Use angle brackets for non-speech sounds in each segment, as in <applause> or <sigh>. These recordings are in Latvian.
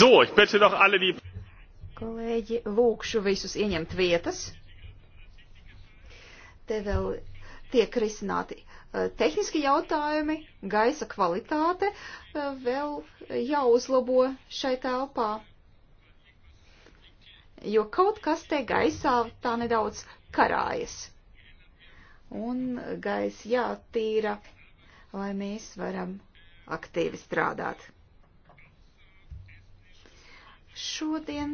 So, ich bitte doch alle die. Kolēģi, lūkšu visus ieņemt vietas. Te vēl tiek risināti eh, tehniski jautājumi, gaisa kvalitāte eh, vēl jāuzlabo šai telpā. Jo kaut kas te gaisā tā nedaudz karājas. Un gaisa jātīra, lai mēs varam aktīvi strādāt. Šodien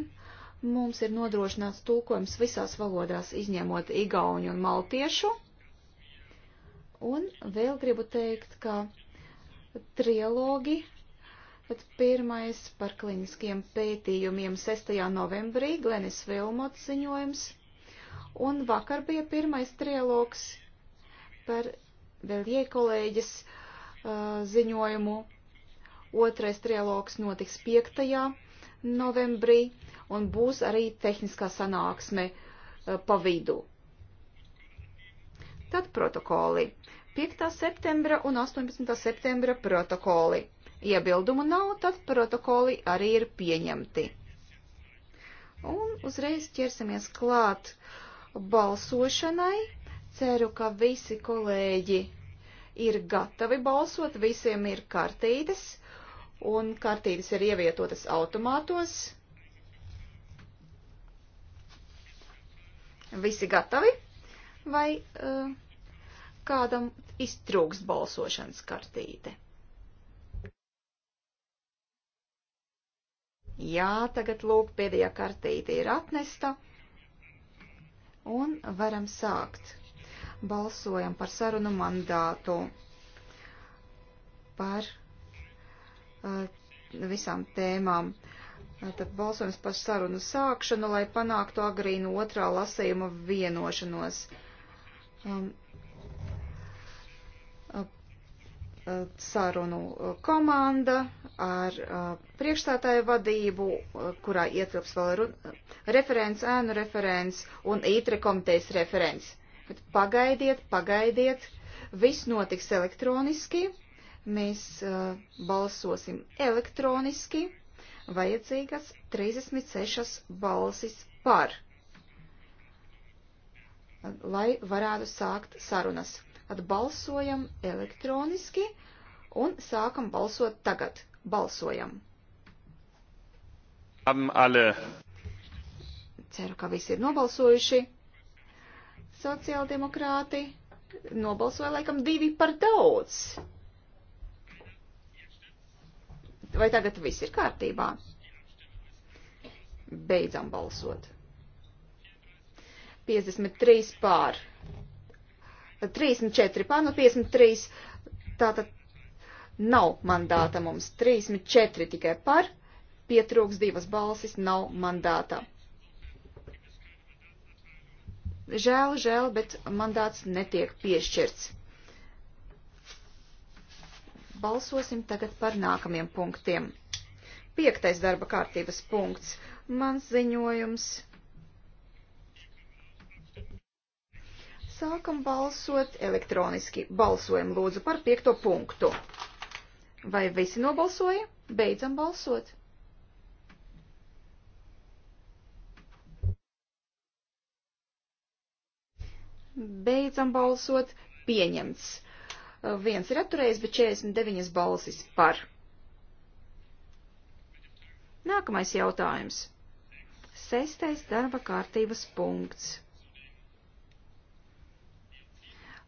mums ir nodrošināts tulkojums visās valodās, izņemot igauņu un maltiešu. Un vēl gribu teikt, ka trilogi, bet pirmais par kliniskiem pētījumiem 6. novembrī, Glenis Vilmots ziņojums, un vakar bija pirmais trilogs par vēl iekolēģis uh, ziņojumu. Otrais trilogs notiks 5 novembrī, un būs arī tehniskā sanāksme eh, pa vidu. Tad protokoli. 5. septembra un 18. septembra protokoli. Iebildumu nav, tad protokoli arī ir pieņemti. Un uzreiz ķersimies klāt balsošanai. Ceru, ka visi kolēģi ir gatavi balsot, visiem ir kartītes un kartītes ir ievietotas automātos. Visi gatavi? Vai uh, kādam iztrūks balsošanas kartīte? Jā, tagad lūk, pēdējā kartīte ir atnesta. Un varam sākt. Balsojam par sarunu mandātu. Par Eh, visām tēmām. Eh, tad balsojums par sarunu sākšanu, lai panāktu agrīnu otrā lasījuma vienošanos. Um, eh, sarunu komanda ar priekšstātāju vadību, kurā ietilps vēl referents, ēnu referents un ītre komitejas referents. Bet pagaidiet, pagaidiet, viss notiks elektroniski mēs uh, balsosim elektroniski, vajadzīgas 36 balsis par, lai varētu sākt sarunas. Atbalsojam elektroniski un sākam balsot tagad. Balsojam. Ceru, ka visi ir nobalsojuši. Sociāldemokrāti nobalsoja laikam divi par daudz. Vai tagad viss ir kārtībā? Beidzam balsot. 53 pār. 34 pār, nu 53. Tātad nav mandāta mums. 34 tikai par. Pietrūks divas balsis, nav mandāta. Žēl, žēl, bet mandāts netiek piešķirts. Balsosim tagad par nākamiem punktiem. Piektais darba kārtības punkts. Mans ziņojums. Sākam balsot elektroniski. Balsojam lūdzu par piekto punktu. Vai visi nobalsoja? Beidzam balsot. Beidzam balsot. Pieņemts viens ir atturējis, bet 49 balsis par. Nākamais jautājums. Sestais darba kārtības punkts.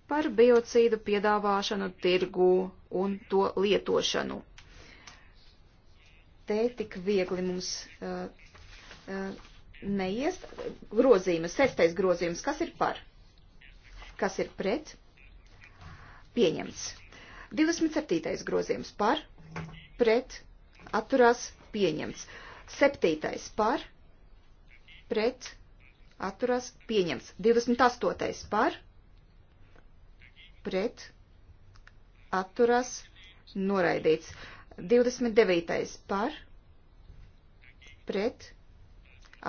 Par biocīdu piedāvāšanu tirgū un to lietošanu. Te tik viegli mums uh, uh, neiest. Grozījums, sestais grozījums, kas ir par? Kas ir pret? pieņemts. 27. grozījums par, pret, atturās, pieņemts. 7. par, pret, atturās, pieņemts. 28. par, pret, atturās, noraidīts. 29. par, pret,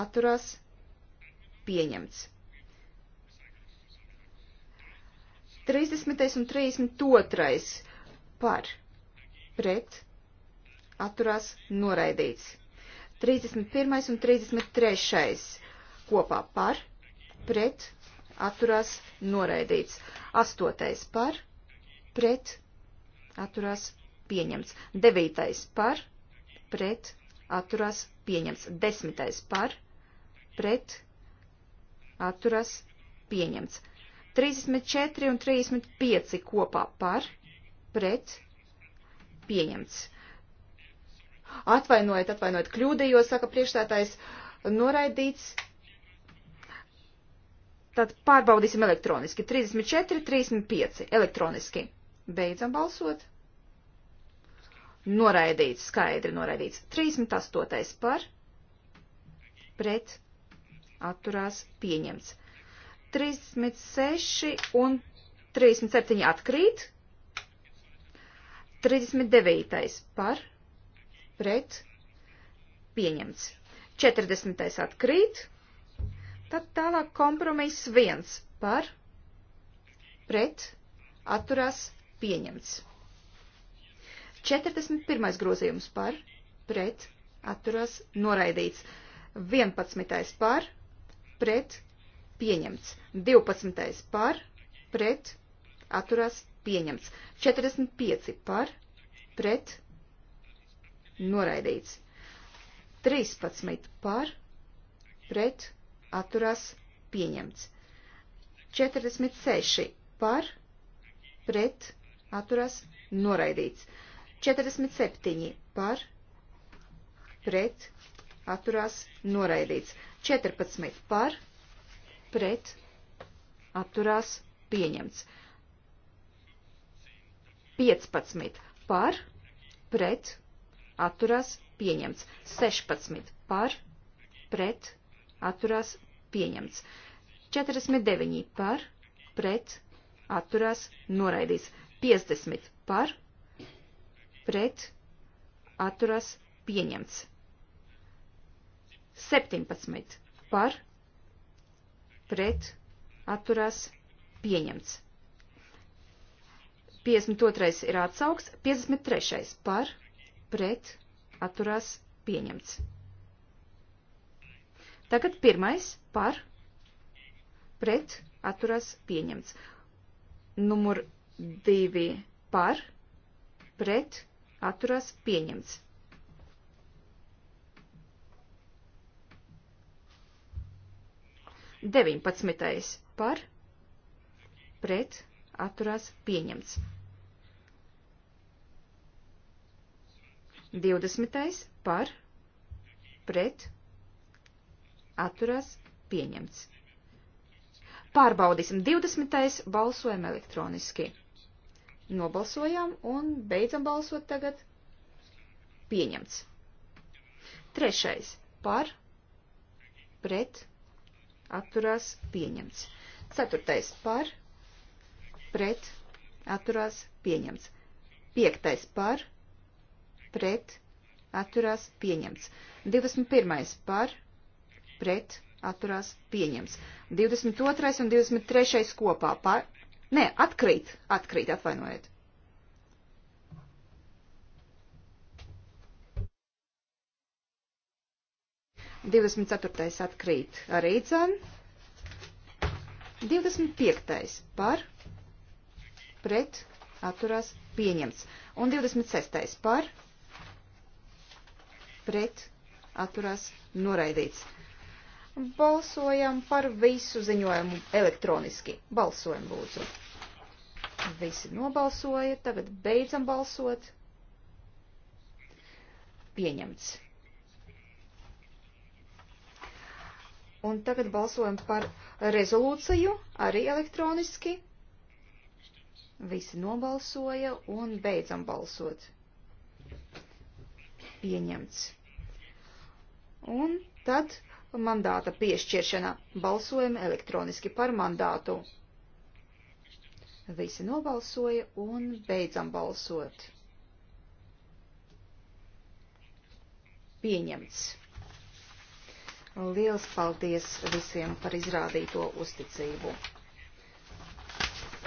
atturās, pieņemts. 30. un 32. par pret atturās noraidīts. 31. un 33. kopā par pret atturās noraidīts. 8. par pret atturās pieņemts. 9. par pret atturās pieņemts. 10. par pret atturās pieņemts. 34 un 35 kopā par, pret, pieņemts. Atvainojiet, atvainojiet, kļūdījos, saka priekšstādājs, noraidīts. Tad pārbaudīsim elektroniski. 34, 35 elektroniski. Beidzam balsot. Noraidīts, skaidri noraidīts. 38 par, pret, atturās, pieņemts. 36 un 37 atkrīt. 39. par, pret, pieņemts. 40. atkrīt. Tad tālāk kompromiss 1 par, pret, atturās, pieņemts. 41. grozījums par, pret, atturās, noraidīts. 11. par, pret, pieņemts. 12. par, pret, atturās, pieņemts. 45. par, pret, noraidīts. 13. par, pret, atturās, pieņemts. 46. par, pret, atturās, noraidīts. 47. par, pret, atturās, noraidīts. 14. par, pret, pret atturās pieņemts. 15 par pret atturās pieņemts. 16 par pret atturās pieņemts. 49 par pret atturās noraidīs. 50 par pret atturās pieņemts. 17 par pret pret atturās pieņemts. 52. ir atsaugs, 53. par pret atturās pieņemts. Tagad pirmais par pret atturās pieņemts. Numur 2 par pret atturās pieņemts. 19. par pret atturās pieņemts. 20. par pret atturās pieņemts. Pārbaudīsim 20. balsojam elektroniski. Nobalsojam un beidzam balsot tagad. Pieņemts. Trešais par pret atturās pieņemts. Ceturtais par, pret, atturās pieņemts. Piektais par, pret, atturās pieņemts. 21. par, pret, atturās pieņemts. 22. un 23. kopā par, nē, atkrīt, atkrīt, atvainojiet. 24. atkrīt arī dzen. 25. par pret atturās pieņemts. Un 26. par pret atturās noraidīts. Balsojam par visu ziņojumu elektroniski. Balsojam lūdzu. Visi nobalsoja, tagad beidzam balsot. Pieņemts. Un tagad balsojam par rezolūciju, arī elektroniski. Visi nobalsoja un beidzam balsot. Pieņemts. Un tad mandāta piešķiršana. Balsojam elektroniski par mandātu. Visi nobalsoja un beidzam balsot. Pieņemts. Liels paldies visiem par izrādīto uzticību.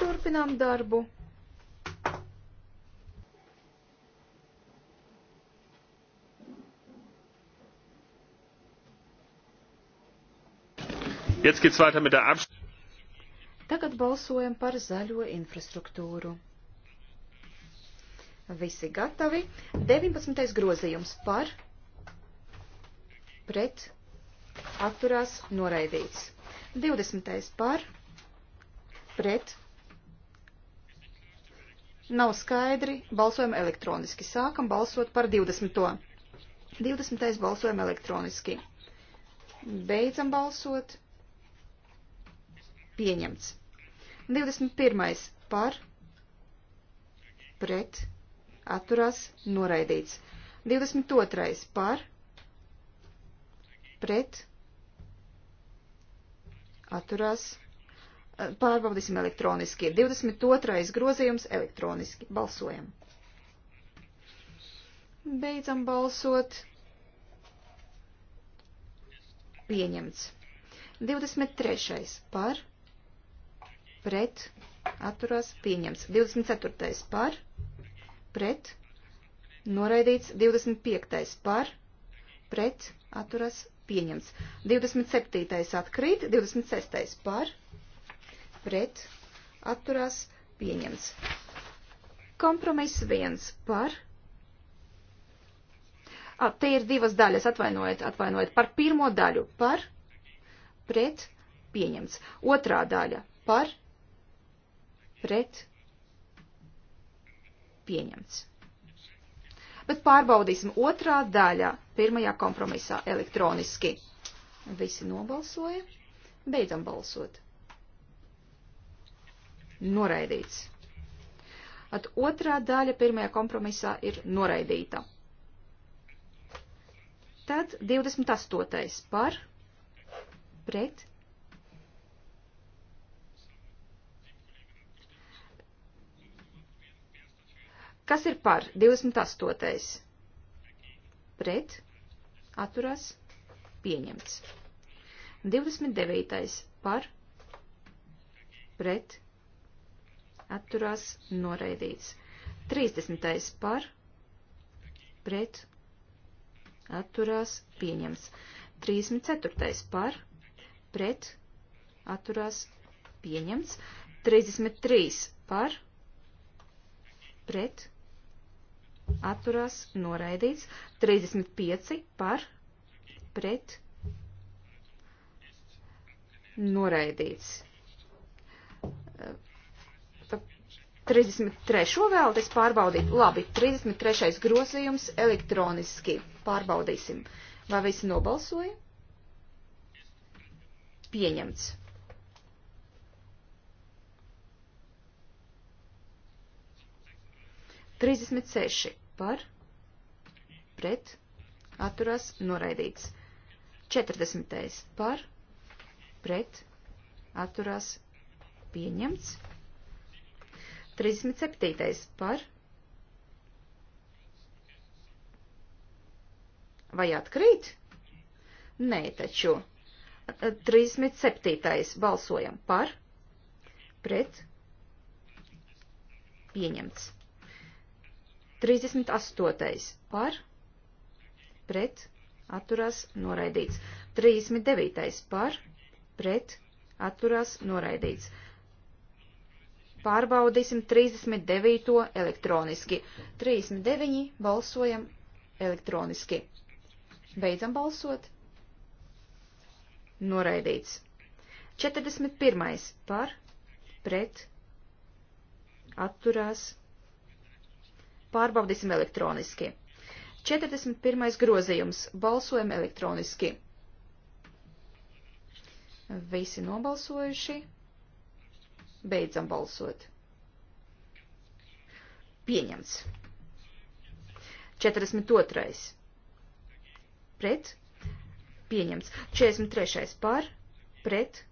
Turpinām darbu. Jetzt geht's weiter mit der Abstimmung. Tagad balsojam par zaļo infrastruktūru. Visi gatavi. 19. grozījums par pret atturās noraidīts. 20. par pret nav skaidri, balsojam elektroniski. Sākam balsot par 20. 20. balsojam elektroniski. Beidzam balsot. Pieņemts. 21. par pret atturās noraidīts. 22. par pret atturās. Pārbaudīsim elektroniski. 22. grozījums elektroniski. Balsojam. Beidzam balsot. Pieņemts. 23. par, pret, atturās, pieņemts. 24. par, pret, noraidīts. 25. par, pret, atturās, pieņemts. 27. atkrīt, 26. par, pret, atturās, pieņemts. Kompromiss 1 par. A, te ir divas daļas, atvainojiet, atvainojiet. Par pirmo daļu par, pret, pieņemts. Otrā daļa par, pret, pieņemts bet pārbaudīsim otrā daļā, pirmajā kompromisā elektroniski. Visi nobalsoja. Beidzam balsot. Noraidīts. At otrā daļa pirmajā kompromisā ir noraidīta. Tad 28. par pret Kas ir par 28. Pret. Atturās. Pieņemts. 29. Par. Pret. Atturās. Noraidīts. 30. Par. Pret. Atturās. Pieņemts. 34. Par. Pret. Atturās. Pieņemts. 33. Par. Pret atturās noraidīts, 35 par pret noraidīts. 33. vēl es pārbaudīju. Labi, 33. grozījums elektroniski pārbaudīsim. Vai visi nobalsoja? Pieņemts. Trīsdesmit seši par, pret, atturās noraidīts. 40. par, pret, atturās pieņemts. 37. par, vai atkrīt? Nē, taču. 37. balsojam par, pret, pieņemts. 38. par, pret, atturās, noraidīts. 39. par, pret, atturās, noraidīts. Pārbaudīsim 39. elektroniski. 39. balsojam elektroniski. Beidzam balsot. Noraidīts. 41. par, pret, atturās, noraidīts Pārbaudīsim elektroniski. 41. grozījums. Balsojam elektroniski. Visi nobalsojuši. Beidzam balsot. Pieņemts. 42. Pret. Pieņemts. 43. Par. Pret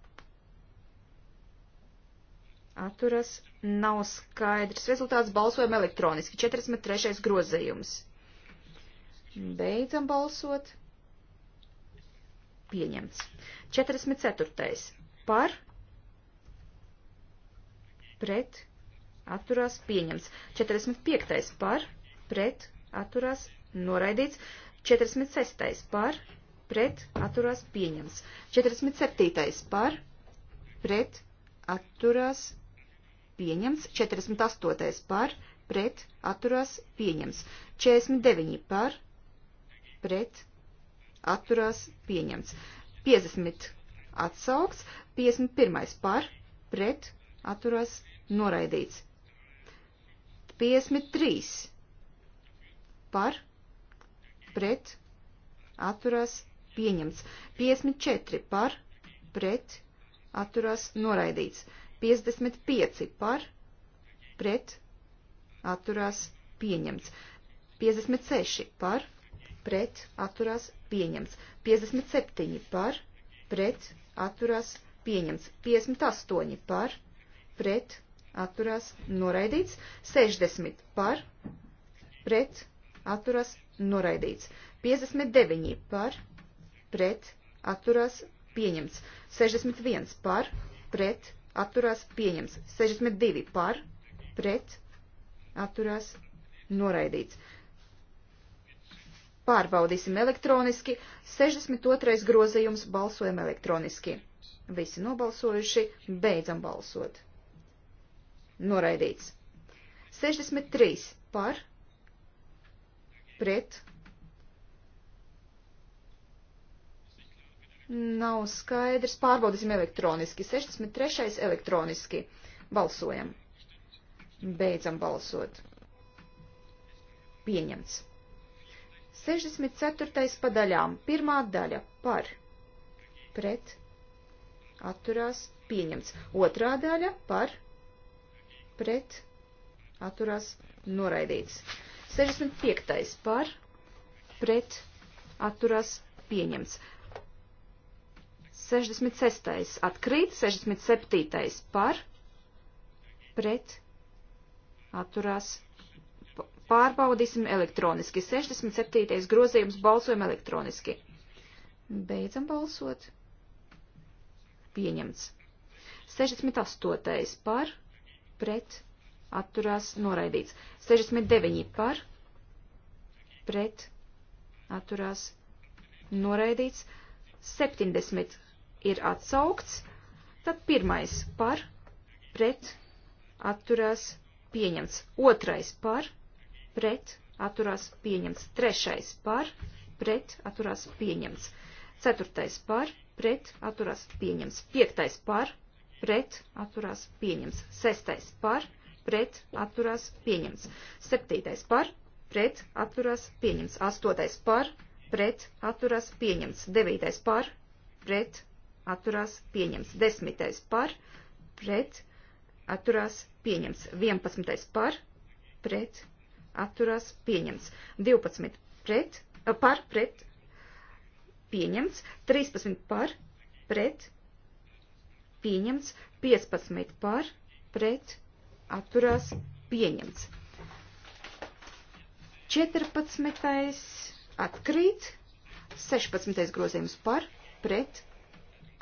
atturas nav skaidrs. Rezultāts balsojam elektroniski. 43. grozījums. Beidzam balsot. Pieņemts. 44. par pret atturās pieņemts. 45. par pret atturās noraidīts. 46. par pret atturās pieņemts. 47. par pret atturās pieņemts pieņems, 48. par, pret, atturās, pieņems, 49. par, pret, atturās, pieņems, 50. atsauks, 51. par, pret, atturās, noraidīts, 53. par, pret, atturās, pieņemts, 54. par, pret, atturās, noraidīts, 55. 55 par, pret, atturās, pieņemts. 56 par, pret, atturās, pieņemts. 57 par, pret, atturās, pieņemts. 58 par, pret, atturās, noraidīts. 60 par, pret, atturās, noraidīts. 59 par, pret, atturās, pieņemts. 61 par, pret, atturās pieņems. 62 par, pret, atturās noraidīts. Pārbaudīsim elektroniski. 62. grozījums balsojam elektroniski. Visi nobalsojuši, beidzam balsot. Noraidīts. 63 par, pret, Nav skaidrs. Pārbaudīsim elektroniski. 63. elektroniski. Balsojam. Beidzam balsot. Pieņemts. 64. pa daļām. Pirmā daļa par, pret, atturās, pieņemts. Otrā daļa par, pret, atturās, noraidīts. 65. par, pret, atturās, pieņemts. 66. atkrīt, 67. par, pret, atturās. Pārbaudīsim elektroniski. 67. grozījums balsojam elektroniski. Beidzam balsot. Pieņemts. 68. par, pret, atturās, noraidīts. 69. par, pret, atturās, noraidīts. 70 ir atsaukts, tad pirmais par, pret, atturās, pieņemts. Otrais par, pret, atturās, pieņemts. Trešais par, pret, atturās, pieņemts. Ceturtais par, pret, atturās, pieņemts. Piektais par, pret, atturās, pieņemts. Sestais par, pret, atturās, pieņemts. Septītais par, pret, atturās, pieņemts. Astotais par, pret, atturās, pieņemts. Devītais par, pret, atturās pieņems. 10. par, pret, atturās pieņems. 11. par, pret, atturās pieņems. 12. pret, par, pret, pieņemts. 13. par, pret, pieņemts. 15. par, pret, atturās pieņemts. 14. Eh, atkrīt. 16. grozījums par, pret,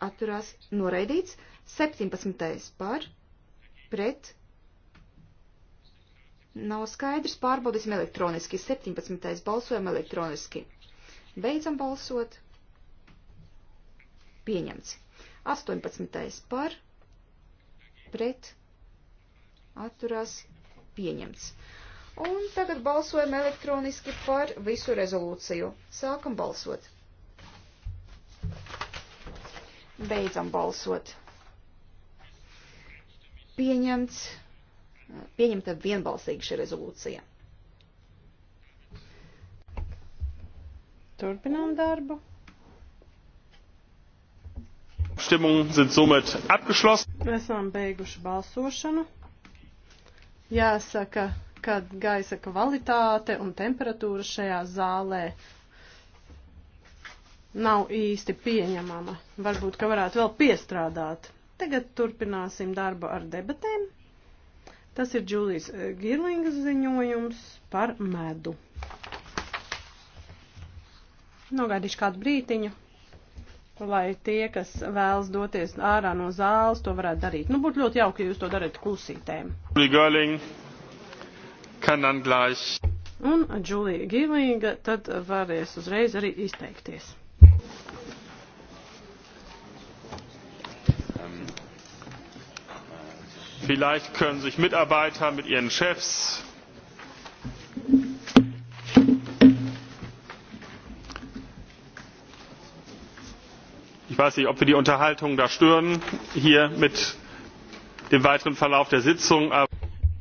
atturās noraidīts, 17. par, pret, nav skaidrs, pārbaudīsim elektroniski, 17. balsojam elektroniski. Beidzam balsot, pieņemts. 18. par, pret, atturās, pieņemts. Un tagad balsojam elektroniski par visu rezolūciju. Sākam balsot. Beidzam balsot. Pieņemts, pieņemta vienbalsīgi šī rezolūcija. Turpinām darbu. Abstimmungen sind somit abgeschlossen. Esam beiguši balsošanu. Jāsaka, ka gaisa kvalitāte un temperatūra šajā zālē nav īsti pieņemama. Varbūt, ka varētu vēl piestrādāt. Tagad turpināsim darbu ar debatēm. Tas ir Džulijas eh, Girlingas ziņojums par medu. Nogaidīšu kādu brītiņu, lai tie, kas vēlas doties ārā no zāles, to varētu darīt. Nu, būtu ļoti jauki, ja jūs to darat klusītēm. Un Džulija Girlinga tad varēs uzreiz arī izteikties. vielleicht können sich mitarbeiter mit ihren chefs ich weiß nicht ob wir die unterhaltung da stören hier mit dem weiteren verlauf der sitzung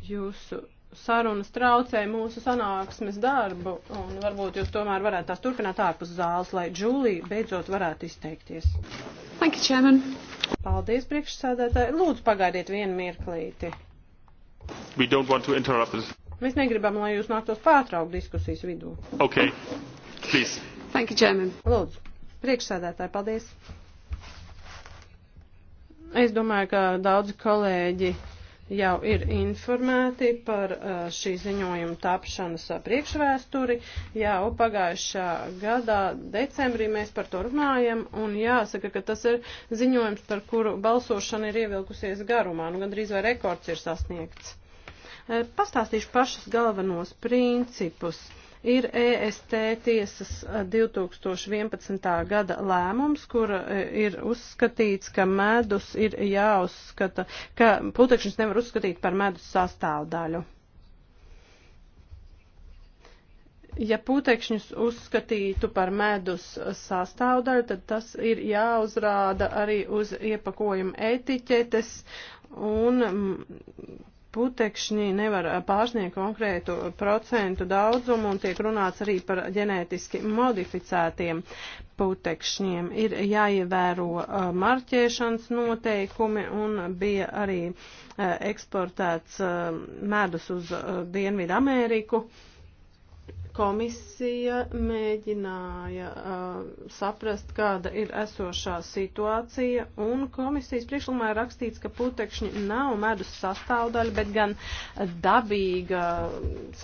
Jūsu sarunas traucē mūsu sanāksmes darbu, un varbūt jūs tomēr varētu tās turpināt ārpus zāles, lai Džūlija beidzot varētu izteikties. Thank you, Chairman. Paldies, priekšsādātāji. Lūdzu, pagaidiet vienu mirklīti. Mēs negribam, lai jūs nāktos pārtraukt diskusijas vidū. Okay. Please. Thank you, Chairman. Lūdzu, priekšsādātāji, paldies. Es domāju, ka daudzi kolēģi jau ir informēti par uh, šī ziņojuma tapšanas uh, priekšvēsturi. Jau pagājušā gadā decembrī mēs par to runājam, un jāsaka, ka tas ir ziņojums, par kuru balsošana ir ievilkusies garumā, nu gandrīz vai rekords ir sasniegts. Uh, pastāstīšu pašas galvenos principus. Ir EST tiesas 2011. Eh, gada lēmums, kur eh, ir uzskatīts, ka medus ir jāuzskata, ka putekšņus nevar uzskatīt par medus sastāvdaļu. Ja putekšņus uzskatītu par medus sastāvdaļu, tad tas ir jāuzrāda arī uz iepakojuma etiķetes un mm, putekšņi nevar eh, pārsniegt konkrētu procentu daudzumu un tiek runāts arī par ģenētiski modificētiem putekšņiem. Ir jāievēro eh, marķēšanas noteikumi un bija arī eh, eksportēts medus uz Dienvidu Ameriku. Komisija mēģināja uh, saprast, kāda ir esošā situācija, un komisijas priekšlikumā ir rakstīts, ka putekšņi nav medus sastāvdaļa, bet gan dabīga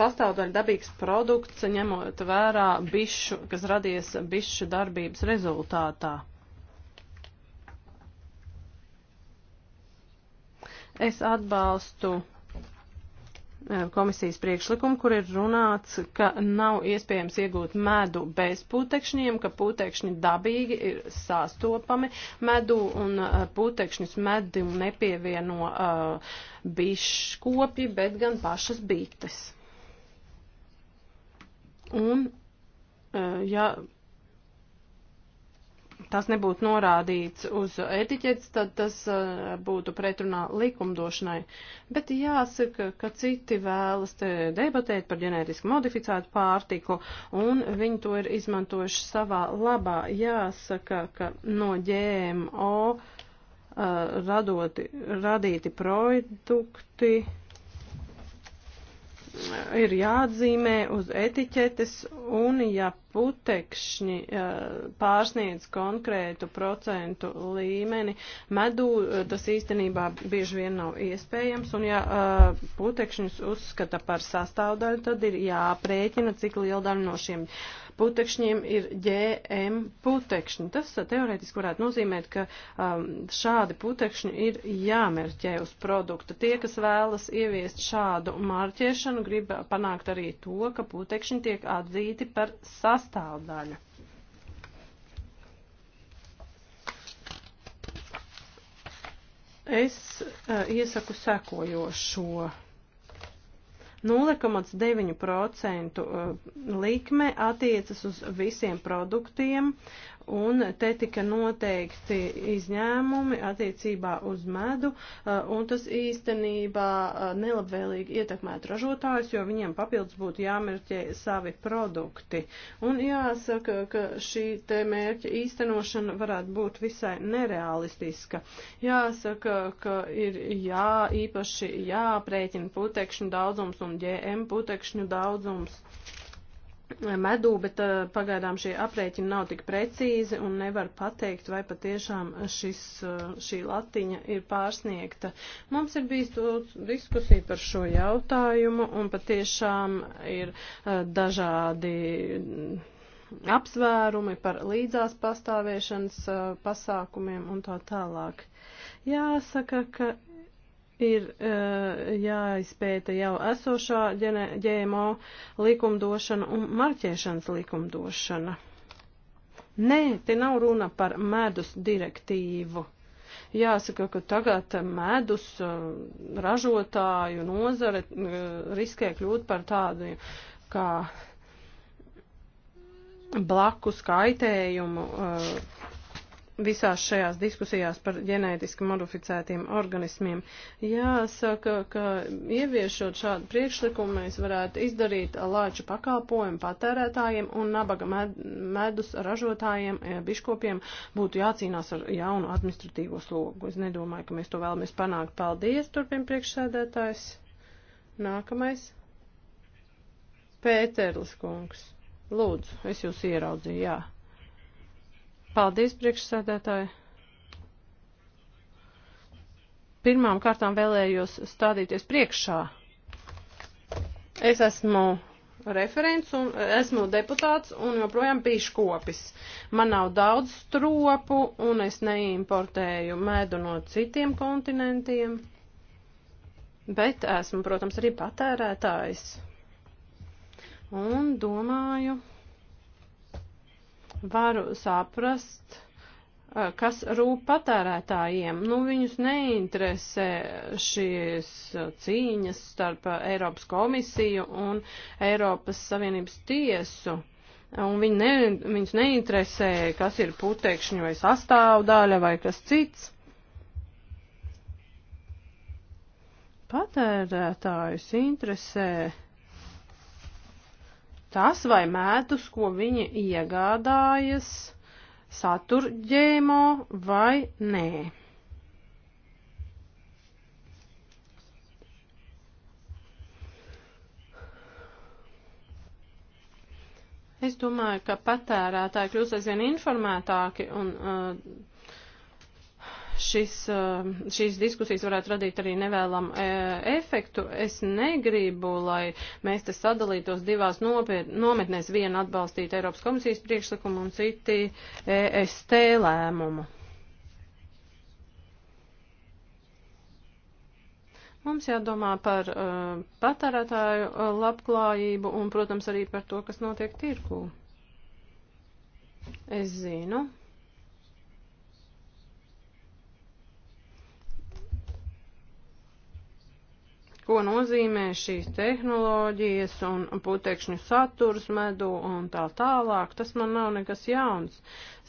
sastāvdaļa, dabīgs produkts, ņemot vērā bišu, kas radies bišu darbības rezultātā. Es atbalstu Eh, komisijas priekšlikumu, kur ir runāts, ka nav iespējams iegūt medu bez putekšņiem, ka putekšņi dabīgi ir sastopami medu un eh, putekšņus medu nepievieno uh, eh, biškopi, bet gan pašas bites. Un, uh, ja tas nebūtu norādīts uz etiķetes, tad tas uh, būtu pretrunā likumdošanai. Bet jāsaka, ka citi vēlas te debatēt par ģenētiski modificētu pārtiku, un viņi to ir izmantojuši savā labā. Jāsaka, ka no GMO uh, eh, radoti, radīti produkti ir jāatzīmē uz etiķetes, un ja putekšņi eh, pārsniedz konkrētu procentu līmeni, medū eh, tas īstenībā bieži vien nav iespējams, un ja eh, putekšņus uzskata par sastāvdaļu, tad ir jāprēķina, cik liela daļa no šiem uh, putekšņiem ir GM putekšņi. Tas teoretiski varētu nozīmēt, ka um, šādi putekšņi ir jāmērķē uz produkta. Tie, kas vēlas ieviest šādu mārķēšanu, grib panākt arī to, ka putekšņi tiek atzīti par sastāvdaļu. Es uh, iesaku sekojošo. 0,9% eh, likme attiecas uz visiem produktiem un te tika noteikti izņēmumi attiecībā uz medu, uh, un tas īstenībā uh, nelabvēlīgi ietekmētu ražotājus, jo viņiem papildus būtu jāmērķē savi produkti. Un jāsaka, ka šī te mērķa īstenošana varētu būt visai nerealistiska. Jāsaka, ka ir jā, īpaši jāprēķina putekšņu daudzums un ģēm putekšņu daudzums medū, bet uh, pagaidām šie aprēķini nav tik precīzi un nevar pateikt, vai patiešām šis, eh, šī latiņa ir pārsniegta. Mums ir bijis diskusija par šo jautājumu un patiešām ir uh, dažādi mm, apsvērumi par līdzās pastāvēšanas uh, pasākumiem un tā tālāk. Jāsaka, ka ir uh, jāizpēta jau esošā ģēmo likumdošana un marķēšanas likumdošana. Nē, te nav runa par medus direktīvu. Jāsaka, ka tagad medus uh, ražotāju nozare uh, riskē kļūt par tādu kā blaku skaitējumu. Uh, visās šajās diskusijās par ģenētiski modificētiem organismiem. Jāsaka, ka ieviešot šādu priekšlikumu mēs varētu izdarīt lāču pakalpojumu patērētājiem un nabaga med medus ražotājiem, e, biškopiem būtu jācīnās ar jaunu administratīvo slogu. Es nedomāju, ka mēs to vēlamies panākt. Paldies, turpin priekšsēdētājs. Nākamais. Pēterlis kungs. Lūdzu, es jūs ieraudzīju, jā. Paldies, priekšsēdētāji. Pirmām kārtām vēlējos stādīties priekšā. Es esmu referents un esmu deputāts un joprojām pīšu kopis. Man nav daudz stropu un es neimportēju medu no citiem kontinentiem, bet esmu, protams, arī patērētājs. Un domāju, varu saprast, kas rūp patērētājiem. Nu, viņus neinteresē šīs cīņas starp Eiropas komisiju un Eiropas Savienības tiesu. Un viņi ne, viņus neinteresē, kas ir putekšņu vai sastāvdaļa vai kas cits. Patērētājus interesē tas vai mētus, ko viņi iegādājas, satur ģēmo vai nē. Es domāju, ka patērētāji kļūst aizvien informētāki un uh, šis, eh, šīs diskusijas varētu radīt arī nevēlamu e, eh, efektu. Es negribu, lai mēs te sadalītos divās nopiet, nometnēs, viena atbalstīt Eiropas komisijas priekšlikumu un citi eh, EST lēmumu. Mums jādomā par uh, patērētāju uh, labklājību un, protams, arī par to, kas notiek tirkū. Es zinu. ko nozīmē šīs tehnoloģijas un putekšņu saturs medu un tā tālāk. Tas man nav nekas jauns.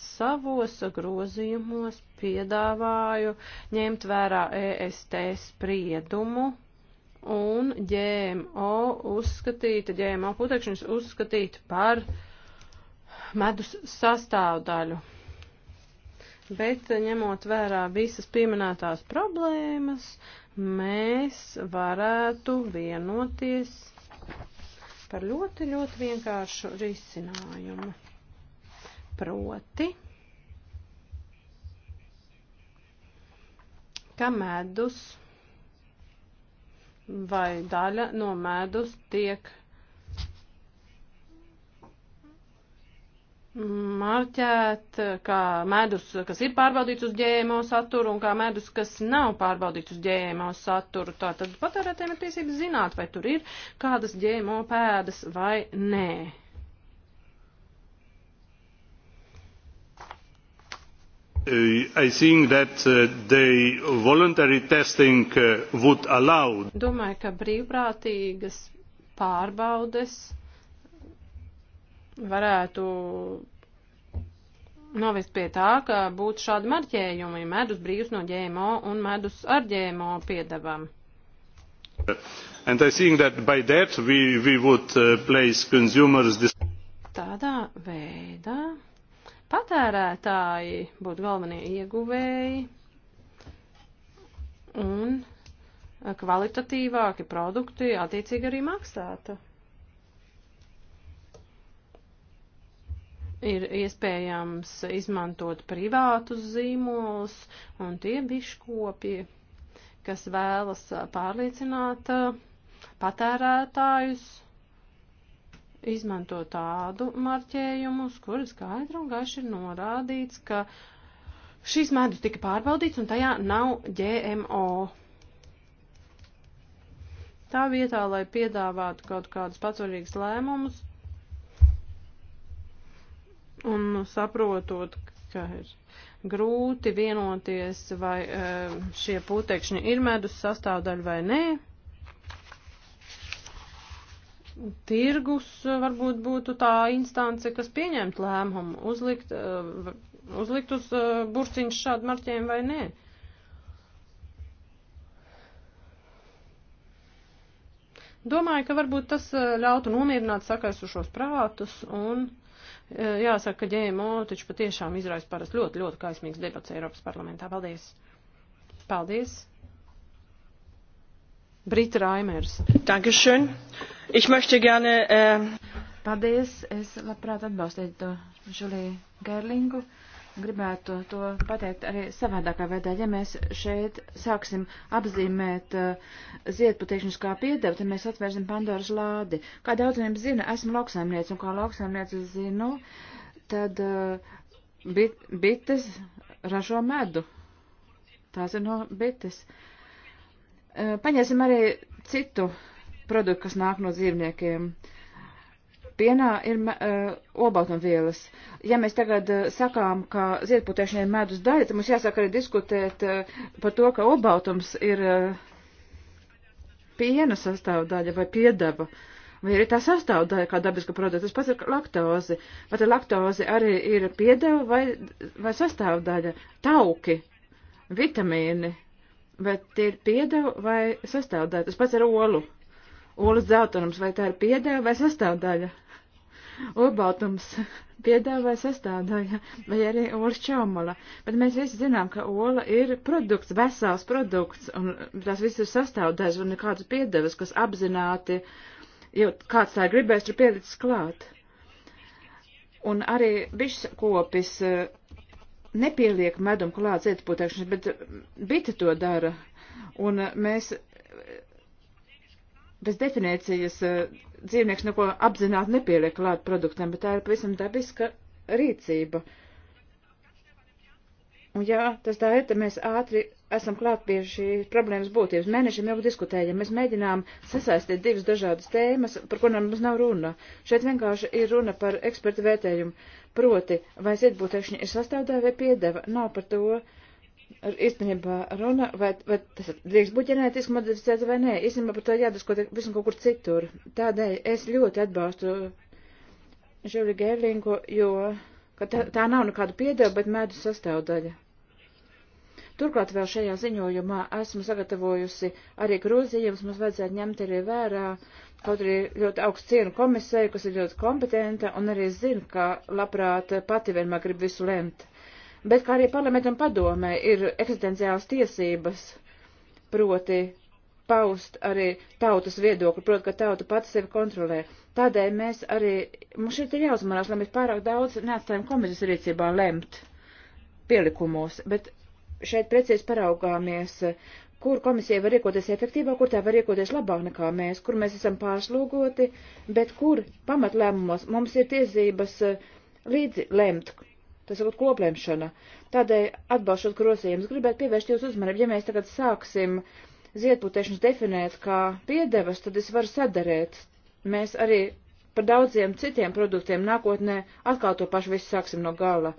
Savos grozījumos piedāvāju ņemt vērā EST spriedumu un ģēmo uzskatīt, ģēmo putekšņus uzskatīt par medus sastāvdaļu. Bet ņemot vērā visas pieminētās problēmas, uh, mēs varētu vienoties par ļoti, ļoti vienkāršu risinājumu. Proti, ka medus vai daļa no medus tiek marķēt kā medus, kas ir pārbaudīts uz ģēmo saturu un kā medus, kas nav pārbaudīts uz ģēmo saturu. Tātad patērētiem ir tiesības zināt, vai tur ir kādas ģēmo pēdas vai nē. Uh, I think that uh, the voluntary testing uh, would allow. Domāju, ka brīvprātīgas pārbaudes varētu novest pie tā, ka būtu šādi marķējumi medus brīvs no ģēmo un medus ar ģēmo piedevam. And I think that by that we, we would uh, place consumers this... Tādā veidā patērētāji būtu galvenie ieguvēji un kvalitatīvāki produkti attiecīgi arī maksātu. ir iespējams izmantot privātus zīmolus, un tie biškopi, kas vēlas pārliecināt uh, patērētājus, izmanto tādu marķējumu, uz kuru skaidri un gaiši ir norādīts, ka šīs medus tika pārbaudīts un tajā nav GMO. Tā vietā, lai piedāvātu kaut kādus patsvarīgus lēmumus, Un saprotot, ka ir grūti vienoties, vai e, šie putekšņi ir medus sastāvdaļa vai nē, tirgus e, varbūt būtu tā instance, kas pieņemt lēmumu, uzlikt, e, uzlikt uz burciņš šādu marķējumu vai nē. Domāju, ka varbūt tas ļautu nomierināt sakaisušos prātus un uh, Eh, jāsaka, ka ģēmo taču patiešām izraisa parasti ļoti, ļoti kaismīgs debats Eiropas parlamentā. Paldies! Paldies! Brita Raimers. Dankeschön. Ich möchte gerne. Äh... Paldies! Es labprāt atbalstītu Žuliju Gerlingu. Uh, gribētu to pateikt arī savādākā veidā. Ja mēs šeit sāksim apzīmēt uh, eh, ziedputekšņiskā piedevu, tad mēs atvērsim Pandoras lādi. Kā daudziem zina, esmu lauksaimniec, un kā lauksaimniec zinu, tad uh, bit, bites ražo medu. Tās ir no bites. Uh, eh, paņēsim arī citu produktu, kas nāk no dzīvniekiem. Uh, pienā ir uh, obaltumvielas. Ja mēs tagad uh, sakām, ka ziedputēšana ir medus daļa, tad mums jāsāk arī diskutēt uh, par to, ka obaltums ir uh, piena sastāvdaļa vai piedeva. Vai arī tā sastāvdaļa kā dabiska produkta, tas pats ir laktozi. Vai tā laktozi arī ir piedeva vai, vai sastāvdaļa? Tauki, vitamīni, bet tie ir piedeva vai sastāvdaļa, tas pats ir olu olas dzeltenums, vai tā ir piedēva vai sastāvdaļa. Olbaltums <laughs> piedāvāja sastādāja, vai arī Ola Čaumala. Bet mēs visi zinām, ka Ola ir produkts, vesels produkts, un tas viss ir sastāvdaļas, un nekāds piedevas, kas apzināti, jo kāds tā gribēs, tur pielicis klāt. Un arī biškopis eh, nepieliek medumu klāt zietputekšņus, bet bite to dara. Un eh, mēs bez definīcijas eh, dzīvnieks neko apzināti nepieliek klāt produktam, bet tā ir pavisam dabiska rīcība. Un jā, tas tā ir, tad mēs ātri esam klāt pie šīs problēmas būtības. Mēnešiem jau diskutējam, mēs mēģinām sasaistīt divas dažādas tēmas, par kurām mums nav runa. Šeit vienkārši ir runa par ekspertu vērtējumu. Proti, vai ziedbūtekšņi ir sastāvdaļa vai piedeva, nav par to. Uh, īstenībā runa, vai, vai tas drīkst būt ģenētiski modificēts vai nē. Īstenībā par to jādiskot visam kaut kur citur. Tādēļ es ļoti atbalstu Žili Gērlingu, jo tā, tā nav nekāda piedeva, bet medus sastāvdaļa. Turklāt vēl šajā ziņojumā esmu sagatavojusi arī grozījumus, mums vajadzētu ņemt arī vērā, kaut arī ļoti augstu cienu komisēju, kas ir ļoti kompetenta un arī zina, ka labprāt pati vienmēr grib visu lemt bet kā arī parlamentam padomē ir eksistenciāls tiesības, proti paust arī tautas viedokli, proti, ka tauta pati sevi kontrolē. Tādēļ mēs arī, mums šeit ir jāuzmanās, lai mēs pārāk daudz neatstājam komisijas rīcībā lemt pielikumos, bet šeit precīzi paraugāmies, kur komisija var rīkoties efektīvāk, kur tā var rīkoties labāk nekā mēs, kur mēs esam pārslūgoti, bet kur pamatlēmumos mums ir tiesības eh, līdzi lemt, tas ir koplemšana. Tādēļ, atbalstot grozījumus, gribētu pievērst jūsu uzmanību, ja mēs tagad sāksim ziedputēšanas definēt kā piedevas, tad es varu sadarēt. Mēs arī par daudziem citiem produktiem nākotnē atkal to pašu visu sāksim no gala.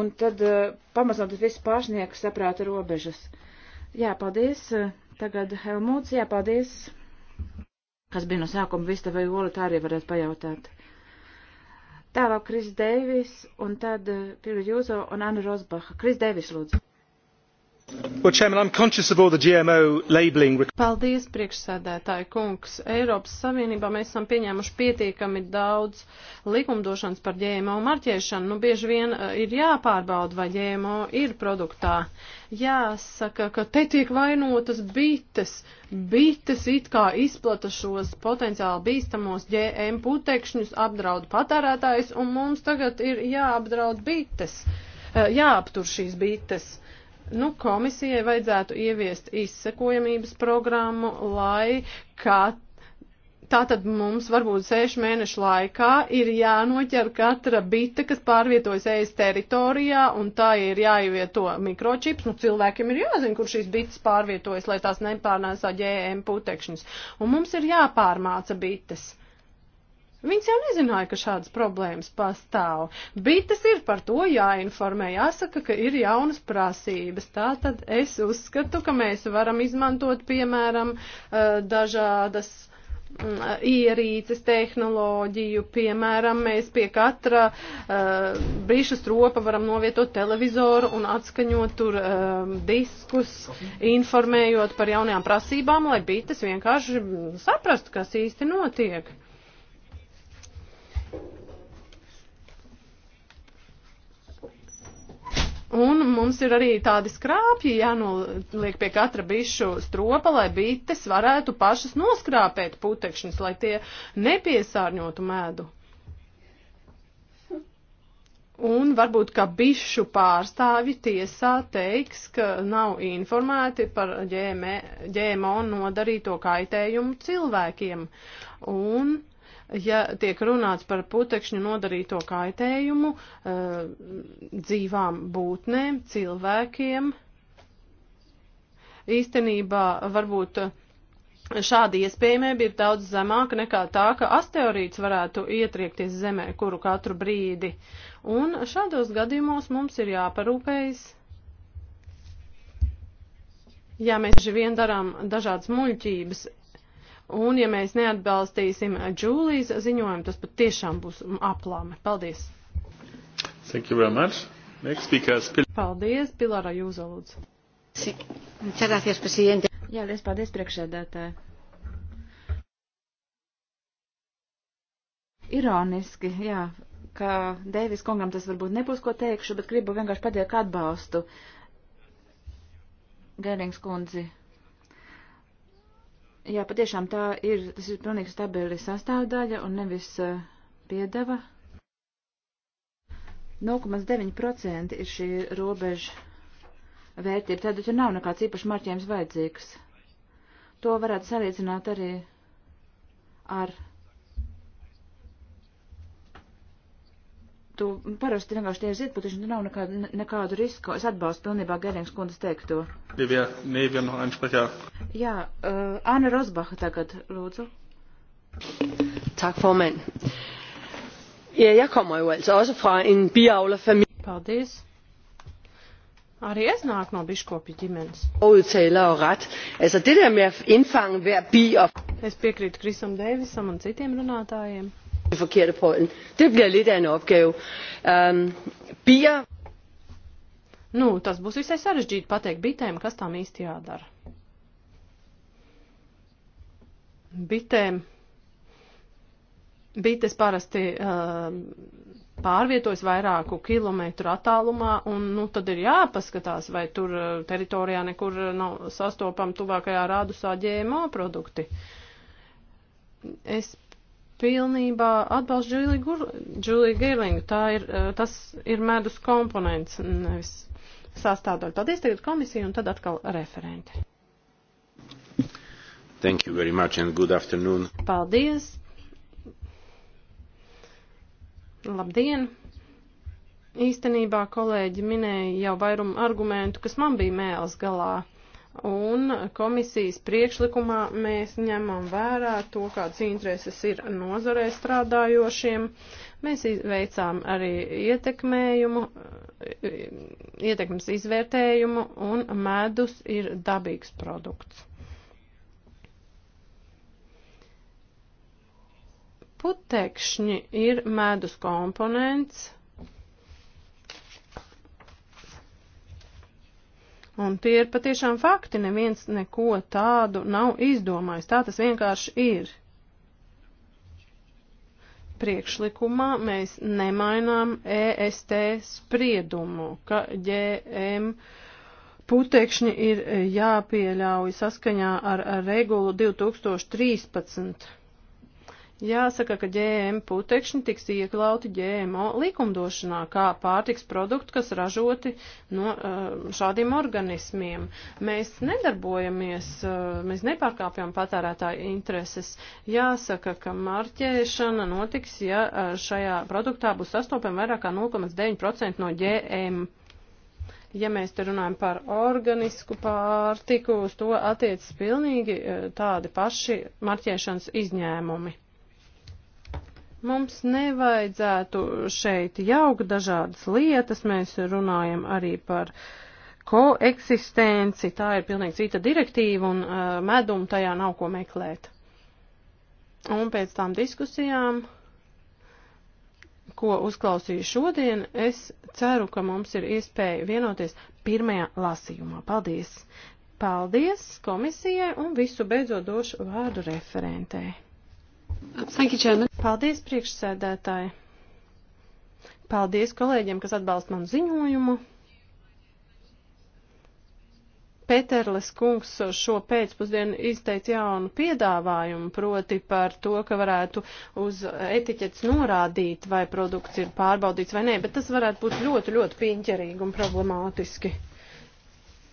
Un tad eh, pamazām tas viss pārsniegs saprāta robežas. Jā, paldies. Tagad Helmūts, jā, paldies. Kas bija no sākuma, Vista vai Ola, tā arī varētu pajautāt. Tālāk Kris Deivis un tad eh, Piru Jūzo un Anna Rosbaha. Kris Deivis, lūdzu. Paldies, priekšsēdētāji kungs. Eiropas Savienībā mēs esam pieņēmuši pietiekami daudz likumdošanas par ģēmo marķēšanu. Nu, bieži vien eh, ir jāpārbauda, vai ģēmo ir produktā. Jāsaka, ka te tiek vainotas bites. Bites it kā izplata šos potenciāli bīstamos ģēm putekšņus, apdraud patērētājs, un mums tagad ir jāapdraud bites, eh, jāaptur šīs bites Nu, komisijai vajadzētu ieviest izsekojamības programmu, lai kat Tātad mums varbūt sešu mēnešu laikā ir jānoķer katra bita, kas pārvietojas ejas teritorijā, un tā ir jāievieto mikročips. Nu, cilvēkiem ir jāzina, kur šīs bitas pārvietojas, lai tās nepārnēsā ģēm putekšņus. Un mums ir jāpārmāca bites. Viņas jau nezināja, ka šādas problēmas pastāv. Bites ir par to jāinformē, jāsaka, ka ir jaunas prasības. Tātad es uzskatu, ka mēs varam izmantot, piemēram, eh, dažādas mm, ierīces, tehnoloģiju, piemēram, mēs pie katra uh, eh, brīša stropa varam novietot televizoru un atskaņot tur uh, diskus, informējot par jaunajām prasībām, lai bites vienkārši mm, saprastu, kas īsti notiek. Uh, Un mums ir arī tādi skrāpji jānoliek pie katra bišu stropa, lai bites varētu pašas noskrāpēt putekšņus, lai tie nepiesārņotu medu. Un varbūt, ka bišu pārstāvi tiesā teiks, ka nav informēti par ģēme, ģēmo nodarīto kaitējumu cilvēkiem. Un ja tiek runāts par putekšņu nodarīto kaitējumu eh, dzīvām būtnēm, cilvēkiem, īstenībā varbūt šādi iespējamie bija daudz zemāka nekā tā, ka asteroīds varētu ietriekties zemē kuru katru brīdi. Un šādos gadījumos mums ir jāparūpējas. Ja mēs bieži vien darām dažādas muļķības, Un ja mēs neatbalstīsim Džūlijas ziņojumu, tas pat tiešām būs aplāme. Paldies! Thank you very much. Next speaker is Pilar. Paldies, Pilara Jūza lūdzu. Sí. Muchas gracias, presidente. Jā, liels paldies, priekšsēdētāji. ironiski, jā, ka Dēvis kungam tas varbūt nebūs ko teikšu, bet gribu vienkārši pateikt atbalstu Gērings kundzi jā, patiešām tā ir, tas ir pilnīgi stabili sastāvdaļa un nevis uh, piedeva. 0,9% ir šī robeža vērtība, tad tur nav nekāds īpašs marķējums vajadzīgs. To varētu salīdzināt arī ar tu parasti vienkārši tie ziedputiši, tu nav nekādu, nekādu risku. Es atbalstu pilnībā Gerings kundas teikto. Jā, uh, Anna Rosbacha tagad, lūdzu. Tak, formand. Ja, jeg kommer jo altså også fra en biavlerfamilie. Paldies. Arī es nāku no biškopju ģimenes. Udtaler og ret. Altså det der med at indfange hver bi og... Es piekrītu Krisam Deivisam un citiem runātājiem forkerte pollen. Det bliver lidt af en opgave. Um, bier. Nu, tas būs visai sarežģīti pateikt bitēm, kas tām īsti jādara. Bitēm. Bites parasti uh, pārvietojas vairāku kilometru attālumā, un nu, tad ir jāpaskatās, vai tur teritorijā nekur nav sastopama tuvākajā rādusā ģēmo produkti. Es pilnībā atbalstu Džuliju Girlingu. Tā ir, eh, tas ir medus komponents, nevis sastāvdaļa. Paldies tagad komisiju un tad atkal referenti. Thank you very much and good afternoon. Paldies. Labdien. Īstenībā kolēģi minēja jau vairumu argumentu, kas man bija mēls galā Un komisijas priekšlikumā mēs ņemam vērā to, kādas intereses ir nozarē strādājošiem. Mēs veicām arī ietekmējumu, ietekmes izvērtējumu un medus ir dabīgs produkts. Putekšņi ir medus komponents Un tie ir patiešām fakti, neviens neko tādu nav izdomājis. Tā tas vienkārši ir. Priekšlikumā mēs nemainām EST spriedumu, ka ģēm putekšņi ir jāpieļauj saskaņā ar, ar regulu 2013. Jāsaka, ka ģēm putekšņi tiks iekļauti ģēmo likumdošanā kā pārtiks produkti, kas ražoti no eh, šādiem organismiem. Mēs nedarbojamies, eh, mēs nepārkāpjam patērētāju intereses. Jāsaka, ka marķēšana notiks, ja eh, šajā produktā būs sastopama vairāk kā 0,9% no ģēm ja mēs te runājam par organisku pārtiku, uz to attiecas pilnīgi tādi paši marķēšanas izņēmumi. Mums nevajadzētu šeit jaukt dažādas lietas, mēs runājam arī par koeksistenci, tā ir pilnīgi cita direktīva un uh, medumu tajā nav ko meklēt. Un pēc tām diskusijām, ko uzklausīju šodien, es ceru, ka mums ir iespēja vienoties pirmajā lasījumā. Paldies! Paldies komisijai un visu beidzot došu vārdu referentē. Thank you, Chairman. Paldies, priekšsēdētāji. Paldies kolēģiem, kas atbalsta manu ziņojumu. Peterles kungs šo pēcpusdienu izteica jaunu piedāvājumu, proti par to, ka varētu uz etiķetes norādīt, vai produkts ir pārbaudīts vai nē, bet tas varētu būt ļoti, ļoti piņķerīgi un problemātiski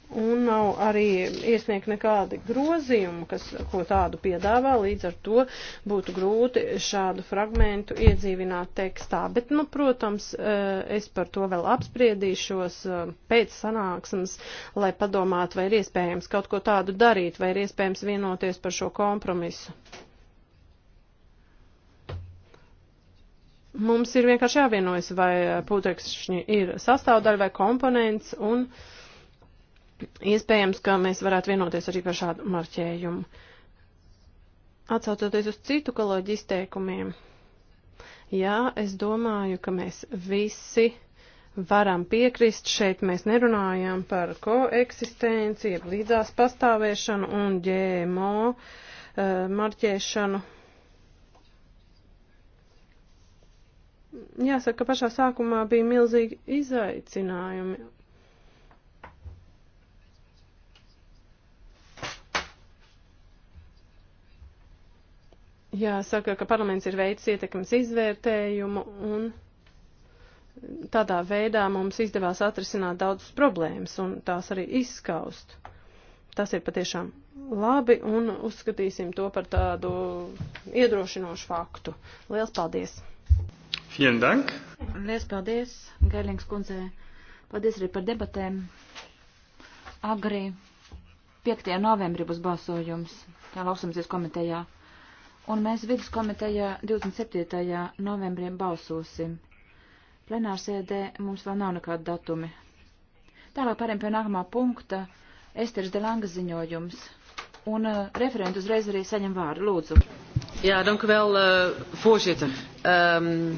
un nav arī iesniegt nekādi grozījumi, kas, ko tādu piedāvā, līdz ar to būtu grūti šādu fragmentu iedzīvināt tekstā. Bet, nu, protams, eh, es par to vēl apspriedīšos eh, pēc sanāksmes, lai padomātu, vai ir iespējams kaut ko tādu darīt, vai ir iespējams vienoties par šo kompromisu. Mums ir vienkārši jāvienojas, vai eh, putekšņi ir sastāvdaļa vai komponents, un uh, Iespējams, ka mēs varētu vienoties arī par šādu marķējumu. Atsaucoties uz citu kolēģu izteikumiem, jā, es domāju, ka mēs visi varam piekrist, šeit mēs nerunājam par koeksistenci, jeb līdzās pastāvēšanu un ģēmo uh, marķēšanu. Jāsaka, ka pašā sākumā bija milzīgi izaicinājumi Jāsaka, ka parlaments ir veids ietekmes izvērtējumu un tādā veidā mums izdevās atrisināt daudzas problēmas un tās arī izskaust. Tas ir patiešām labi un uzskatīsim to par tādu iedrošinošu faktu. Liels paldies! Vielen Dank! Liels paldies, Gailings kundzē! Paldies arī par debatēm. Agri 5. novembrī būs balsojums. Tā lauksamsies komitejā un mēs vidus komitejā 27. novembrī balsosim. Plenārsēdē mums vēl nav nekādi datumi. Tālāk pāriem pie nākamā punkta - Esteris Delanga ziņojums. Un uh, referenti uzreiz arī saņem vārdu. Lūdzu. Jā, dank u vēl, uh, voorzitter. Um,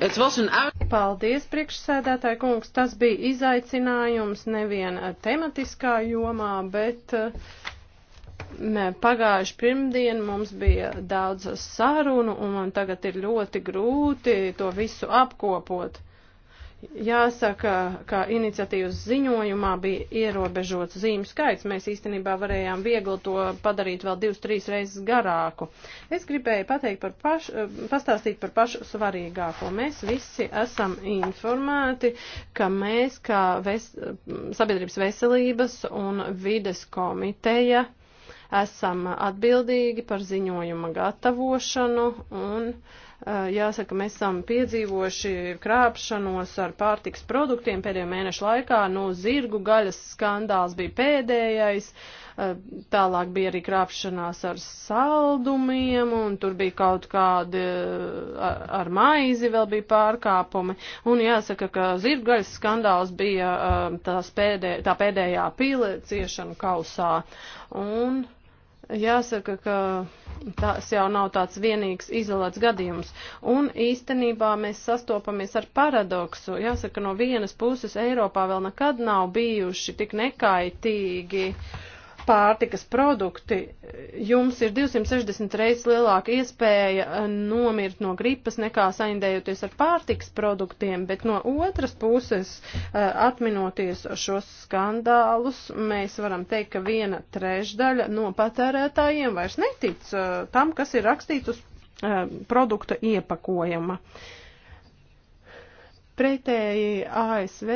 het was een uit... Paldies, priekšsēdētāji kungs. Tas bija izaicinājums nevien tematiskā jomā, bet. Uh, pagājuši pirmdien mums bija daudz sarunu, un man tagad ir ļoti grūti to visu apkopot. Jāsaka, ka iniciatīvas ziņojumā bija ierobežots zīmju skaits. Mēs īstenībā varējām viegli to padarīt vēl divas, trīs reizes garāku. Es gribēju pateikt par paš, pastāstīt par pašu svarīgāko. Mēs visi esam informēti, ka mēs, kā ves, sabiedrības veselības un vides komiteja, esam atbildīgi par ziņojuma gatavošanu un eh, jāsaka, mēs esam piedzīvojuši krāpšanos ar pārtiks produktiem pēdējo mēnešu laikā, no nu, zirgu gaļas skandāls bija pēdējais, eh, tālāk bija arī krāpšanās ar saldumiem, un tur bija kaut kādi eh, ar maizi vēl bija pārkāpumi, un jāsaka, ka zirgu gaļas skandāls bija tās pēdē, tā pēdējā pile ciešanu kausā, un jāsaka, ka tas jau nav tāds vienīgs izolēts gadījums. Un īstenībā mēs sastopamies ar paradoksu. Jāsaka, no vienas puses Eiropā vēl nekad nav bijuši tik nekaitīgi uh, pārtikas produkti, jums ir 260 reizes lielāka iespēja eh, nomirt no gripas nekā saindējoties ar pārtikas produktiem, bet no otras puses, eh, atminoties šos skandālus, mēs varam teikt, ka viena trešdaļa no patērētājiem vairs netic eh, tam, kas ir rakstīts uz produkta iepakojuma. Pretēji ASV,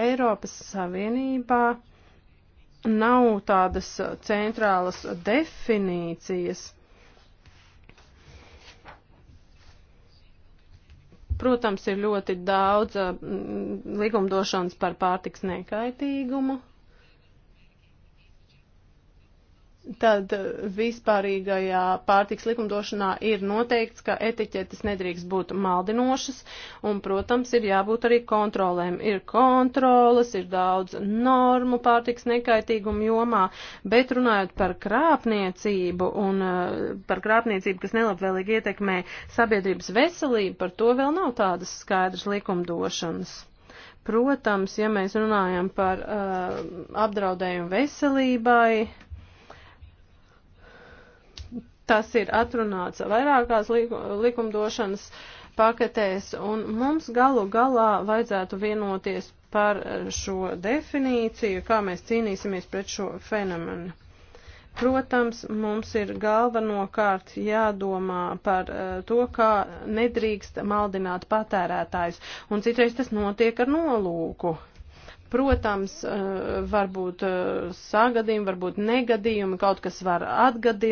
Eiropas Savienībā nav tādas centrālas definīcijas. Protams, ir ļoti daudz mm, likumdošanas par pārtiks nekaitīgumu, Tad vispārīgajā pārtiks likumdošanā ir noteikts, ka etiķetes nedrīkst būt maldinošas, un, protams, ir jābūt arī kontrolēm. Ir kontrolas, ir daudz normu pārtiks nekaitīgumu jomā, bet runājot par krāpniecību un eh, par krāpniecību, kas nelabvēlīgi ietekmē sabiedrības veselību, par to vēl nav tādas skaidras likumdošanas. Protams, ja mēs runājam par uh, apdraudējumu veselībai, Tas ir atrunāts vairākās likumdošanas paketēs, un mums galu galā vajadzētu vienoties par šo definīciju, kā mēs cīnīsimies pret šo fenomenu. Protams, mums ir galvenokārt jādomā par uh, to, kā nedrīkst maldināt patērētājus, un citreiz tas notiek ar nolūku. Uh, Protams, eh, varbūt eh, sagadījumi, varbūt negadījumi, kaut kas var atgadi,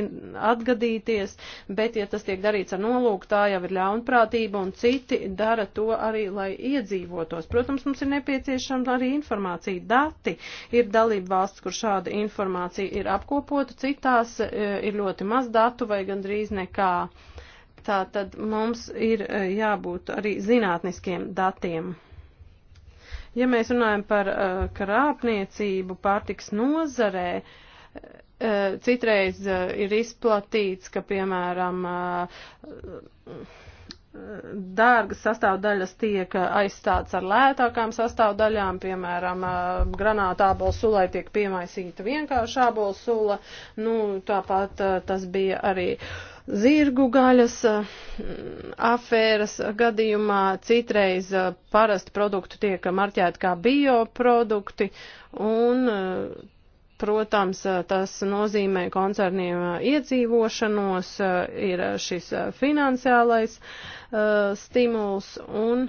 atgadīties, bet ja tas tiek darīts ar nolūku, tā jau ir ļaunprātība un citi dara to arī, lai iedzīvotos. Protams, mums ir nepieciešama arī informācija, dati. Ir dalība valsts, kur šāda informācija ir apkopota, citās eh, ir ļoti maz datu vai gandrīz nekā. Tā tad mums ir jābūt arī zinātniskiem datiem. Ja mēs runājam par uh, krāpniecību pārtiks nozarē, uh, citreiz uh, ir izplatīts, ka, piemēram, uh, dārgas sastāvdaļas tiek aizstāts ar lētākām sastāvdaļām, piemēram, uh, granāta ābola sulai tiek piemaisīta vienkārša ābola sula, nu, tāpat uh, tas bija arī uh, zirgu gaļas mm, afēras gadījumā citreiz eh, parasti produktu tiek marķēti kā bioprodukti un, eh, protams, eh, tas nozīmē koncerniem iedzīvošanos, ir šis finansiālais stimuls un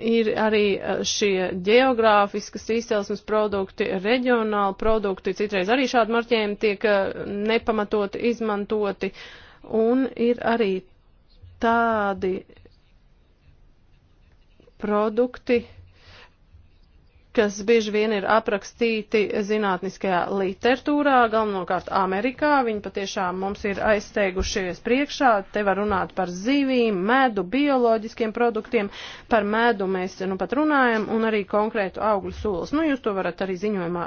ir arī eh, šie geogrāfiskas izcelsmes produkti, reģionāli produkti, citreiz arī šādi marķējumi tiek eh, nepamatoti izmantoti, un ir arī tādi produkti, kas bieži vien ir aprakstīti zinātniskajā literatūrā, galvenokārt Amerikā. Viņi patiešām mums ir aizsteigušies priekšā. Te var runāt par zivīm, medu, bioloģiskiem produktiem. Par medu mēs nu pat runājam un arī konkrētu augļu sulas. Nu, jūs to varat arī ziņojumā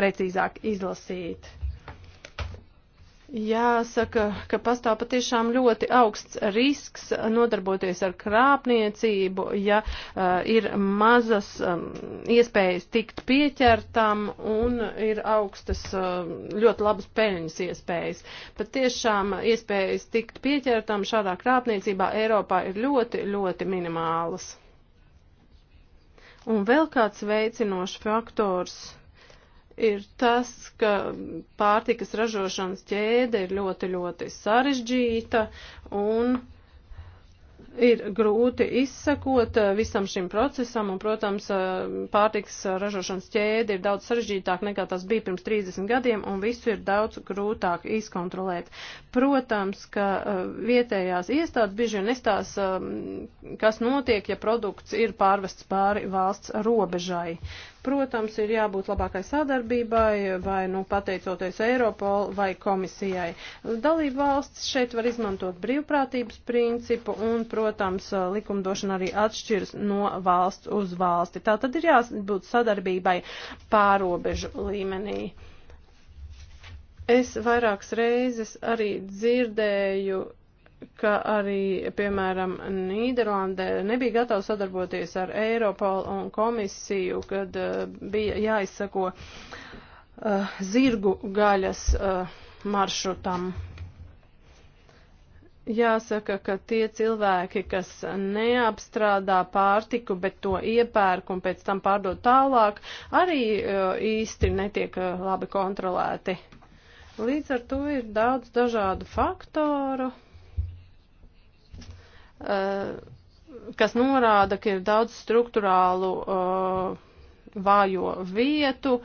precīzāk izlasīt. Jāsaka, ka pastāv patiešām ļoti augsts risks nodarboties ar krāpniecību, ja uh, ir mazas um, iespējas tikt pieķertam un ir augstas uh, ļoti labas peļņas iespējas. Pat tiešām iespējas tikt pieķertam šādā krāpniecībā Eiropā ir ļoti, ļoti minimālas. Un vēl kāds veicinošs faktors ir tas, ka pārtikas ražošanas ķēde ir ļoti, ļoti sarežģīta un ir grūti izsekot eh, visam šim procesam, un, protams, eh, pārtiks ražošanas ķēde ir daudz sarežģītāk nekā tas bija pirms 30 gadiem, un visu ir daudz grūtāk izkontrolēt. Protams, ka eh, vietējās iestādes bieži vien nestās, kas notiek, ja produkts ir pārvests pāri valsts robežai. Protams, ir jābūt labākai sadarbībai, vai nu pateicoties Eiropol vai komisijai. Dalība valsts šeit var izmantot brīvprātības principu un, protams, likumdošana arī atšķiras no valsts uz valsti. Tā tad ir jābūt sadarbībai pārobežu līmenī. Es vairākas reizes arī dzirdēju ka arī, piemēram, Nīderlandē nebija gatava sadarboties ar Eiropolu un komisiju, kad uh, bija jāizsako uh, zirgu gaļas uh, maršrutam. Jāsaka, ka tie cilvēki, kas neapstrādā pārtiku, bet to iepērk un pēc tam pārdod tālāk, arī īsti netiek labi kontrolēti. Līdz ar to ir daudz dažādu faktoru. Eh, kas norāda, ka ir daudz struktūrālu eh, vājo vietu,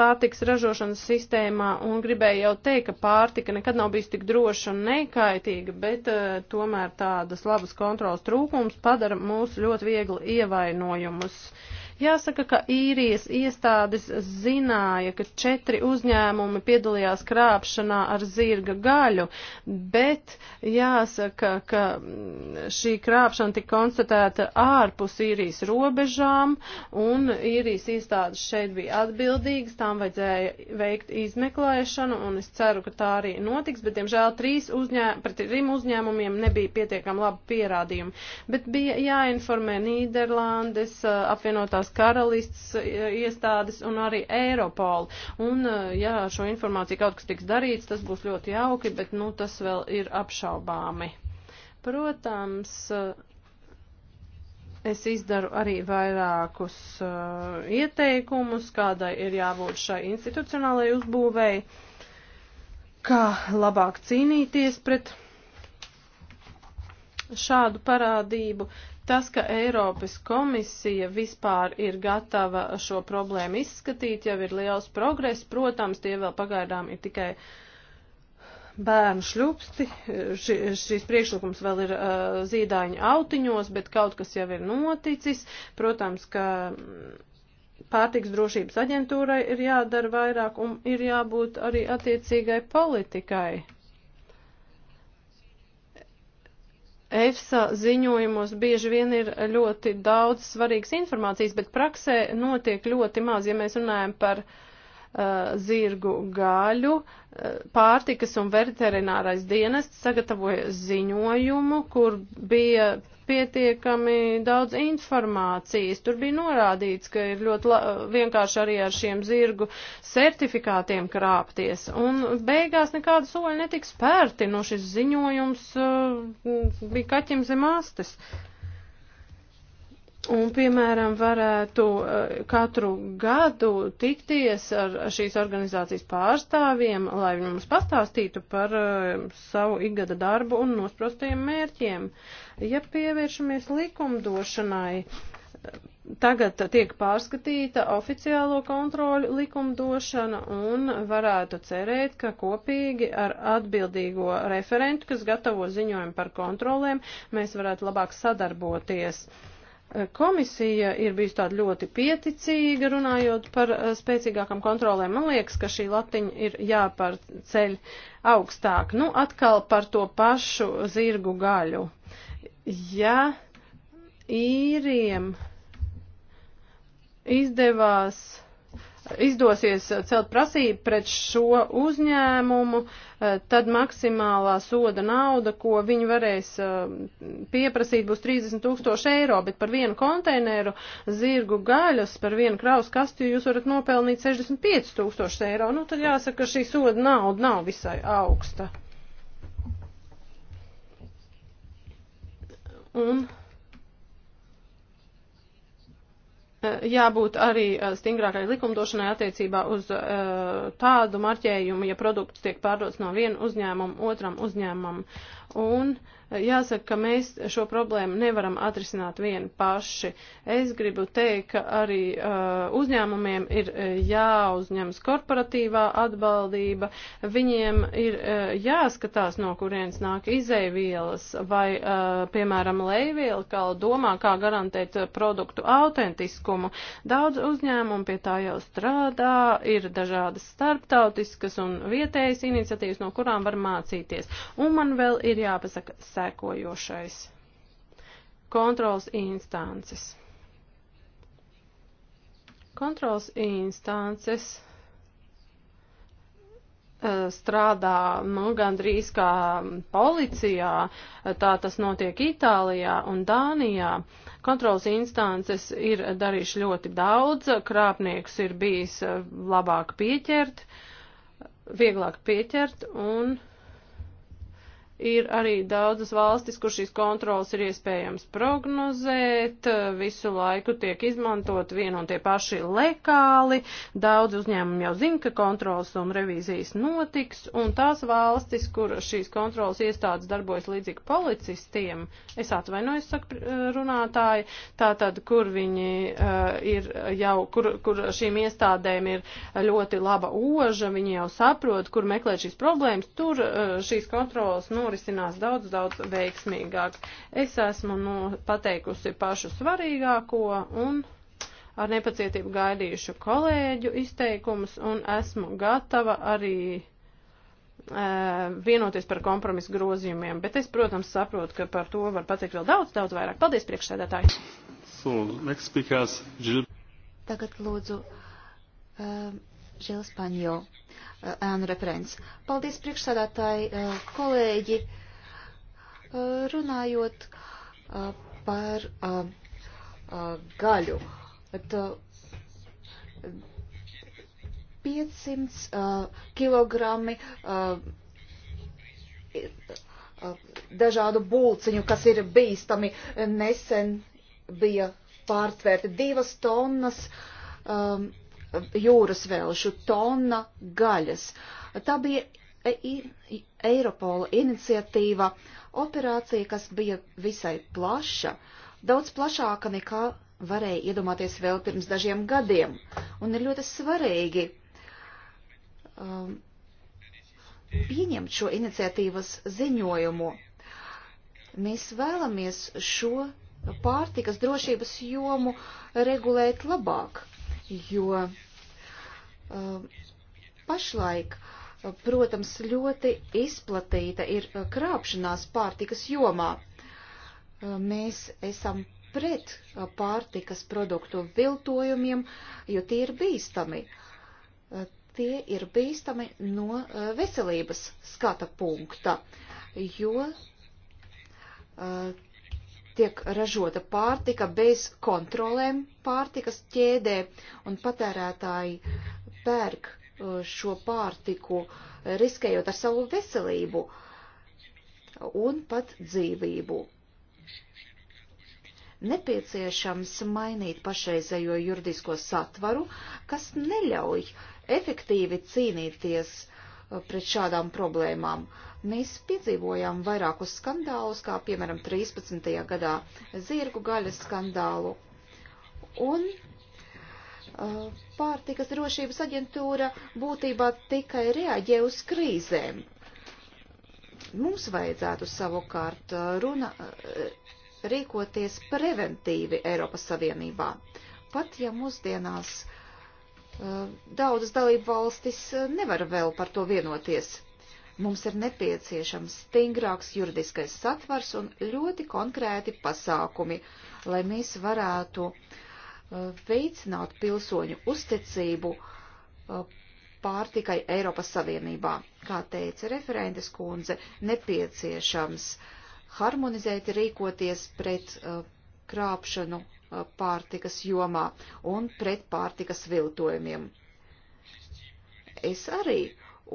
pārtiks ražošanas sistēmā un gribēju jau teikt, ka pārtika nekad nav bijusi tik droša un nekaitīga, bet uh, tomēr tādas labas kontrolas trūkums padara mūs ļoti viegli ievainojumus. Uh, Jāsaka, ka īrijas iestādes zināja, ka četri uzņēmumi piedalījās krāpšanā ar zirga gaļu, bet jāsaka, ka mm, šī krāpšana tika konstatēta ārpus īrijas robežām, un īrijas iestādes šeit bija atbildīgas, tām vajadzēja veikt izmeklēšanu, un es ceru, ka tā arī notiks, bet, diemžēl, trīs uzņēmumi, pret trim uzņēmumiem nebija pietiekami labi pierādījumi, bet bija jāinformē Nīderlandes, eh, apvienotās apvienotās karalists e, iestādes un arī Eiropolu. Un, e, jā, šo informāciju kaut kas tiks darīts, tas būs ļoti jauki, bet, nu, tas vēl ir apšaubāmi. Protams, e, es izdaru arī vairākus uh, ieteikumus, kādai ir jābūt šai institucionālajai uzbūvēji, kā labāk cīnīties pret šādu parādību, Tas, ka Eiropas komisija vispār ir gatava šo problēmu izskatīt, jau ir liels progress. Protams, tie vēl pagaidām ir tikai bērnu šļupsti. Ši, šis priekšlikums vēl ir uh, zīdaiņa autiņos, bet kaut kas jau ir noticis. Protams, ka pārtiks drošības aģentūrai ir jādara vairāk un ir jābūt arī attiecīgai politikai. EFSA ziņojumos bieži vien ir ļoti daudz svarīgas informācijas, bet praksē notiek ļoti maz. Ja mēs runājam par uh, Uh, zirgu gaļu, uh, pārtikas un veterinārais dienests sagatavoja ziņojumu, kur bija pietiekami daudz informācijas. Tur bija norādīts, ka ir ļoti vienkārši arī ar šiem zirgu certifikātiem krāpties. Un beigās nekāda soļa netiks spērti, no nu, šis ziņojums uh, bija kaķim zem astes. Uh, Un, piemēram, varētu eh, katru gadu tikties ar šīs organizācijas pārstāvjiem, lai viņi mums pastāstītu par eh, savu ikgada darbu un nosprostajiem mērķiem. Ja pievēršamies likumdošanai, eh, tagad tiek pārskatīta oficiālo kontroļu likumdošana un varētu cerēt, ka kopīgi ar atbildīgo referentu, kas gatavo ziņojumu par kontrolēm, mēs varētu labāk sadarboties. Uh, Komisija ir bijusi tāda ļoti pieticīga runājot par eh, spēcīgākam kontrolēm. Man liekas, ka šī latiņa ir jāpārceļ augstāk. Nu, atkal par to pašu zirgu gaļu. Ja īriem izdevās izdosies celt prasību pret šo uzņēmumu, eh, tad maksimālā soda nauda, ko viņi varēs eh, pieprasīt, būs 30 tūkstoši eiro, bet par vienu konteineru zirgu gaļas, par vienu kraus kastu jūs varat nopelnīt 65 tūkstoši eiro. Nu, tad jāsaka, ka šī soda nauda nav visai augsta. Un... Mm Eh, jābūt arī eh, stingrākai likumdošanai attiecībā uz eh, tādu marķējumu, ja produkts tiek pārdots no viena uzņēmuma otram uzņēmumam. Un eh, jāsaka, ka mēs šo problēmu nevaram atrisināt vieni paši. Es gribu teikt, ka arī uh, uzņēmumiem ir eh, jāuzņemas korporatīvā atbaldība, viņiem ir uh, jāskatās, no kurienes nāk izēvielas, vai, uh, piemēram, lejviela, kā domā, kā garantēt produktu autentiskumu. Daudz uzņēmumu pie tā jau strādā, ir dažādas starptautiskas un vietējas iniciatīvas, no kurām var mācīties. Un man vēl ir ir jāpasaka sekojošais. Kontrols instances. Kontrols instances eh, strādā nu, gandrīz kā policijā, tā tas notiek Itālijā un Dānijā. Kontrolas instances ir darījuši ļoti daudz, krāpniekus ir bijis eh, labāk pieķert, vieglāk pieķert un. Uh, Ir arī daudzas valstis, kur šīs kontrolas ir iespējams prognozēt, visu laiku tiek izmantot vien un tie paši lekāli, daudz uzņēmumi jau zina, ka kontrolas un revīzijas notiks, un tās valstis, kur šīs kontrolas iestādes darbojas līdzīgi policistiem, es atvainojos, saka eh, runātāji, tātad, kur viņi uh, ir jau, kur, kur šīm iestādēm ir ļoti laba oža, viņi jau saprot, kur meklēt šīs problēmas, tur uh, šīs kontrolas, nu, norisinās daudz, daudz veiksmīgāk. Es esmu nu, pateikusi pašu svarīgāko un ar nepacietību gaidīšu kolēģu izteikumus un esmu gatava arī e, vienoties par kompromisu grozījumiem, bet es, protams, saprotu, ka par to var pateikt vēl daudz, daudz vairāk. Paldies, priekšsēdētāji! So, next speakers, Jill. Tagad lūdzu um, Žils Paņo, eh, ēnu referents. Paldies priekšsādātāji, eh, kolēģi, eh, runājot par gaļu. 500 kilogrami dažādu būciņu, kas ir bīstami nesen bija pārtvērti divas tonnas um, jūras vēlšu, tonna gaļas. Tā bija e- Eiropola iniciatīva, operācija, kas bija visai plaša, daudz plašāka nekā varēja iedomāties vēl pirms dažiem gadiem. Un ir ļoti svarīgi um, pieņemt šo iniciatīvas ziņojumu. Mēs vēlamies šo pārtikas drošības jomu regulēt labāk, jo Uh, pašlaik, uh, protams, ļoti izplatīta ir uh, krāpšanās pārtikas jomā. Mēs esam pret pārtikas produktu viltojumiem, jo tie ir bīstami. Tie ir bīstami no veselības skata punkta, jo tiek ražota pārtika bez kontrolēm pārtikas ķēdē, un patērētāji pērk uh, šo pārtiku, riskējot ar savu veselību un pat dzīvību. Nepieciešams mainīt pašreizējo juridisko satvaru, kas neļauj efektīvi cīnīties uh, pret šādām problēmām. Mēs piedzīvojām vairākus skandālus, kā piemēram 13. gadā zirgu gaļas skandālu, un Eh, pārtikas drošības aģentūra būtībā tikai reaģē uz krīzēm. Mums vajadzētu savukārt eh, runa, eh, rīkoties preventīvi Eiropas Savienībā. Pat ja mūsdienās daudzas dalību valstis nevar vēl par to vienoties, mums ir nepieciešams stingrāks juridiskais satvars un ļoti konkrēti pasākumi, lai mēs varētu uh, Uh, veicināt pilsoņu uzticību uh, pārtikai Eiropas Savienībā. Kā teica referentes kundze, nepieciešams harmonizēt rīkoties pret uh, krāpšanu pārtikas jomā un pret pārtikas viltojumiem. Es arī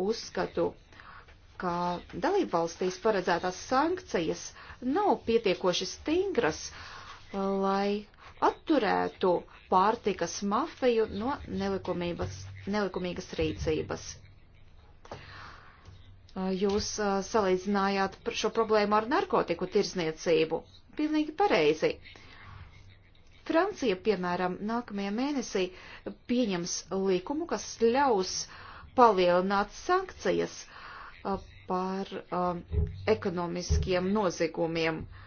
uzskatu, ka dalībvalstīs paredzētās sankcijas nav pietiekoši stingras, lai uh, atturētu pārtikas mafiju no nelikumīgas rīcības. Jūs salīdzinājāt šo problēmu ar narkotiku tirzniecību. Pilnīgi pareizi. Francija, piemēram, nākamajā mēnesī pieņems likumu, kas ļaus palielināt sankcijas par ekonomiskiem nozigumiem uh,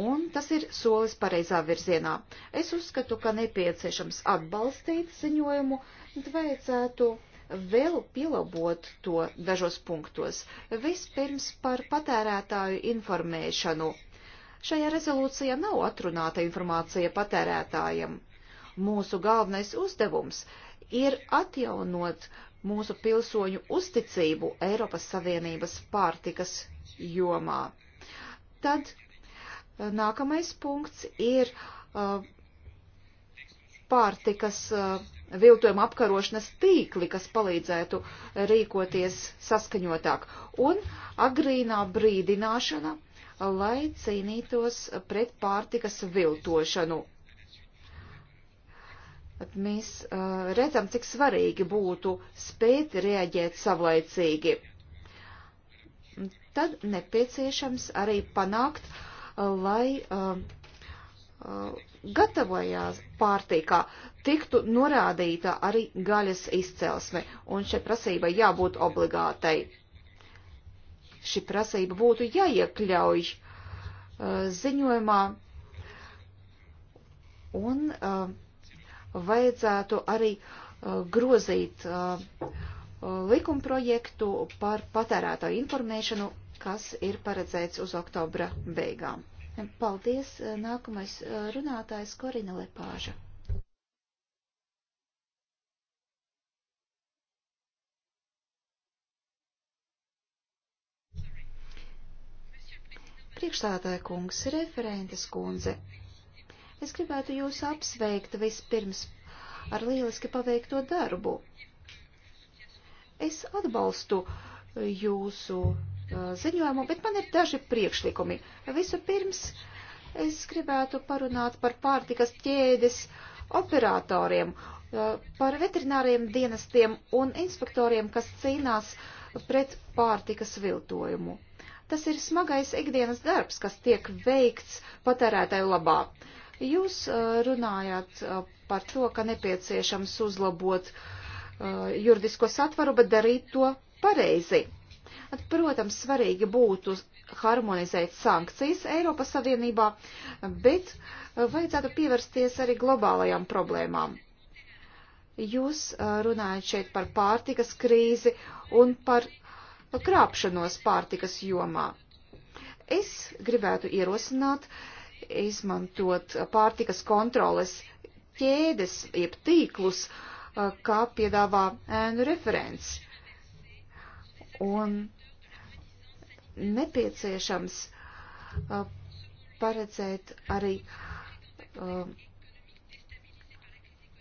un tas ir solis pareizā virzienā. Es uzskatu, ka nepieciešams atbalstīt ziņojumu, bet vajadzētu vēl pielabot to dažos punktos. Vispirms par patērētāju informēšanu. Šajā rezolūcijā nav atrunāta informācija patērētājiem. Mūsu galvenais uzdevums ir atjaunot mūsu pilsoņu uzticību Eiropas Savienības pārtikas jomā. Tad Nākamais punkts ir uh, pārtikas uh, viltojuma apkarošanas tīkli, kas palīdzētu rīkoties saskaņotāk, un agrīnā brīdināšana, lai cīnītos pret pārtikas viltošanu. At mēs uh, redzam, cik svarīgi būtu spēt reaģēt savlaicīgi. Tad nepieciešams arī panākt uh, lai gatavojās pārtīkā tiktu norādīta arī gaļas izcelsme, un šai prasībai jābūt obligātai. Šī prasība būtu jāiekļauj ziņojumā, un vajadzētu arī grozīt likumprojektu par patērētāju informēšanu kas ir paredzēts uz oktobra beigām. Paldies! Nākamais runātājs Korina Lepāža. Priekšstādāja kungs, referentes kundze, es gribētu jūs apsveikt vispirms ar lieliski paveikto darbu. Es atbalstu jūsu Uh, ziņojumu, bet man ir daži priekšlikumi. Vispirms es gribētu parunāt par pārtikas ķēdes operatoriem, uh, par veterināriem dienestiem un inspektoriem, kas cīnās pret pārtikas viltojumu. Tas ir smagais ikdienas darbs, kas tiek veikts patērētāju labā. Jūs uh, runājāt par to, ka nepieciešams uzlabot juridisko satvaru, bet darīt to pareizi. Protams, svarīgi būtu harmonizēt sankcijas Eiropas Savienībā, bet uh, vajadzētu pievērsties arī globālajām problēmām. Jūs uh, runājat šeit par pārtikas krīzi un par krāpšanos pārtikas jomā. Es gribētu ierosināt izmantot pārtikas kontroles ķēdes, jeb tīklus, uh, kā piedāvā ēnu referents. Un nepieciešams uh, paredzēt arī, uh,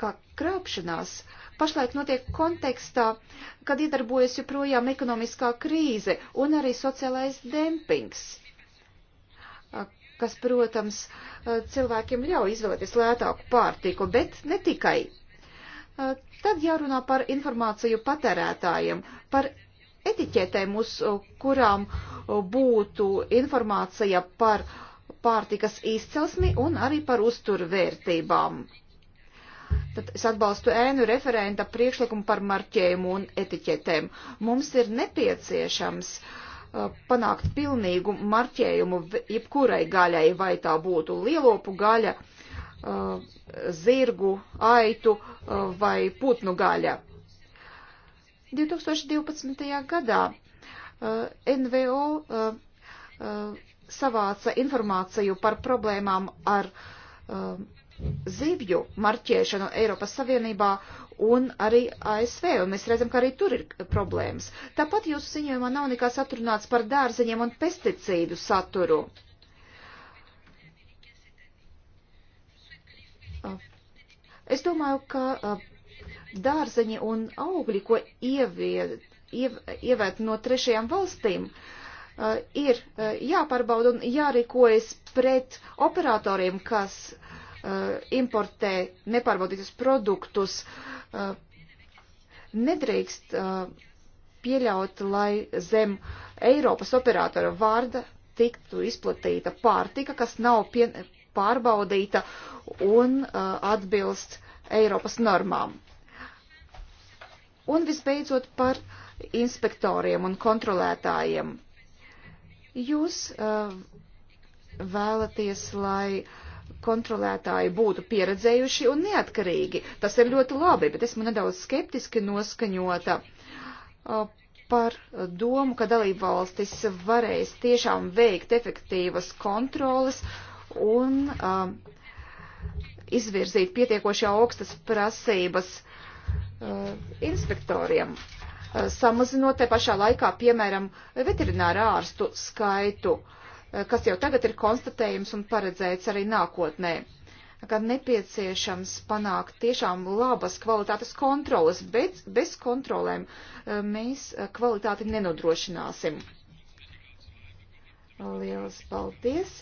kā krāpšanās pašlaik notiek kontekstā, kad iedarbojas joprojām ekonomiskā krīze un arī sociālais dempings, uh, kas, protams, uh, cilvēkiem ļauj izvēlēties lētāku pārtiku, bet ne tikai. Uh, tad jārunā par informāciju patērētājiem, par etiķetēm, uz uh, kurām uh, būtu informācija par pārtikas izcelsmi un arī par uzturvērtībām. Tad es atbalstu ēnu referenta priekšlikumu par marķējumu un etiķetēm. Mums ir nepieciešams uh, panākt pilnīgu marķējumu jebkurai gaļai, vai tā būtu lielopu gaļa, zirgu, aitu vai putnu gaļa 2012. gadā uh, eh, NVO uh, eh, uh, eh, savāca informāciju par problēmām ar uh, zivju marķēšanu Eiropas Savienībā un arī ASV, un mēs redzam, ka arī tur ir problēmas. Tāpat jūsu ziņojumā nav nekās atrunāts par dārzeņiem un pesticīdu saturu. Es domāju, ka dārzeņi un augļi, ko ievie, iev, ievēt no trešajām valstīm, uh, ir uh, jāpārbauda un jārīkojas pret operatoriem, kas uh, importē nepārbaudītus produktus. Uh, nedrīkst uh, pieļaut, lai zem Eiropas operatora vārda tiktu izplatīta pārtika, kas nav pie, pārbaudīta un uh, atbilst Eiropas normām. Un visbeidzot par inspektoriem un kontrolētājiem. Jūs uh, vēlaties, lai kontrolētāji būtu pieredzējuši un neatkarīgi. Tas ir ļoti labi, bet esmu nedaudz skeptiski noskaņota uh, par domu, ka dalībvalstis varēs tiešām veikt efektīvas kontroles un uh, izvirzīt pietiekoši augstas prasības Uh, inspektoriem, uh, samazinot te pašā laikā, piemēram, veterināru ārstu skaitu, uh, kas jau tagad ir konstatējums un paredzēts arī nākotnē kad nepieciešams panākt tiešām labas kvalitātes kontrolas, bet bez kontrolēm mēs kvalitāti nenodrošināsim. Lielas paldies!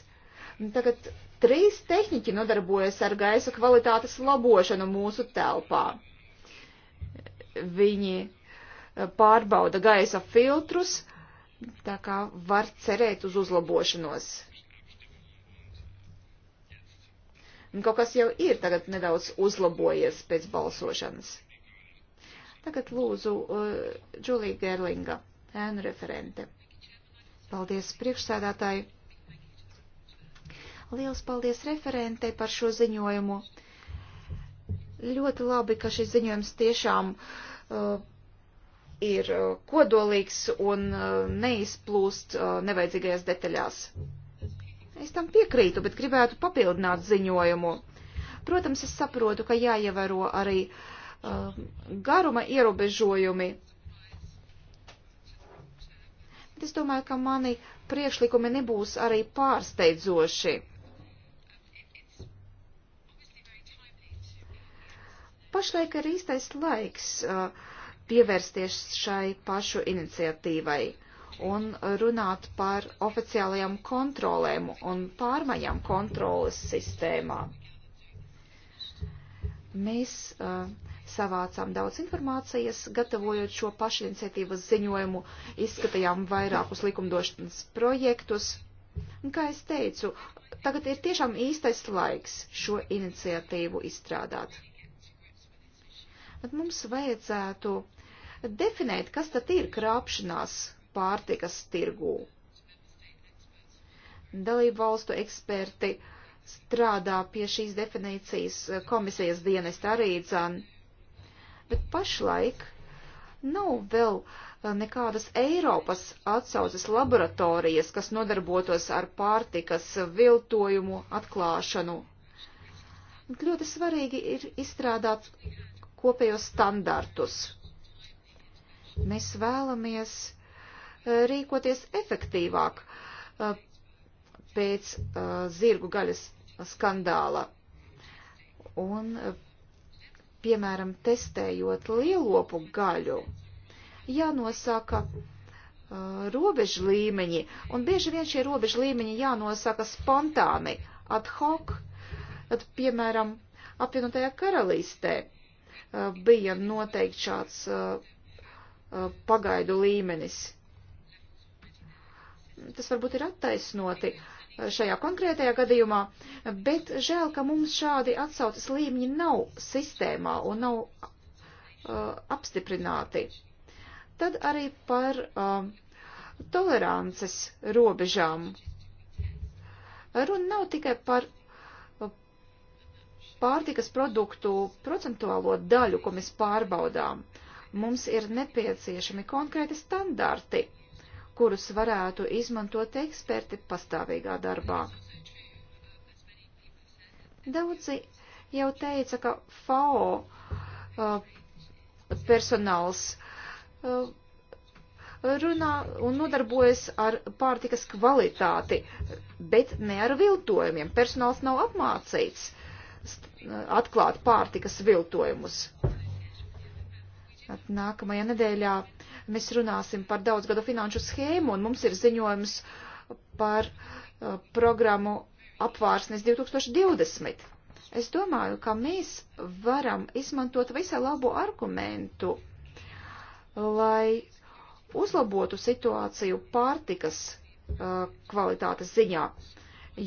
Tagad trīs tehniķi nodarbojas ar gaisa kvalitātes labošanu mūsu telpā viņi eh, pārbauda gaisa filtrus, tā kā var cerēt uz uzlabošanos. Un kaut kas jau ir tagad nedaudz uzlabojies pēc balsošanas. Tagad lūdzu uh, Džulija Gerlinga, ēnu referente. Paldies priekšsēdātāji. Liels paldies referentei par šo ziņojumu. Uh, Ļoti labi, ka šis ziņojums tiešām uh, ir uh, kodolīgs un uh, neizplūst uh, nevajadzīgajās detaļās. Es tam piekrītu, bet gribētu papildināt ziņojumu. Protams, es saprotu, ka jāievēro arī uh, garuma ierobežojumi. Bet es domāju, ka mani priekšlikumi nebūs arī pārsteidzoši. Pašlaik ir īstais laiks uh, pievērsties šai pašu iniciatīvai un runāt par oficiālajām kontrolēm un pārmaiņām kontrolas sistēmā. Mēs uh, savācām daudz informācijas, gatavojot šo pašiniciatīvas ziņojumu, izskatījām vairākus likumdošanas projektus. Un, kā es teicu, tagad ir tiešām īstais laiks šo iniciatīvu izstrādāt. Tad mums vajadzētu definēt, kas tad ir krāpšanās pārtikas tirgū. Dalību valstu eksperti strādā pie šīs definīcijas komisijas dienesta arī dzan, bet pašlaik nav vēl uh, nekādas Eiropas atsauces laboratorijas, kas nodarbotos ar pārtikas viltojumu atklāšanu. Ļoti svarīgi ir izstrādāt kopējos standartus. Mēs vēlamies eh, rīkoties efektīvāk eh, pēc eh, zirgu gaļas skandāla. Un, piemēram, testējot lielopu gaļu, jānosaka robežu līmeņi, un bieži vien šie robežu līmeņi jānosaka spontāni, ad hoc, tad, piemēram, apvienotajā karalīstē Eh, bija noteikti šāds eh, eh, pagaidu līmenis. Tas varbūt ir attaisnoti šajā konkrētajā gadījumā, bet žēl, ka mums šādi atsaucas līmeņi nav sistēmā un nav uh, apstiprināti. Tad arī par uh, tolerances robežām. Runa nav tikai par pārtikas produktu procentuālo daļu, ko mēs pārbaudām, mums ir nepieciešami konkrēti standarti, kurus varētu izmantot eksperti pastāvīgā darbā. Daudzi jau teica, ka FAO uh, personāls uh, runā un nodarbojas ar pārtikas kvalitāti, bet ne ar viltojumiem. Personāls nav apmācīts atklāt pārtikas viltojumus. Nākamajā nedēļā mēs runāsim par daudzgadu finanšu schēmu, un mums ir ziņojums par uh, programmu apvārsnes 2020. Es domāju, ka mēs varam izmantot visai labu argumentu, lai uzlabotu situāciju pārtikas uh, kvalitātes ziņā,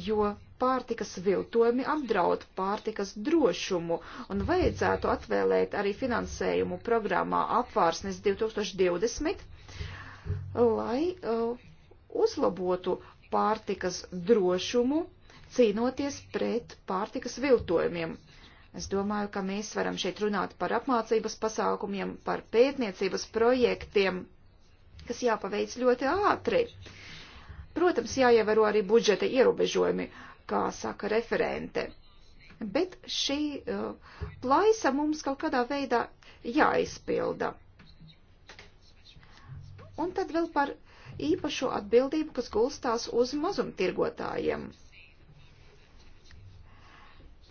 jo pārtikas viltojumi apdraud pārtikas drošumu un vajadzētu atvēlēt arī finansējumu programmā apvārsnes 2020, lai uh, uzlabotu pārtikas drošumu, cīnoties pret pārtikas viltojumiem. Es domāju, ka mēs varam šeit runāt par apmācības pasākumiem, par pētniecības projektiem, kas jāpaveic ļoti ātri. Protams, jāievēro arī budžeta ierobežojumi. Uh, kā saka referente. Bet šī uh, plaisa mums kaut kādā veidā jāizpilda. Un tad vēl par īpašo atbildību, kas gulstās uz mazumtirgotājiem.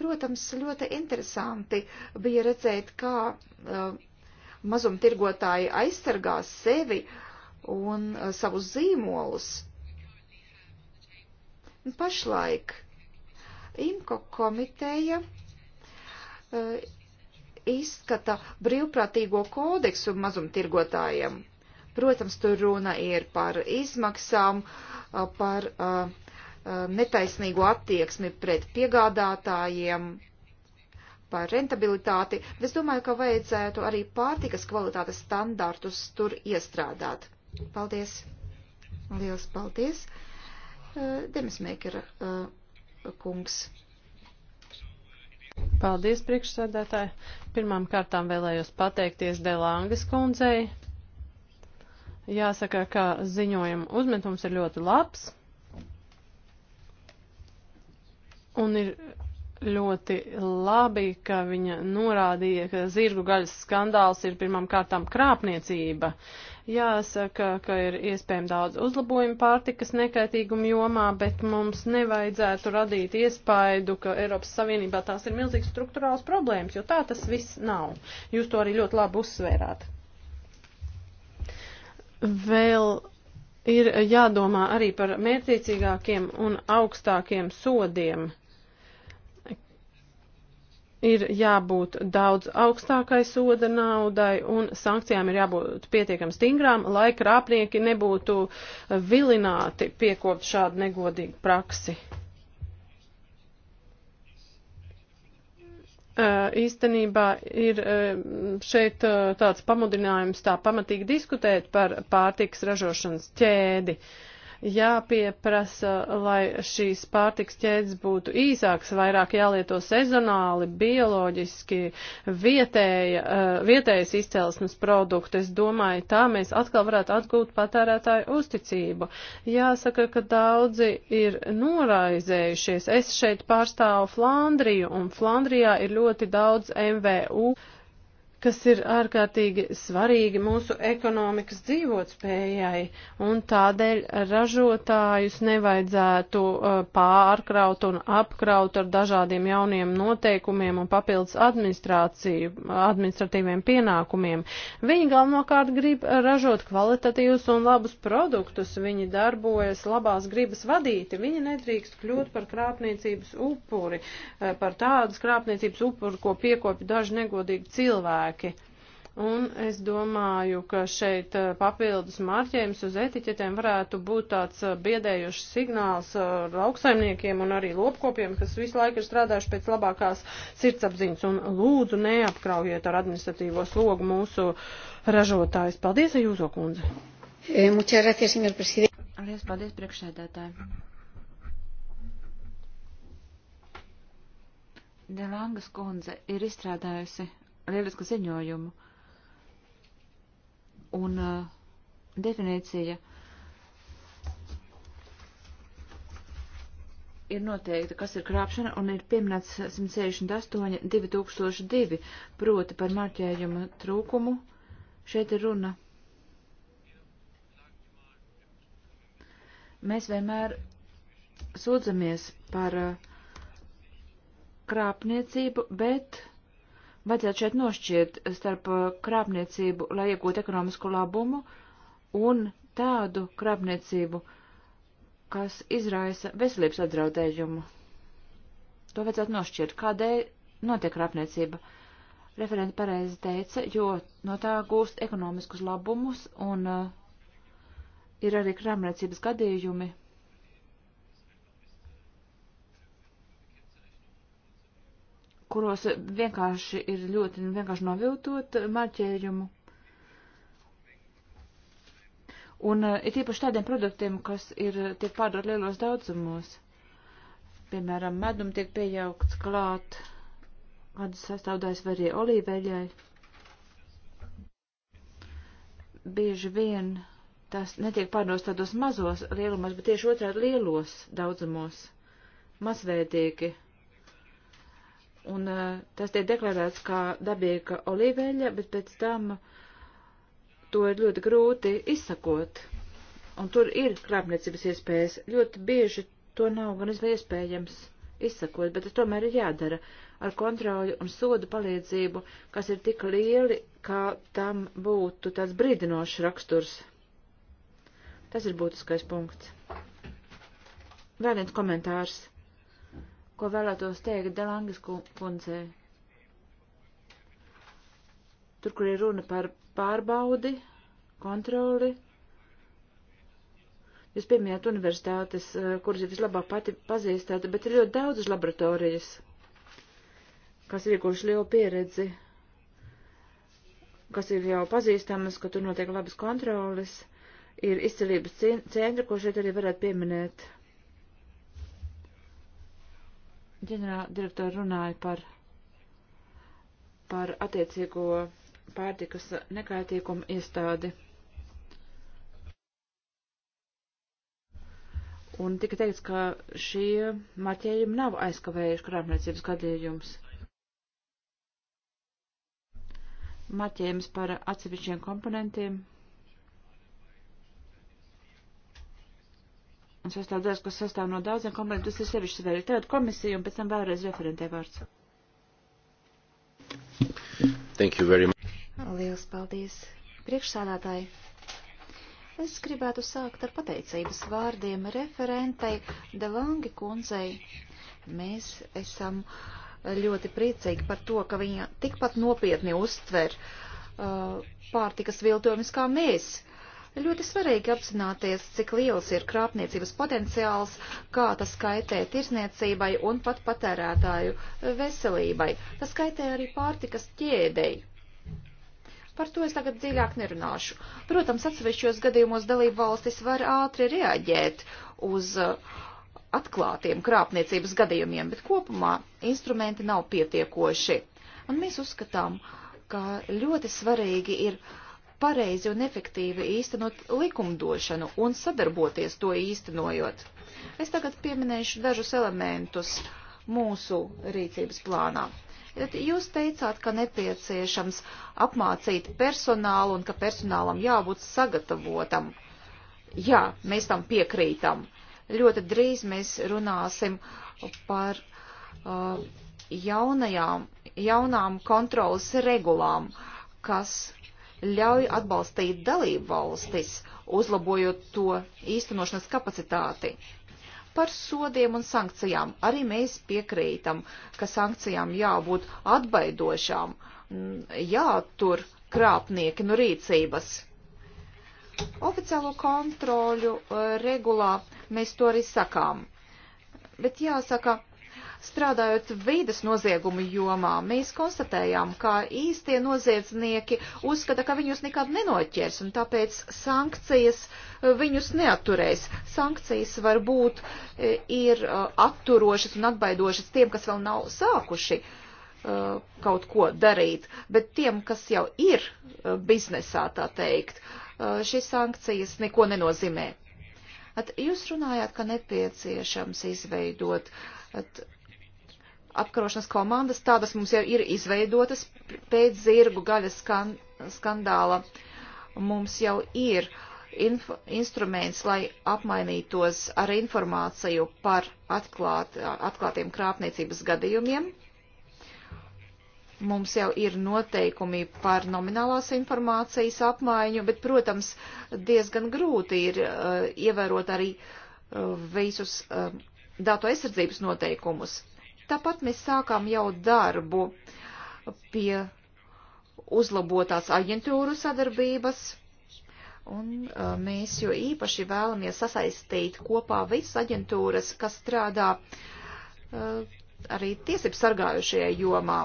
Protams, ļoti interesanti bija redzēt, kā uh, mazumtirgotāji aizsargās sevi un uh, savus zīmolus Un pašlaik IMCO komiteja uh, izskata brīvprātīgo kodeksu mazumtirgotājiem. Protams, tur runa ir par izmaksām, uh, par uh, netaisnīgu attieksmi pret piegādātājiem, par rentabilitāti, bet es domāju, ka vajadzētu arī pārtikas kvalitātes standartus tur iestrādāt. Paldies! Liels paldies! Eh, Demesmēkera eh, kungs. Paldies, priekšsēdētāji. Pirmām kārtām vēlējos pateikties Delāngas kundzei. Jāsaka, ka ziņojuma uzmetums ir ļoti labs. Un ir ļoti labi, ka viņa norādīja, ka zirgu gaļas skandāls ir pirmām kārtām krāpniecība. Jāsaka, ka ir iespējami daudz uzlabojumu pārtikas nekaitīgumu jomā, bet mums nevajadzētu radīt iespaidu, ka Eiropas Savienībā tās ir milzīgas struktūrāls problēmas, jo tā tas viss nav. Jūs to arī ļoti labi uzsvērāt. Vēl ir jādomā arī par mērķiecīgākiem un augstākiem sodiem ir jābūt daudz augstākai soda naudai un sankcijām ir jābūt pietiekam stingrām, lai krāpnieki nebūtu vilināti piekopt šādu negodīgu praksi. Īstenībā ir šeit tāds pamudinājums tā pamatīgi diskutēt par pārtiks ražošanas ķēdi. Uh, jāpieprasa, lai šīs pārtiks ķēdes būtu īsāks, vairāk jālieto sezonāli, bioloģiski, vietēja, eh, vietējas izcelsmes produktu. Es domāju, tā mēs atkal varētu atgūt patērētāju uzticību. Jāsaka, ka daudzi ir noraizējušies. Es šeit pārstāvu Flandriju, un Flandrijā ir ļoti daudz MVU. Uh, kas ir ārkārtīgi svarīgi mūsu ekonomikas dzīvotspējai, un tādēļ ražotājus nevajadzētu uh, pārkraut un apkraut ar dažādiem jauniem noteikumiem un papildus administratīviem pienākumiem. Viņi galvenokārt grib ražot kvalitatīvus un labus produktus, viņi darbojas labās gribas vadīti, viņi nedrīkst kļūt par krāpniecības upuri, uh, par tādas krāpniecības upuri, ko piekopja daži negodīgi cilvēki cilvēki. Un es domāju, ka šeit eh, papildus marķējums uz etiķetēm varētu būt tāds eh, biedējušs signāls eh, lauksaimniekiem un arī lopkopiem, kas visu laiku ir strādājuši pēc labākās sirdsapziņas. Un lūdzu, neapkraujiet ar administratīvo slogu mūsu ražotājus. Paldies, Jūzo kundze! Muchas gracias, señor presidente. Paldies, paldies, priekšsēdētāji. Delangas kundze ir izstrādājusi lielisku ziņojumu. Un uh, definīcija ir noteikta, kas ir krāpšana, un ir pieminēts 168 2002, proti par marķējumu trūkumu. Šeit ir runa. Mēs vienmēr sūdzamies par uh, krāpniecību, bet vajadzētu šeit nošķirt starp uh, krāpniecību, lai iegūtu ekonomisku labumu, un tādu krāpniecību, kas izraisa veselības apdraudējumu. To vajadzētu nošķirt. Kādēļ notiek krāpniecība? Referenti pareizi teica, jo no tā gūst ekonomiskus labumus un uh, ir arī krāpniecības gadījumi, kuros vienkārši ir ļoti vienkārši noviltot marķējumu. Un eh, ir tīpaši tādiem produktiem, kas ir tiek pārdot lielos daudzumos. Piemēram, medum tiek piejaukts klāt, kādas sastāvdaļas var arī olīveļai. Bieži vien tas netiek pārdos tādos mazos lielumos, bet tieši otrādi lielos daudzumos, mazveidīgi Un tas tiek deklarēts kā dabīga olīveļa, bet pēc tam to ir ļoti grūti izsakot. Un tur ir krāpniecības iespējas. Ļoti bieži to nav gan iespējams izsakot, bet tas tomēr ir jādara ar kontroli un sodu palīdzību, kas ir tik lieli, ka tam būtu tāds brīdinošs raksturs. Tas ir būtiskais punkts. Vēl viens komentārs ko vēlētos teikt Delangas kundzei. Tur, kur ir runa par pārbaudi, kontroli. Jūs pieminējat universitātes, eh, kuras ir vislabāk pati pazīstāt, bet ir ļoti daudzas laboratorijas, kas ir iegūši lielu pieredzi, kas ir jau pazīstamas, ka tur notiek labas kontroles, ir izcelības centri, ko šeit arī varētu pieminēt ģenerāldirektori runāja par, par attiecīgo pārtikas nekaitīgumu iestādi. Un tika teikts, ka šie marķējumi nav aizkavējuši krāpniecības gadījumus. Marķējums par atsevišķiem komponentiem sastāv darbs, kas sastāv no daudziem komponentiem, tas ir sevišķi svarīgi. Tagad komisija un pēc tam vēlreiz referentē vārds. Thank you very much. Lielas paldies. Priekšsādātāji. Es gribētu sākt ar pateicības vārdiem referentei Delangi kundzei. Mēs esam ļoti priecīgi par to, ka viņa tikpat nopietni uztver uh, pārtikas viltojumus kā mēs. Ir ļoti svarīgi apzināties, cik liels ir krāpniecības potenciāls, kā tas kaitē tirsniecībai un pat patērētāju veselībai. Tas kaitē arī pārtikas ķēdei. Par to es tagad dziļāk nerunāšu. Protams, atsevišķos gadījumos dalību valstis var ātri reaģēt uz uh, atklātiem krāpniecības gadījumiem, bet kopumā instrumenti nav pietiekoši. Un mēs uzskatām, ka ļoti svarīgi ir pareizi un efektīvi īstenot likumdošanu un sadarboties to īstenojot. Es tagad pieminēšu dažus elementus mūsu rīcības plānā. Jūs teicāt, ka nepieciešams apmācīt personālu un ka personālam jābūt sagatavotam. Jā, mēs tam piekrītam. Ļoti drīz mēs runāsim par uh, jaunajām, jaunām kontrolas regulām, kas ļauj atbalstīt dalību valstis, uzlabojot to īstenošanas kapacitāti. Par sodiem un sankcijām arī mēs piekrītam, ka sankcijām jābūt atbaidošām, jātur krāpnieki no rīcības. Oficiālo kontroļu eh, regulā mēs to arī sakām. Bet jāsaka, Strādājot vīdes noziegumu jomā, mēs konstatējām, ka īstie noziedznieki uzskata, ka viņus nekad nenoķers, un tāpēc sankcijas eh, viņus neaturēs. Sankcijas varbūt eh, ir eh, atturošas un atbaidošas tiem, kas vēl nav sākuši kaut ko darīt, bet tiem, kas jau ir biznesā, tā teikt, šīs sankcijas neko nenozīmē. At, jūs runājāt, ka nepieciešams izveidot at, apkarošanas komandas, tādas mums jau ir izveidotas pēc zirgu gaļas skan, skandāla. Mums jau ir inf, instruments, lai apmainītos ar informāciju par atklāt, atklātiem krāpniecības gadījumiem. Mums jau ir noteikumi par nominālās informācijas apmaiņu, bet, protams, diezgan grūti ir uh, ievērot arī uh, visus uh, datu aizsardzības noteikumus Tāpat mēs sākām jau darbu pie uzlabotās aģentūru sadarbības, un mēs jo īpaši vēlamies sasaistīt kopā visas aģentūras, kas strādā arī tiesību sargājušajā jomā.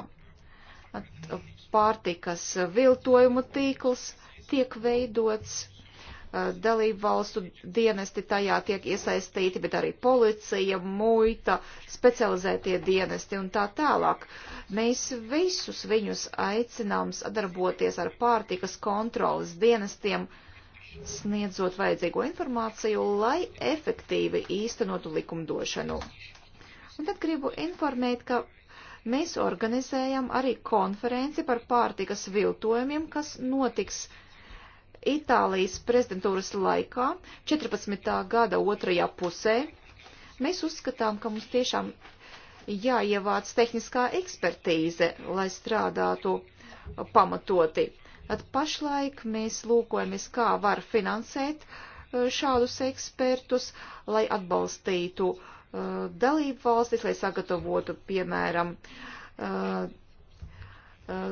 Pārtikas viltojumu tīkls tiek veidots Uh, dalību valstu dienesti tajā tiek iesaistīti, bet arī policija, muita, specializētie dienesti un tā tālāk. Mēs visus viņus aicinām sadarboties ar pārtikas kontrolas dienestiem, sniedzot vajadzīgo informāciju, lai efektīvi īstenotu likumdošanu. Un tad gribu informēt, ka mēs organizējam arī konferenci par pārtikas viltojumiem, kas notiks Itālijas prezidentūras laikā, 14. gada otrajā pusē, mēs uzskatām, ka mums tiešām jāievāc tehniskā ekspertīze, lai strādātu pamatoti. At pašlaik mēs lūkojamies, kā var finansēt e, šādus ekspertus, lai atbalstītu uh, dalību valstis, lai sagatavotu, piemēram, uh,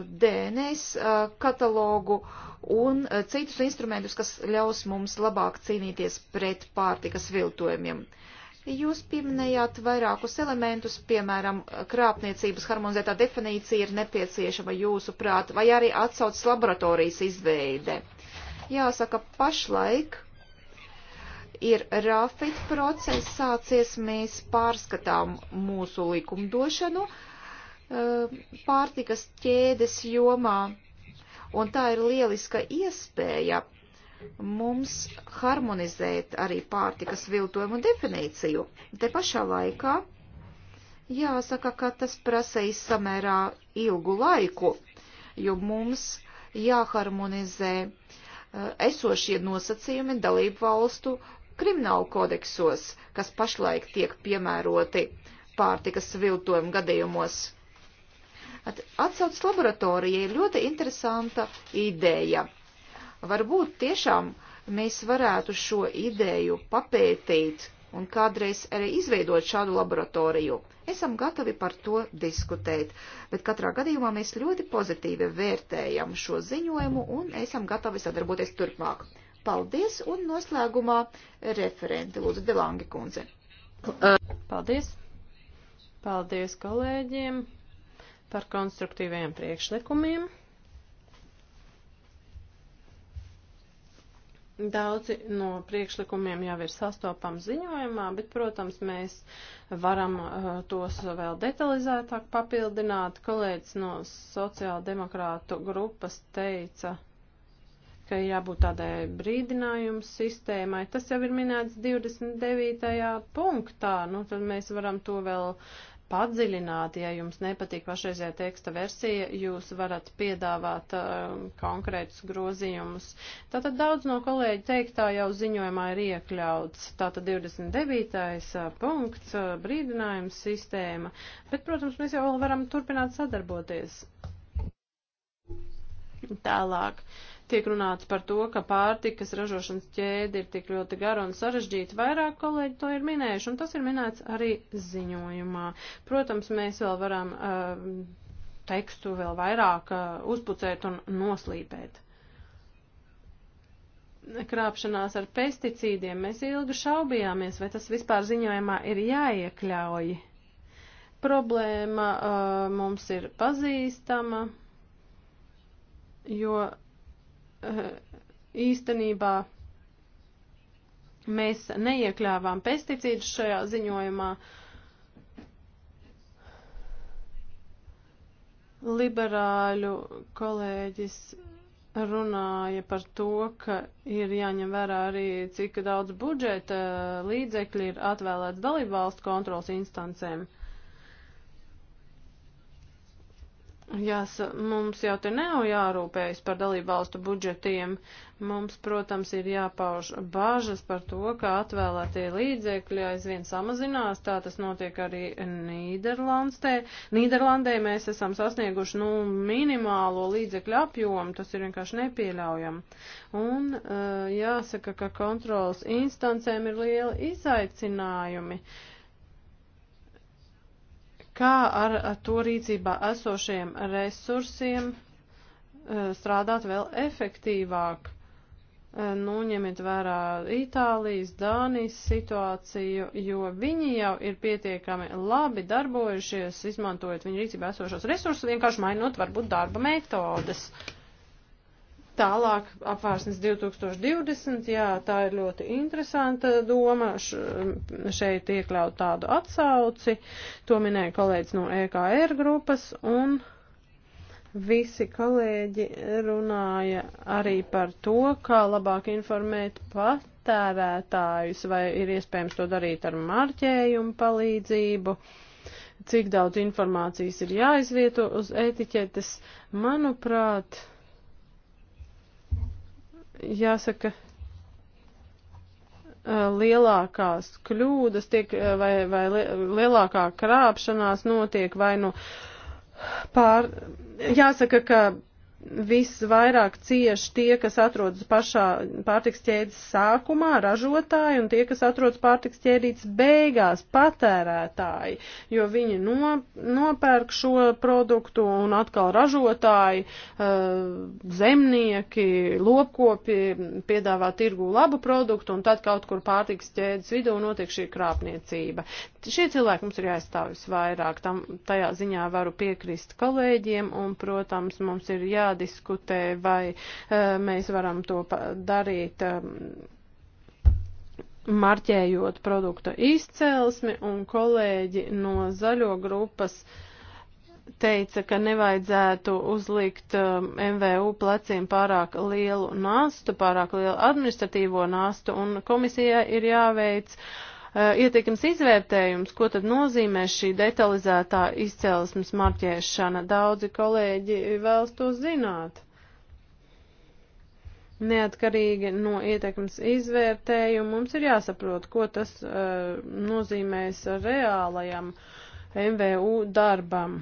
DNS katalogu un citus instrumentus, kas ļaus mums labāk cīnīties pret pārtikas viltojumiem. Jūs pieminējāt vairākus elementus, piemēram, krāpniecības harmonizētā definīcija ir nepieciešama jūsu prāt, vai arī atsaucas laboratorijas izveide. Jāsaka, pašlaik ir rafit process sācies, mēs pārskatām mūsu likumdošanu, uh, Eh, pārtikas ķēdes jomā. Un tā ir lieliska iespēja mums harmonizēt arī pārtikas viltojumu definīciju. Te pašā laikā jāsaka, ka tas prasīs samērā ilgu laiku, jo mums jāharmonizē eh, esošie nosacījumi dalību valstu kriminālu kodeksos, kas pašlaik tiek piemēroti pārtikas viltojumu gadījumos. Atsaucas laboratorija ir ļoti interesanta ideja. Varbūt tiešām mēs varētu šo ideju papētīt un kādreiz arī izveidot šādu laboratoriju. Esam gatavi par to diskutēt, bet katrā gadījumā mēs ļoti pozitīvi vērtējam šo ziņojumu un esam gatavi sadarboties turpmāk. Paldies un noslēgumā referenti Lūdzu Delangi kundze. Paldies. Paldies kolēģiem par konstruktīvajiem priekšlikumiem. Daudzi no priekšlikumiem jau ir sastopami ziņojumā, bet, protams, mēs varam uh, tos vēl detalizētāk papildināt. Kolēģis no sociāldemokrātu grupas teica, ka ir jābūt tādai brīdinājumu sistēmai. Tas jau ir minēts 29. punktā, nu tad mēs varam to vēl uh, padziļināt, ja jums nepatīk pašreizējā teksta versija, jūs varat piedāvāt uh, konkrētus grozījumus. Tātad daudz no kolēģi teiktā jau ziņojumā ir iekļauts. Tātad 29. Uh, punkts, uh, brīdinājums sistēma. Bet, protams, mēs jau varam turpināt sadarboties. Tālāk. Uh, Tiek runāts par to, ka pārtikas ražošanas ķēde ir tik ļoti gara un sarežģīta. Vairāk kolēģi to ir minējuši, un tas ir minēts arī ziņojumā. Protams, mēs vēl varam uh, tekstu vēl vairāk uh, eh, uzpucēt un noslīpēt krāpšanās ar pesticīdiem, mēs ilgi šaubījāmies, vai tas vispār ziņojumā ir jāiekļauj. Problēma uh, mums ir pazīstama, jo Eh, īstenībā mēs neiekļāvām pesticīdus šajā ziņojumā. Liberāļu kolēģis runāja par to, ka ir jāņem vērā arī, cik daudz budžeta līdzekļi ir atvēlēts dalībvalstu kontrols instancēm. Uh, Jās, mums jau te nav jārūpējas par dalību valstu budžetiem. Mums, protams, ir jāpauž bažas par to, ka atvēlētie līdzekļi aizvien samazinās. Tā tas notiek arī Nīderlandē. Nīderlandē mēs esam sasnieguši nu, minimālo līdzekļu apjomu. Tas ir vienkārši nepieļaujami. Un eh, jāsaka, ka kontrolas instancēm ir liela izaicinājumi. Uh, kā ar to rīcībā esošiem resursiem eh, strādāt vēl efektīvāk. Eh, nu, ņemiet vērā Itālijas, Dānijas situāciju, jo viņi jau ir pietiekami labi darbojušies, izmantojot viņu rīcībā esošos resursus, vienkārši mainot varbūt darba metodes. Uh, Tālāk apvārsnes 2020, jā, tā ir ļoti interesanta doma, šeit iekļaut tādu atsauci, to minēja kolēģis no EKR grupas, un visi kolēģi runāja arī par to, kā labāk informēt patērētājus, vai ir iespējams to darīt ar marķējumu palīdzību cik daudz informācijas ir jāizvieto uz etiķetes, manuprāt, jāsaka, eh, lielākās kļūdas tiek, eh, vai, vai lielākā krāpšanās notiek vai nu pār, jāsaka, ka visvairāk cieši tie, kas atrodas pašā pārtiks ķēdes sākumā, ražotāji, un tie, kas atrodas pārtiks ķēdītas beigās, patērētāji, jo viņi no, nopērk šo produktu un atkal ražotāji, eh, zemnieki, lopkopi piedāvā tirgu labu produktu, un tad kaut kur pārtiks ķēdes vidū notiek šī krāpniecība. Šie cilvēki mums ir jāizstāv visvairāk, tam tajā ziņā varu piekrist kolēģiem, un, protams, mums ir jā jādiskutē, vai eh, mēs varam to darīt ehm, marķējot produkta izcelsmi, un kolēģi no zaļo grupas teica, ka nevajadzētu uzlikt MVU ehm, pleciem pārāk lielu nastu, pārāk lielu administratīvo nastu, un komisijai ir jāveic uh, Eh, ietekmes izvērtējums, ko tad nozīmē šī detalizētā izcēlesmes marķēšana. Daudzi kolēģi vēlas to zināt. Neatkarīgi no ietekmes izvērtējuma mums ir jāsaprot, ko tas uh, nozīmēs reālajam MVU darbam.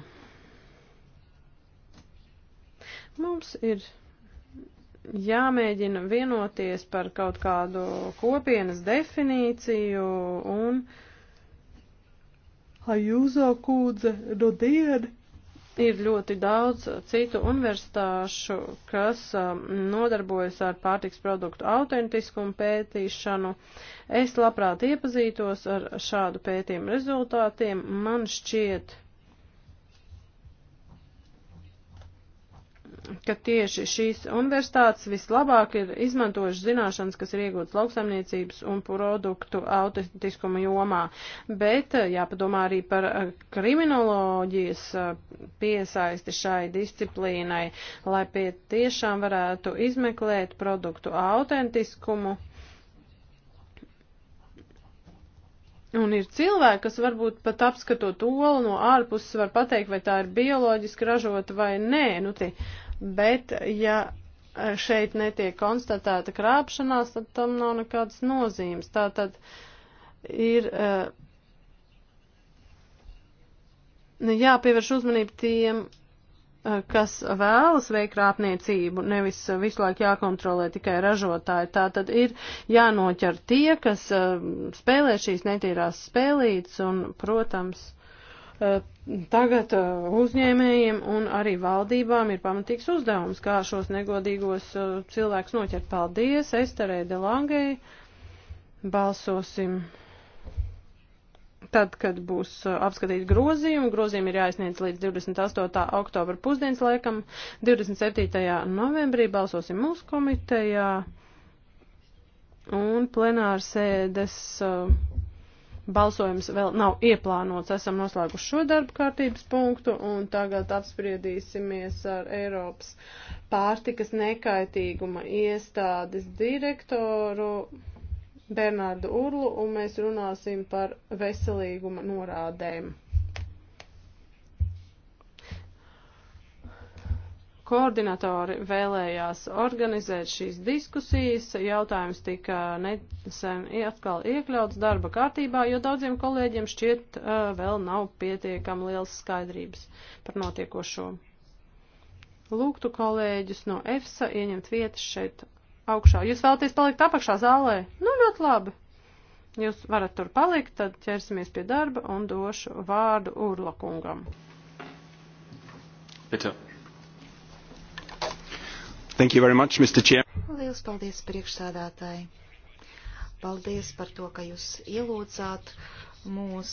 Mums ir jāmēģina vienoties par kaut kādu kopienas definīciju un Ajūzo kūdze no diena ir ļoti daudz citu universitāšu, kas um, nodarbojas ar pārtiks produktu autentiskumu pētīšanu. Es labprāt iepazītos ar šādu pētījumu rezultātiem. Man šķiet, ka tieši šīs universitātes vislabāk ir izmantojušas zināšanas, kas ir iegūtas lauksaimniecības un produktu autentiskuma jomā, bet eh, jāpadomā arī par eh, kriminoloģijas eh, piesaisti šai disciplīnai, lai pie tiešām varētu izmeklēt produktu autentiskumu. Un ir cilvēki, kas varbūt pat apskatot olu no ārpuses var pateikt, vai tā ir bioloģiski ražota vai nē. Nu, tie bet ja e, šeit netiek konstatēta krāpšanās, tad tam nav nekādas nozīmes. Tā tad ir e, jāpievērš uzmanība tiem, e, kas vēlas veikt krāpniecību, nevis visu laiku jākontrolē tikai ražotāji. Tā tad ir jānoķer tie, kas spēlē šīs netīrās spēlītes un, protams, Eh, tagad eh, uzņēmējiem un arī valdībām ir pamatīgs uzdevums, kā šos negodīgos eh, cilvēkus noķert. Paldies, Esterē de Langei. Balsosim tad, kad būs apskatīti grozījumi. Grozījumi ir jāizniedz līdz 28. oktobra pusdienas laikam. 27. novembrī balsosim mūsu komitejā un plenārsēdes. Uh, Balsojums vēl nav ieplānots. Esam noslēguši šo darbu kārtības punktu un tagad apspriedīsimies ar Eiropas pārtikas nekaitīguma iestādes direktoru Bernārdu Urlu un mēs runāsim par veselīguma norādēm. Koordinatori vēlējās organizēt šīs diskusijas, jautājums tika nesen atkal iekļauts darba kārtībā, jo daudziem kolēģiem šķiet uh, vēl nav pietiekam liels skaidrības par notiekošo. Lūgtu kolēģus no EFSA ieņemt vietas šeit augšā. Jūs vēlaties palikt apakšā zālē? Nu, ļoti labi. Jūs varat tur palikt, tad ķersimies pie darba un došu vārdu Urlakungam. Bitte. Thank you very much, Mr. Chair. Lielas paldies priekšsādātāji. Paldies par to, ka jūs ielūdzāt mūs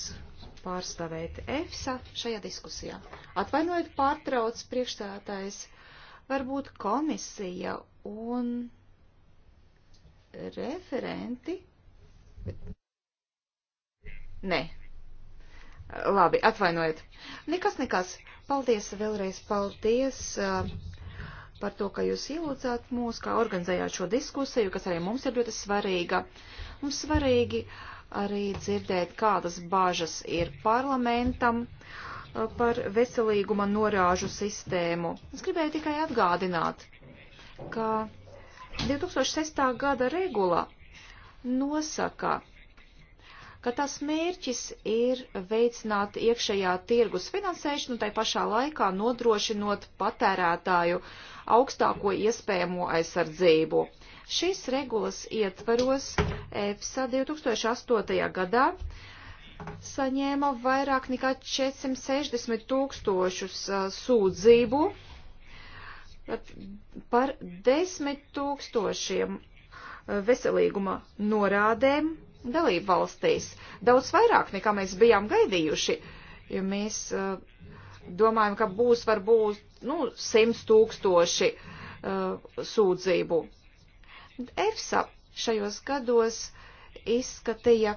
pārstāvēt EFSA šajā diskusijā. Atvainojiet, pārtrauc priekšstādātājs, varbūt komisija un referenti. Nē. Labi, atvainojiet. Nekas, nekas. Paldies vēlreiz, paldies. Uh, par to, ka jūs ielūdzāt mūs, kā organizējāt šo diskusiju, kas arī mums ir ļoti svarīga. Mums svarīgi arī dzirdēt, kādas bāžas ir parlamentam uh, par veselīguma norāžu sistēmu. Es gribēju tikai atgādināt, ka 2006. gada regula nosaka, ka tas mērķis ir veicināt iekšējā tirgus finansēšanu, tai pašā laikā nodrošinot patērētāju augstāko iespējamo aizsardzību. Šīs regulas ietvaros EFSA 2008. gadā saņēma vairāk nekā 460 tūkstošus sūdzību par desmit tūkstošiem veselīguma norādēm dalību valstīs. Daudz vairāk nekā mēs bijām gaidījuši, jo mēs uh, domājam, ka būs varbūt nu, 100 tūkstoši uh, sūdzību. EFSA šajos gados izskatīja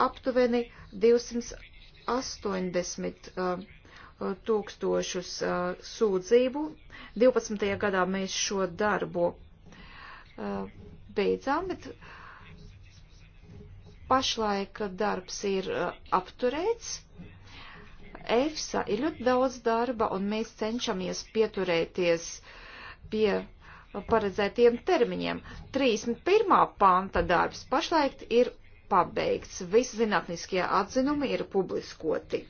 aptuveni 280 uh, eh, tūkstošus uh, sūdzību. 12. gadā mēs šo darbu uh, beidzām, bet uh, Pašlaik darbs ir uh, apturēts. EFSA ir ļoti daudz darba, un mēs cenšamies pieturēties pie paredzētiem termiņiem. 31. panta darbs pašlaik ir pabeigts. Visi zinātniskie atzinumi ir publiskoti.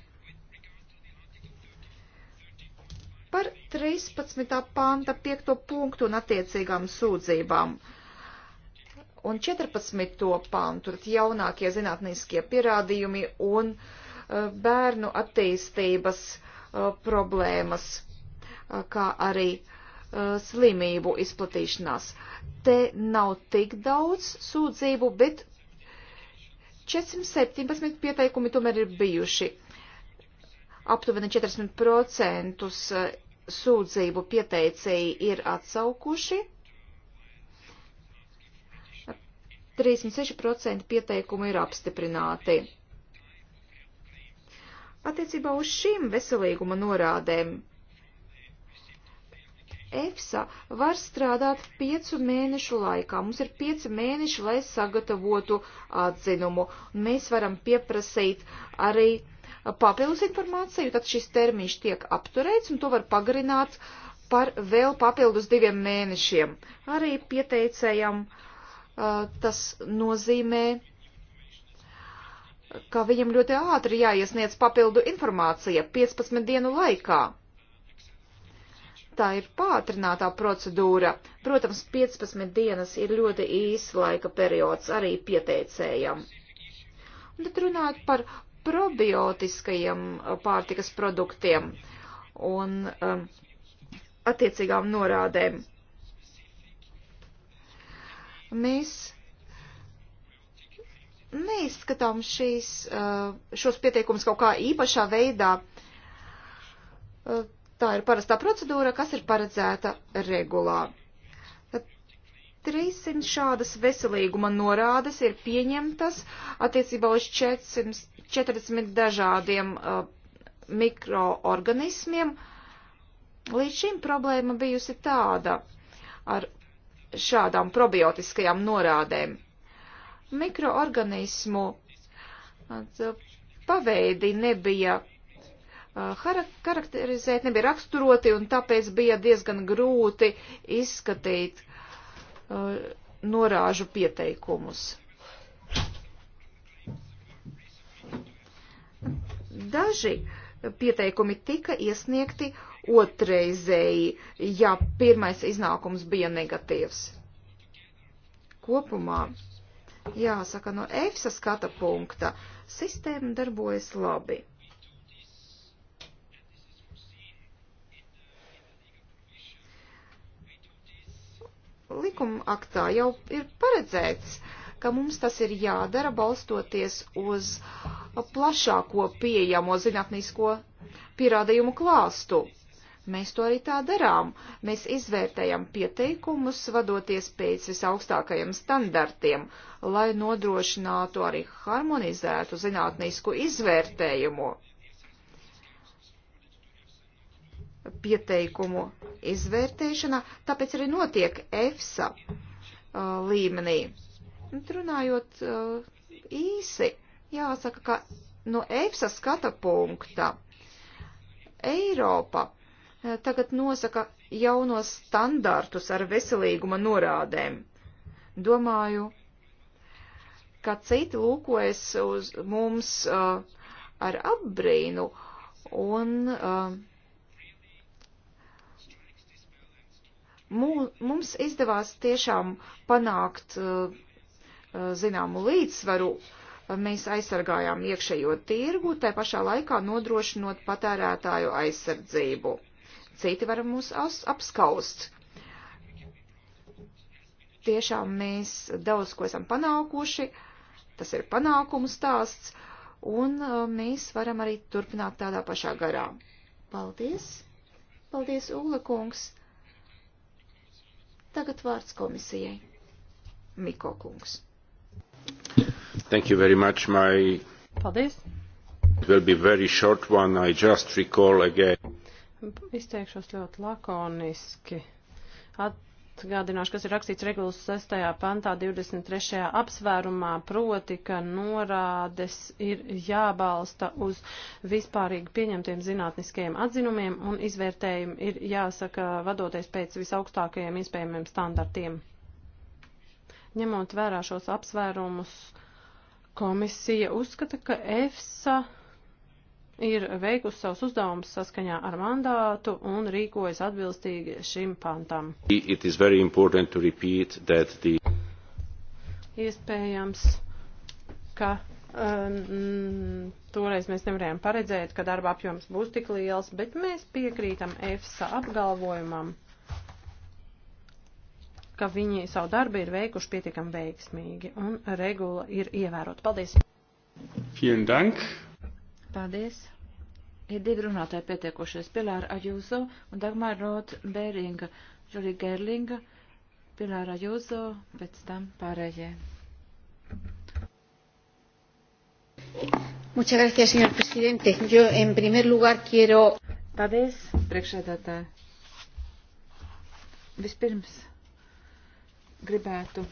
Par 13. panta 5. punktu un attiecīgām sūdzībām. Uh, un 14. pantu, tad jaunākie zinātniskie pierādījumi un e, bērnu attīstības e, problēmas, e, kā arī slimību izplatīšanās. Te nav tik daudz sūdzību, bet 417 pieteikumi tomēr ir bijuši. Aptuveni 40% sūdzību pieteicēji ir atsaukuši 36% pieteikumu ir apstiprināti. Attiecībā uz šīm veselīguma norādēm EFSA var strādāt piecu mēnešu laikā. Mums ir pieci mēneši, lai sagatavotu atzinumu. Mēs varam pieprasīt arī papildus informāciju, tad šis termiņš tiek apturēts un to var pagarināt par vēl papildus diviem mēnešiem. Arī pieteicējam uh, tas nozīmē, ka viņam ļoti ātri jāiesniedz papildu informācija 15 dienu laikā. Tā ir pātrinātā procedūra. Protams, 15 dienas ir ļoti īsa laika periods arī pieteicējam. Un tad runājot par probiotiskajiem pārtikas produktiem un um, attiecīgām norādēm mēs neizskatām šīs, uh, šos pieteikumus kaut kā īpašā veidā. Uh, tā ir parastā procedūra, kas ir paredzēta regulā. 300 šādas veselīguma norādes ir pieņemtas attiecībā uz 440 dažādiem uh, mikroorganismiem. Līdz šim problēma bijusi tāda ar šādām probiotiskajām norādēm. Mikroorganismu paveidi nebija charakterizēt, nebija raksturoti, un tāpēc bija diezgan grūti izskatīt uh, norāžu pieteikumus. Daži pieteikumi tika iesniegti otreizēji, ja pirmais iznākums bija negatīvs. Kopumā, jāsaka, no EFSA skata punkta sistēma darbojas labi. Likuma aktā jau ir paredzēts, ka mums tas ir jādara balstoties uz plašāko pieejamo zinātnisko pierādījumu klāstu Mēs to arī tā darām. Mēs izvērtējam pieteikumus, vadoties pēc visaugstākajiem standartiem, lai nodrošinātu arī harmonizētu zinātnīsku izvērtējumu. Pieteikumu izvērtēšana tāpēc arī notiek EFSA uh, līmenī. Runājot uh, īsi, jāsaka, ka no EFSA skata punkta Eiropa Eh, tagad nosaka jaunos standartus ar veselīguma norādēm. Domāju, ka citi lūkojas uz mums uh, ar apbrīnu un uh, mums izdevās tiešām panākt uh, zināmu līdzsvaru. Mēs aizsargājām iekšējo tirgu, tai pašā laikā nodrošinot patērētāju aizsardzību citi var mūs apskaust. Tiešām mēs daudz ko esam panākuši, tas ir panākumu stāsts, un uh, mēs varam arī turpināt tādā pašā garā. Paldies! Paldies, Ūla kungs! Tagad vārds komisijai. Miko kungs. Thank you very much. My... Paldies! It will be very short one. I just recall again. Izteikšos ļoti lakoniski. Atgādināšu, kas ir rakstīts regulas 6. pantā 23. apsvērumā, proti, ka norādes ir jābalsta uz vispārīgi pieņemtiem zinātniskajiem atzinumiem un izvērtējumi ir jāsaka vadoties pēc visaugstākajiem iespējamiem standartiem. Ņemot vērā šos apsvērumus, komisija uzskata, ka EFSA ir veikusi savus uzdevumus saskaņā ar mandātu un rīkojas atbilstīgi šim pantam. The... Iespējams, ka um, toreiz mēs nevarējām paredzēt, ka darba apjoms būs tik liels, bet mēs piekrītam EFSA apgalvojumam, ka viņi savu darbu ir veikuši pietiekami veiksmīgi un regula ir ievērota. Paldies! Vielen Dank! Paldies. Ir divi runātāji pietiekošies. Pilāra Ajūzo un Dagmar Rod Bēringa, Žurija Gerlinga, Pilāra Ajūzo, pēc tam pārējie. Muchas gracias, señor presidente. Yo, en primer lugar, quiero. Paldies, priekšsēdētāji. Vispirms gribētu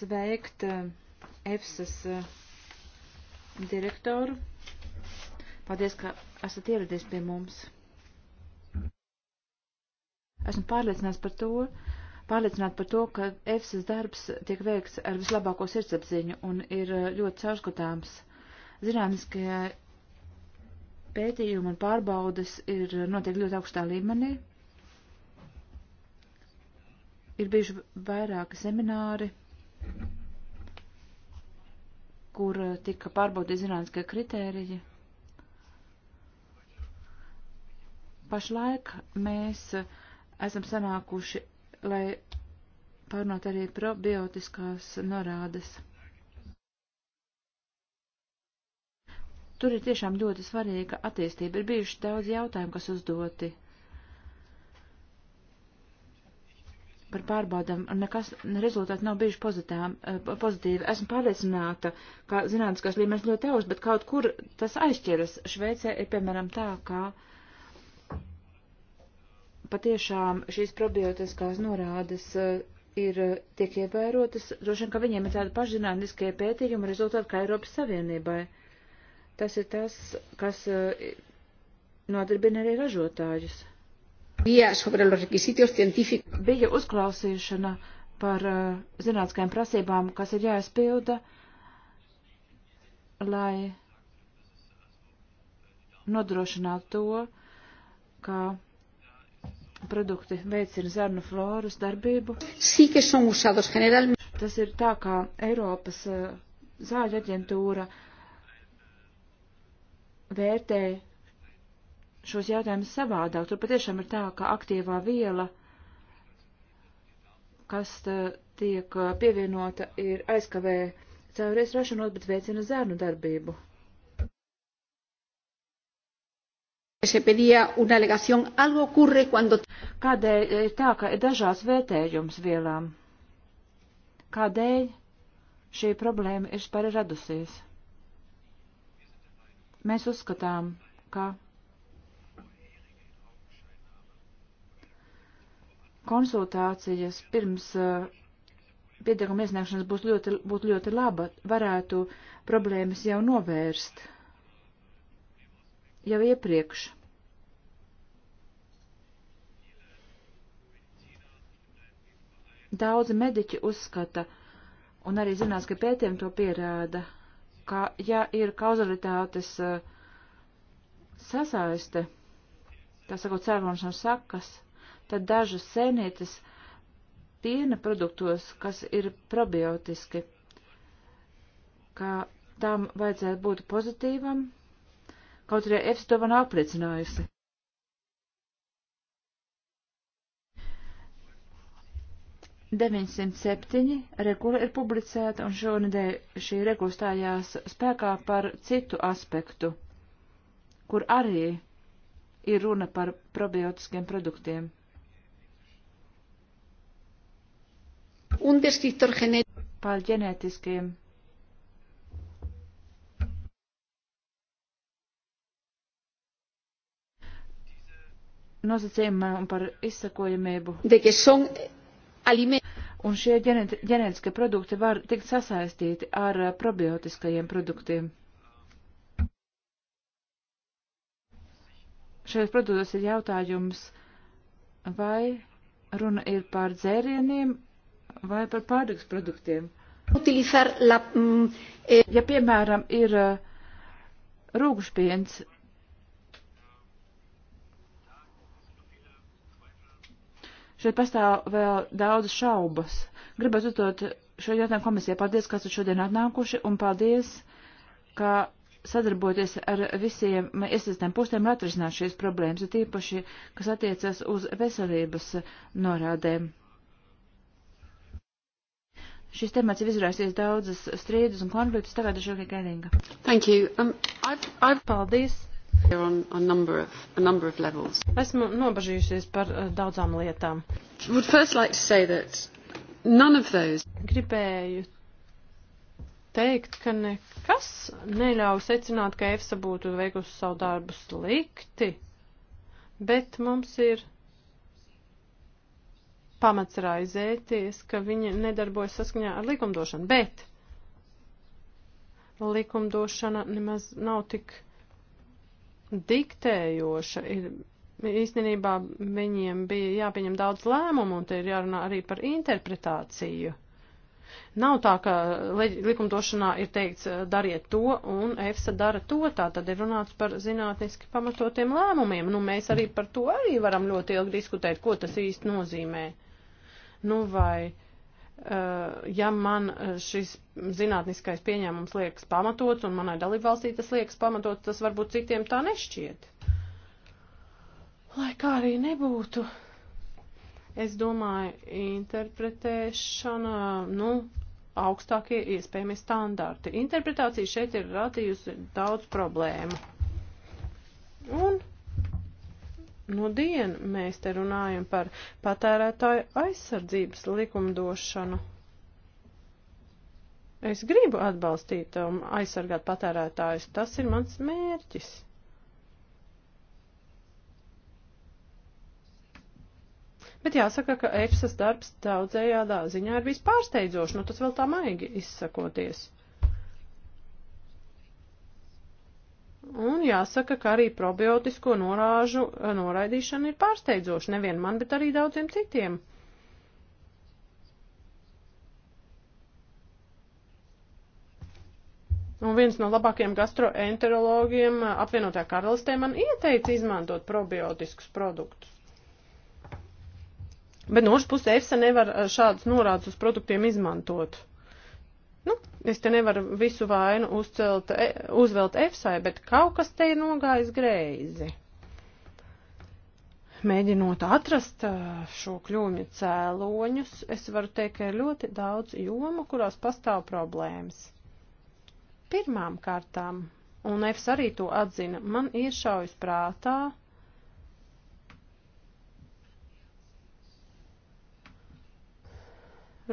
sveikt eh, EFSAS. Uh, direktoru. Paldies, ka esat ieradies pie mums. Esmu pārliecināts par to, pārliecināt par to, ka EFSAS darbs tiek veikts ar vislabāko sirdsapziņu un ir eh, ļoti caurskatāms. Zinātniskie pētījumi un pārbaudas ir eh, notiek ļoti augstā līmenī. Ir bijuši vairāki semināri kur eh, tika pārbaudīti zinātniskie kritēriji. Pašlaik mēs eh, esam sanākuši, lai pārnot arī probiotiskās norādes. Tur ir tiešām ļoti svarīga attīstība. Ir bijuši daudz jautājumu, kas uzdoti par pārbaudām, un nekas rezultāti nav bijuši pozitām, eh, pozitīvi. Esmu pārliecināta, ka zinātniskās līmenis ļoti augsts, bet kaut kur tas aizķeras. Šveicē ir, piemēram, tā, ka patiešām šīs probiotiskās norādes eh, ir tiek ievērotas, droši vien, ka viņiem ir tāda pašzinātniskie pētījuma rezultāti kā Eiropas Savienībai. Tas ir tas, kas eh, nodarbina arī ražotājus. Bija uzklausīšana par eh, zinātniskajām prasībām, kas ir jāizpilda, lai nodrošinātu to, ka produkti veicina zarnu floras darbību. Tas ir tā, kā Eiropas eh, zāļu aģentūra vērtē šos jautājumus savādāk. Tur patiešām ir tā, ka aktīvā viela, kas tiek uh, pievienota, ir aizkavē caurreiz rašanot, bet veicina zērnu darbību. se pedía una alegación. Algo ocurre cuando. Kādēļ ir tā, ka ir dažāds vērtējums vielām? Kādēļ šī problēma ir vispār radusies? Mēs uzskatām, ka konsultācijas pirms uh, pietiekuma iesniegšanas būs ļoti, būtu ļoti laba, varētu problēmas jau novērst jau iepriekš. Daudzi mediķi uzskata, un arī zinās, ka pētiem to pierāda, ka, ja ir kauzalitātes uh, sasaiste, tā sakot, cēlošanas sakas, tad dažas sēnītes piena produktos, kas ir probiotiski, ka tām vajadzētu būt pozitīvam, kaut arī EFS to man apliecinājusi. Deviņsimt septiņi regula ir publicēta, un šonedēļ šī regula stājās spēkā par citu aspektu, kur arī ir runa par probiotiskiem produktiem. Un deskriptor ģenētisks. Par ģenētiskiem. Nosacījumiem un par izsakojamību. De, un šie ģenētiskie produkti var tikt sasaistīti ar eh, probiotiskajiem produktiem. Šajos produktos ir jautājums, vai runa ir par dzērieniem vai par pārtiks produktiem. Mm, e, ja, piemēram, ir e, rūkšpiens, šeit pastāv vēl daudz šaubas. Gribētu uzdot šo jautājumu komisijai. Paldies, kas esat šodien atnākuši, un paldies, ka sadarboties ar visiem iesaistēm pūstēm, lai atrisināt šīs problēmas, ir tīpaši, kas attiecas uz veselības norādēm šis temats ir izraisījis daudzas strīdus un konfliktus. Tagad ir šokai gaidīga. Thank you. Um, I've, I've... Paldies. On, on number of, a number of levels. Esmu nobažījusies par uh, daudzām lietām. Would first like to say that none of those. Gribēju teikt, ka nekas neļauj secināt, ka EFSA būtu veikusi savu darbu slikti, bet mums ir pamats raizēties, ka viņi nedarbojas saskaņā ar likumdošanu, bet likumdošana nemaz nav tik diktējoša. Ir, īstenībā viņiem bija jāpieņem daudz lēmumu, un te ir jārunā arī par interpretāciju. Nav tā, ka likumdošanā ir teikts eh, dariet to, un EFSA dara to, tā tad ir runāts par zinātniski pamatotiem lēmumiem. Nu, mēs arī par to arī varam ļoti ilgi diskutēt, ko tas īsti nozīmē. Uh, Nu vai, eh, ja man eh, šis zinātniskais pieņēmums liekas pamatots un manai dalībvalstī tas liekas pamatots, tas varbūt citiem tā nešķiet. Lai kā arī nebūtu, es domāju, interpretēšana, nu, augstākie iespējami standarti. Interpretācija šeit ir radījusi daudz problēmu. Un no nu, dienu. Mēs te runājam par patērētāju aizsardzības likumdošanu. Es gribu atbalstīt un um, aizsargāt patērētājus. Tas ir mans mērķis. Bet jāsaka, ka EFSAS darbs daudzējādā ziņā ir vispārsteidzošs, nu tas vēl tā maigi izsakoties. Un jāsaka, ka arī probiotisko norāžu eh, noraidīšana ir pārsteidzoša nevien man, bet arī daudziem citiem. Un viens no labākajiem gastroenterologiem eh, apvienotā karalistē man ieteica izmantot probiotiskus produktus. Bet no otras puses EFSA nevar eh, šādus norādus uz produktiem izmantot. Nu, es te nevaru visu vainu uzcelt, e, uzvelt EFSAI, bet kaut kas te ir nogājis greizi. Mēģinot atrast e, šo kļūmju cēloņus, es varu teikt, ka ir ļoti daudz jomu, kurās pastāv problēmas. Pirmām kārtām, un EFS arī to atzina, man iešaujas prātā,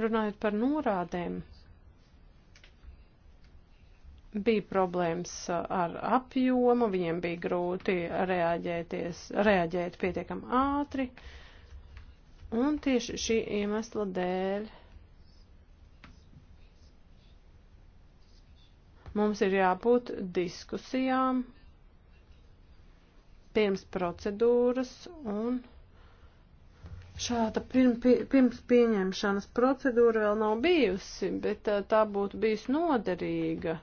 runājot par norādēm, bija problēmas uh, ar apjomu, viņiem bija grūti reaģēt pietiekam ātri. Un tieši šī iemesla dēļ mums ir jābūt diskusijām pirms procedūras un šāda pirm, pirms pieņemšanas procedūra vēl nav bijusi, bet uh, tā būtu bijusi noderīga.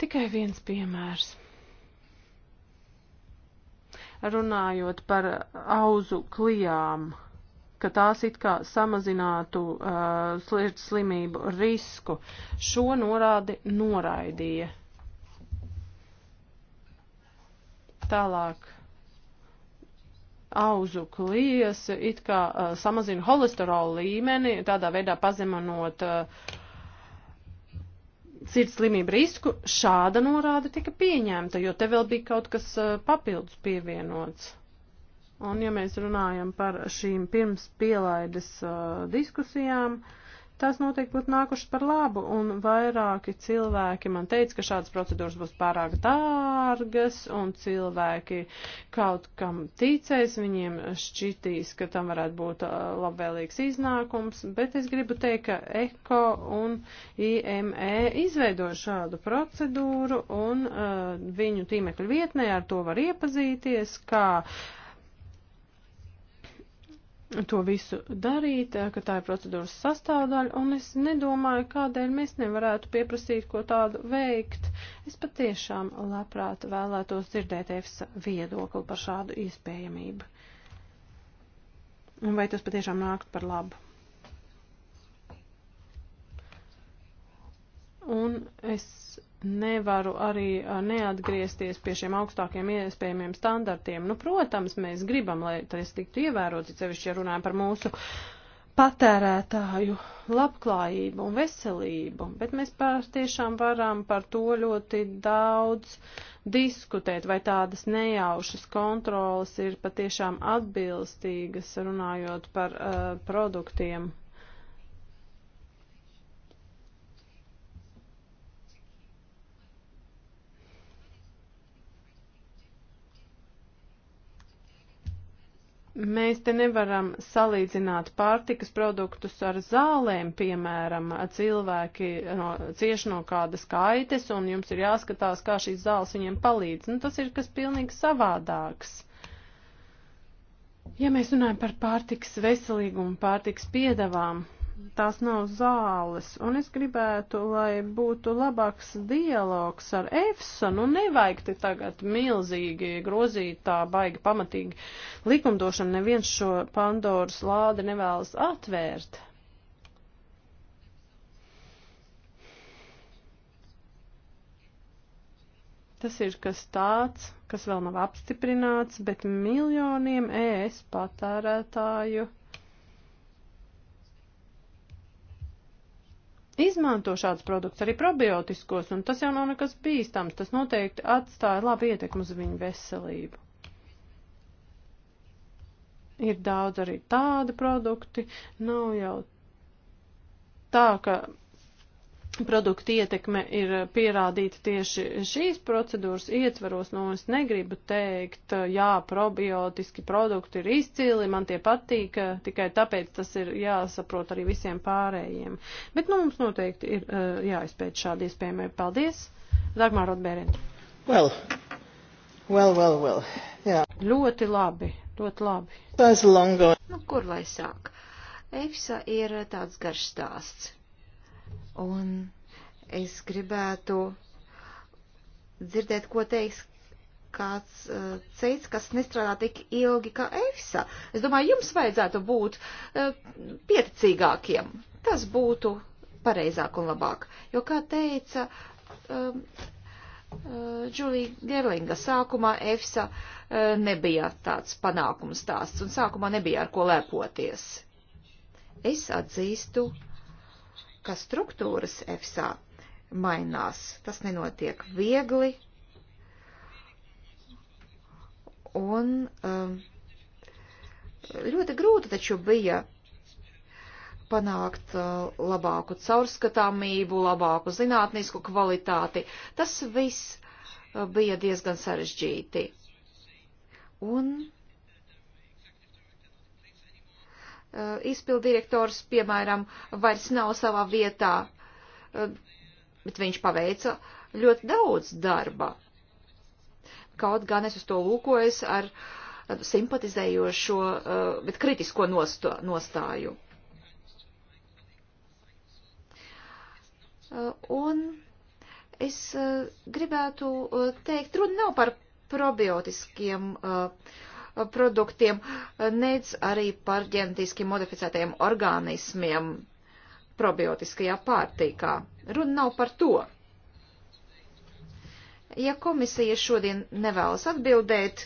Tikai viens piemērs. Runājot par auzu klijām, ka tās it kā samazinātu uh, slimību risku, šo norādi noraidīja. Tālāk auzu klijas it kā uh, samazina holesterolu līmeni, tādā veidā pazeminot uh, sirds slimību risku, šāda norāde tika pieņemta, jo te vēl bija kaut kas eh, papildus pievienots. Un ja mēs runājam par šīm pirms pielaides uh, diskusijām, uh, tas noteikti būtu nākuši par labu, un vairāki cilvēki man teica, ka šādas procedūras būs pārāk dārgas, un cilvēki kaut kam ticēs, viņiem šķitīs, ka tam varētu būt uh, labvēlīgs iznākums, bet es gribu teikt, ka ECO un IME izveido šādu procedūru, un uh, viņu tīmekļu vietnē ar to var iepazīties, kā uh, to visu darīt, eh, ka tā ir procedūras sastāvdaļa, un es nedomāju, kādēļ mēs nevarētu pieprasīt, ko tādu veikt. Es patiešām labprāt vēlētos dzirdēt EFSA viedokli par šādu iespējamību. Un vai tas patiešām nākt par labu? Un es nevaru arī neatgriezties pie šiem augstākiem iespējamiem standartiem. Nu, protams, mēs gribam, lai tas tiktu ievērots, sevišķi, ja runājam par mūsu patērētāju labklājību un veselību, bet mēs tiešām varam par to ļoti daudz diskutēt, vai tādas nejaušas kontrolas ir patiešām atbilstīgas, runājot par uh, produktiem. Mēs te nevaram salīdzināt pārtikas produktus ar zālēm, piemēram, cilvēki eh, no, cieši no kādas kaites, un jums ir jāskatās, kā šīs zāles viņiem palīdz. Nu, tas ir kas pilnīgi savādāks. Ja mēs runājam par pārtikas veselīgumu, pārtikas piedavām, tās nav zāles, un es gribētu, lai būtu labāks dialogs ar EFSA, nu nevajag te tagad milzīgi grozīt tā baigi pamatīgi likumdošana, neviens šo Pandoras lādi nevēlas atvērt. Tas ir kas tāds, kas vēl nav apstiprināts, bet miljoniem ES patērētāju izmanto šādus produktus arī probiotiskos, un tas jau nav nekas bīstams. Tas noteikti atstāja labu ietekmu uz viņu veselību. Ir daudz arī tādi produkti, nav jau tā, ka produktu ietekme ir eh, pierādīta tieši šīs procedūras ietvaros, nu es negribu teikt, eh, jā, probiotiski produkti ir izcili, man tie patīk, eh, tikai tāpēc tas ir jāsaprot arī visiem pārējiem. Bet, nu, mums noteikti ir jāizpēt šādi iespējami. Paldies, Dagmā Rotbērien. Well, well, well, well, jā. Yeah. Ļoti labi, ļoti labi. Tas longo. Nu, kur lai sāk? EFSA ir tāds garš stāsts Un es gribētu dzirdēt, ko teiks kāds uh, cits, kas nestrādā tik ilgi kā EFSA. Es domāju, jums vajadzētu būt uh, pieticīgākiem. Tas būtu pareizāk un labāk. Jo, kā teica um, ehm, uh, eh, Džulija Gerlinga, sākumā EFSA uh, nebija tāds panākums stāsts un sākumā nebija ar ko lepoties. Es atzīstu, uh, ka struktūras EFSA mainās. Tas nenotiek viegli. Un um, ļoti grūti taču bija panākt uh, labāku caurskatāmību, labāku zinātnisku kvalitāti. Tas viss uh, bija diezgan sarežģīti. Un Eh, izpildirektors, piemēram, vairs nav savā vietā, eh, bet viņš paveica ļoti daudz darba. Kaut gan es uz to lūkojos ar eh, simpatizējošo, bet kritisko nostāju. Un es gribētu teikt, runa nav par probiotiskiem uh, produktiem, nec arī par ģenetiski modificētajiem organismiem probiotiskajā pārtīkā. Runa nav par to. Ja komisija šodien nevēlas atbildēt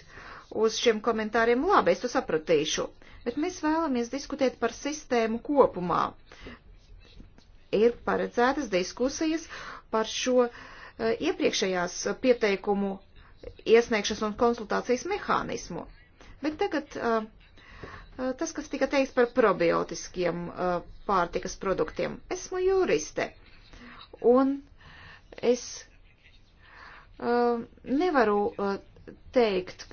uz šiem komentāriem, labi, es to sapratīšu, bet mēs vēlamies diskutēt par sistēmu kopumā. Ir paredzētas diskusijas par šo eh, iepriekšējās pieteikumu iesniegšanas un konsultācijas mehānismu. Bet tagad uh, uh, tas, kas tika teiks par probiotiskiem uh, pārtikas produktiem. Esmu juriste un es uh, nevaru uh, teikt,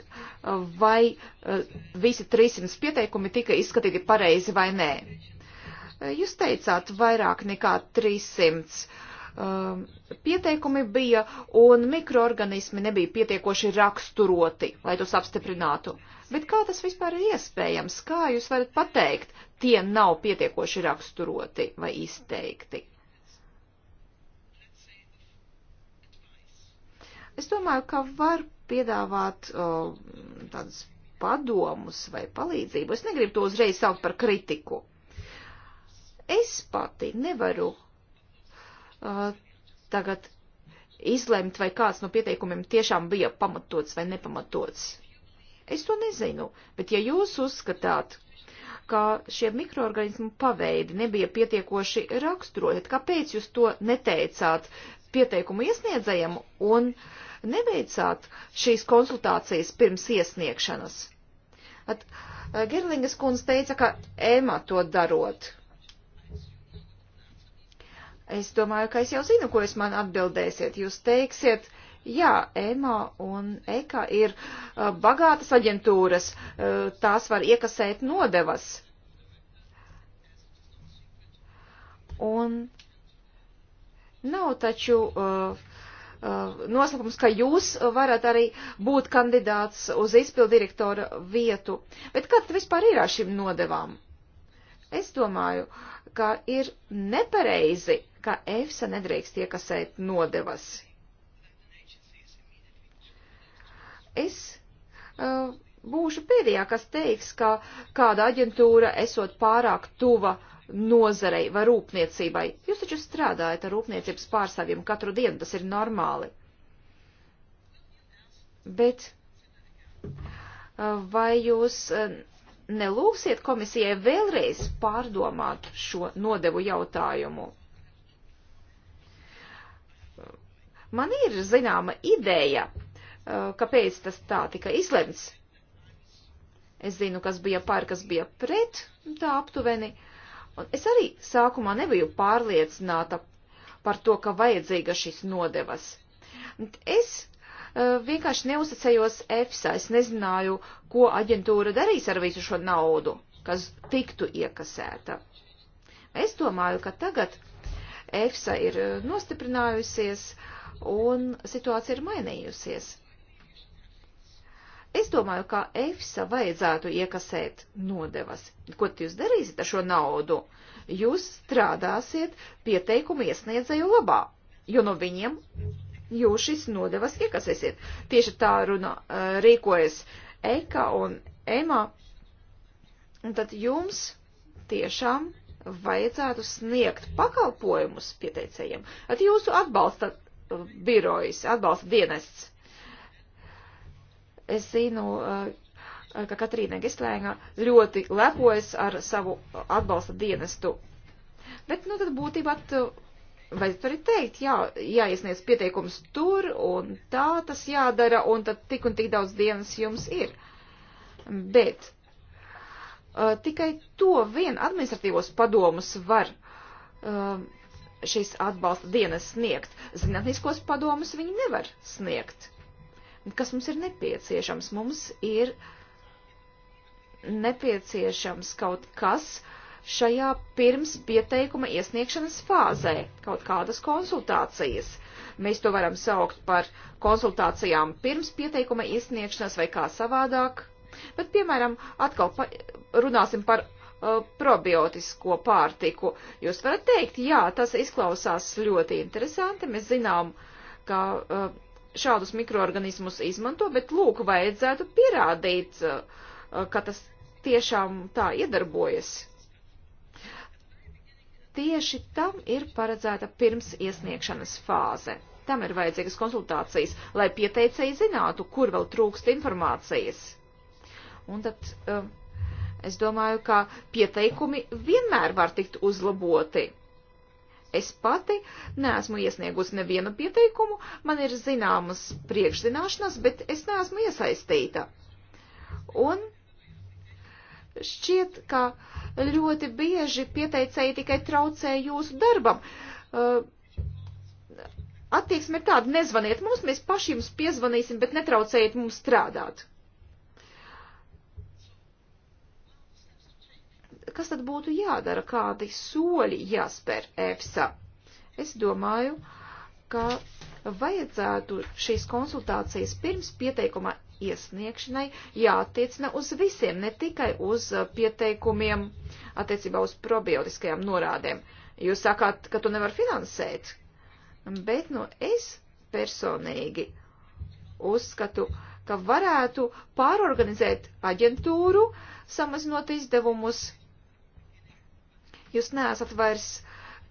vai uh, visi 300 pieteikumi tika izskatīti pareizi vai nē. Uh, jūs teicāt, vairāk nekā 300 pieteikumi bija un mikroorganismi nebija pietiekoši raksturoti, lai tos apstiprinātu. Uh, Bet kā tas vispār ir iespējams? Kā jūs varat pateikt, tie nav pietiekoši raksturoti vai izteikti? Es domāju, ka var piedāvāt o, tādus padomus vai palīdzību. Es negribu to uzreiz saukt par kritiku. Es pati nevaru uh, tagad izlemt, vai kāds no pieteikumiem tiešām bija pamatots vai nepamatots. Es to nezinu, bet ja jūs uzskatāt, ka šie mikroorganismu paveidi nebija pietiekoši raksturoti, kāpēc jūs to neteicāt pieteikumu iesniedzējiem un neveicāt šīs konsultācijas pirms iesniegšanas? At, eh, Gerlingas kundze teica, ka ēmā to darot. Es domāju, ka es jau zinu, ko jūs man atbildēsiet. Jūs teiksiet, uh, Jā, EMA un EKA ir uh, bagātas aģentūras, uh, tās var iekasēt nodevas. Un nav taču uh, uh noslēpums, ka jūs varat arī būt kandidāts uz izpildirektora vietu. Bet kā tad vispār ir ar šīm nodevām? Es domāju, ka ir nepareizi, ka EFSA nedrīkst iekasēt nodevas. Es uh, būšu pēdējā, kas teiks, ka kāda aģentūra esot pārāk tuva nozarei vai rūpniecībai. Jūs taču strādājat ar rūpniecības pārstāvjiem katru dienu, tas ir normāli. Bet uh, vai jūs uh, nelūksiet komisijai vēlreiz pārdomāt šo nodevu jautājumu? Man ir zināma ideja, Eh, kāpēc tas tā tika izlemts. Es zinu, kas bija par, kas bija pret, tā aptuveni. Un es arī sākumā nebiju pārliecināta par to, ka vajadzīga šis nodevas. Es eh, vienkārši neuzticējos EFSA, es nezināju, ko aģentūra darīs ar visu šo naudu, kas tiktu iekasēta. Es domāju, ka tagad EFSA ir eh, nostiprinājusies un situācija ir mainījusies. Es domāju, ka EFSA vajadzētu iekasēt nodevas. Ko jūs darīsiet ar šo naudu? Jūs strādāsiet pieteikumu iesniedzēju labā, jo no viņiem jūs šis nodevas iekasēsiet. Tieši tā runa eh, rīkojas EKA un EMA. Un tad jums tiešām vajadzētu sniegt pakalpojumus pieteicējiem. At jūsu atbalsta birojas, atbalsta dienests Es zinu, eh, ka Katrīna Gislēna ļoti lepojas ar savu atbalsta dienestu. Bet, nu, tad būtībā vajadzētu arī teikt, jā, jāiesniedz pieteikums tur un tā tas jādara, un tad tik un tik daudz dienas jums ir. Bet uh, tikai to vien administratīvos padomus var uh, eh, šīs atbalsta dienas sniegt. Zinātniskos padomus viņi nevar sniegt. Kas mums ir nepieciešams? Mums ir nepieciešams kaut kas šajā pirms pieteikuma iesniegšanas fāzē, kaut kādas konsultācijas. Mēs to varam saukt par konsultācijām pirms pieteikuma iesniegšanas vai kā savādāk. Bet, piemēram, atkal pa, runāsim par uh, probiotisko pārtiku. Jūs varat teikt, jā, tas izklausās ļoti interesanti. Mēs zinām, ka uh, šādus mikroorganismus izmanto, bet lūk, vajadzētu pierādīt, eh, ka tas tiešām tā iedarbojas. Tieši tam ir paredzēta pirms iesniegšanas fāze. Tam ir vajadzīgas konsultācijas, lai pieteicēji zinātu, kur vēl trūkst informācijas. Un tad eh, es domāju, ka pieteikumi vienmēr var tikt uzlaboti Es pati neesmu iesniegusi nevienu pieteikumu, man ir zināmas priekšzināšanas, bet es neesmu iesaistīta. Un šķiet, ka ļoti bieži pieteicēji tikai traucē jūsu darbam. Uh, attieksme ir tāda, nezvaniet mums, mēs paši jums piezvanīsim, bet netraucējiet mums strādāt. Kas tad būtu jādara, kādi soļi jāspēr EFSA? Es domāju, ka vajadzētu šīs konsultācijas pirms pieteikuma iesniegšanai jātiecina uz visiem, ne tikai uz pieteikumiem attiecībā uz probiotiskajām norādēm. Jūs sakāt, ka to nevar finansēt, bet nu es personīgi uzskatu, ka varētu pārorganizēt aģentūru, samazinot izdevumus Jūs neesat vairs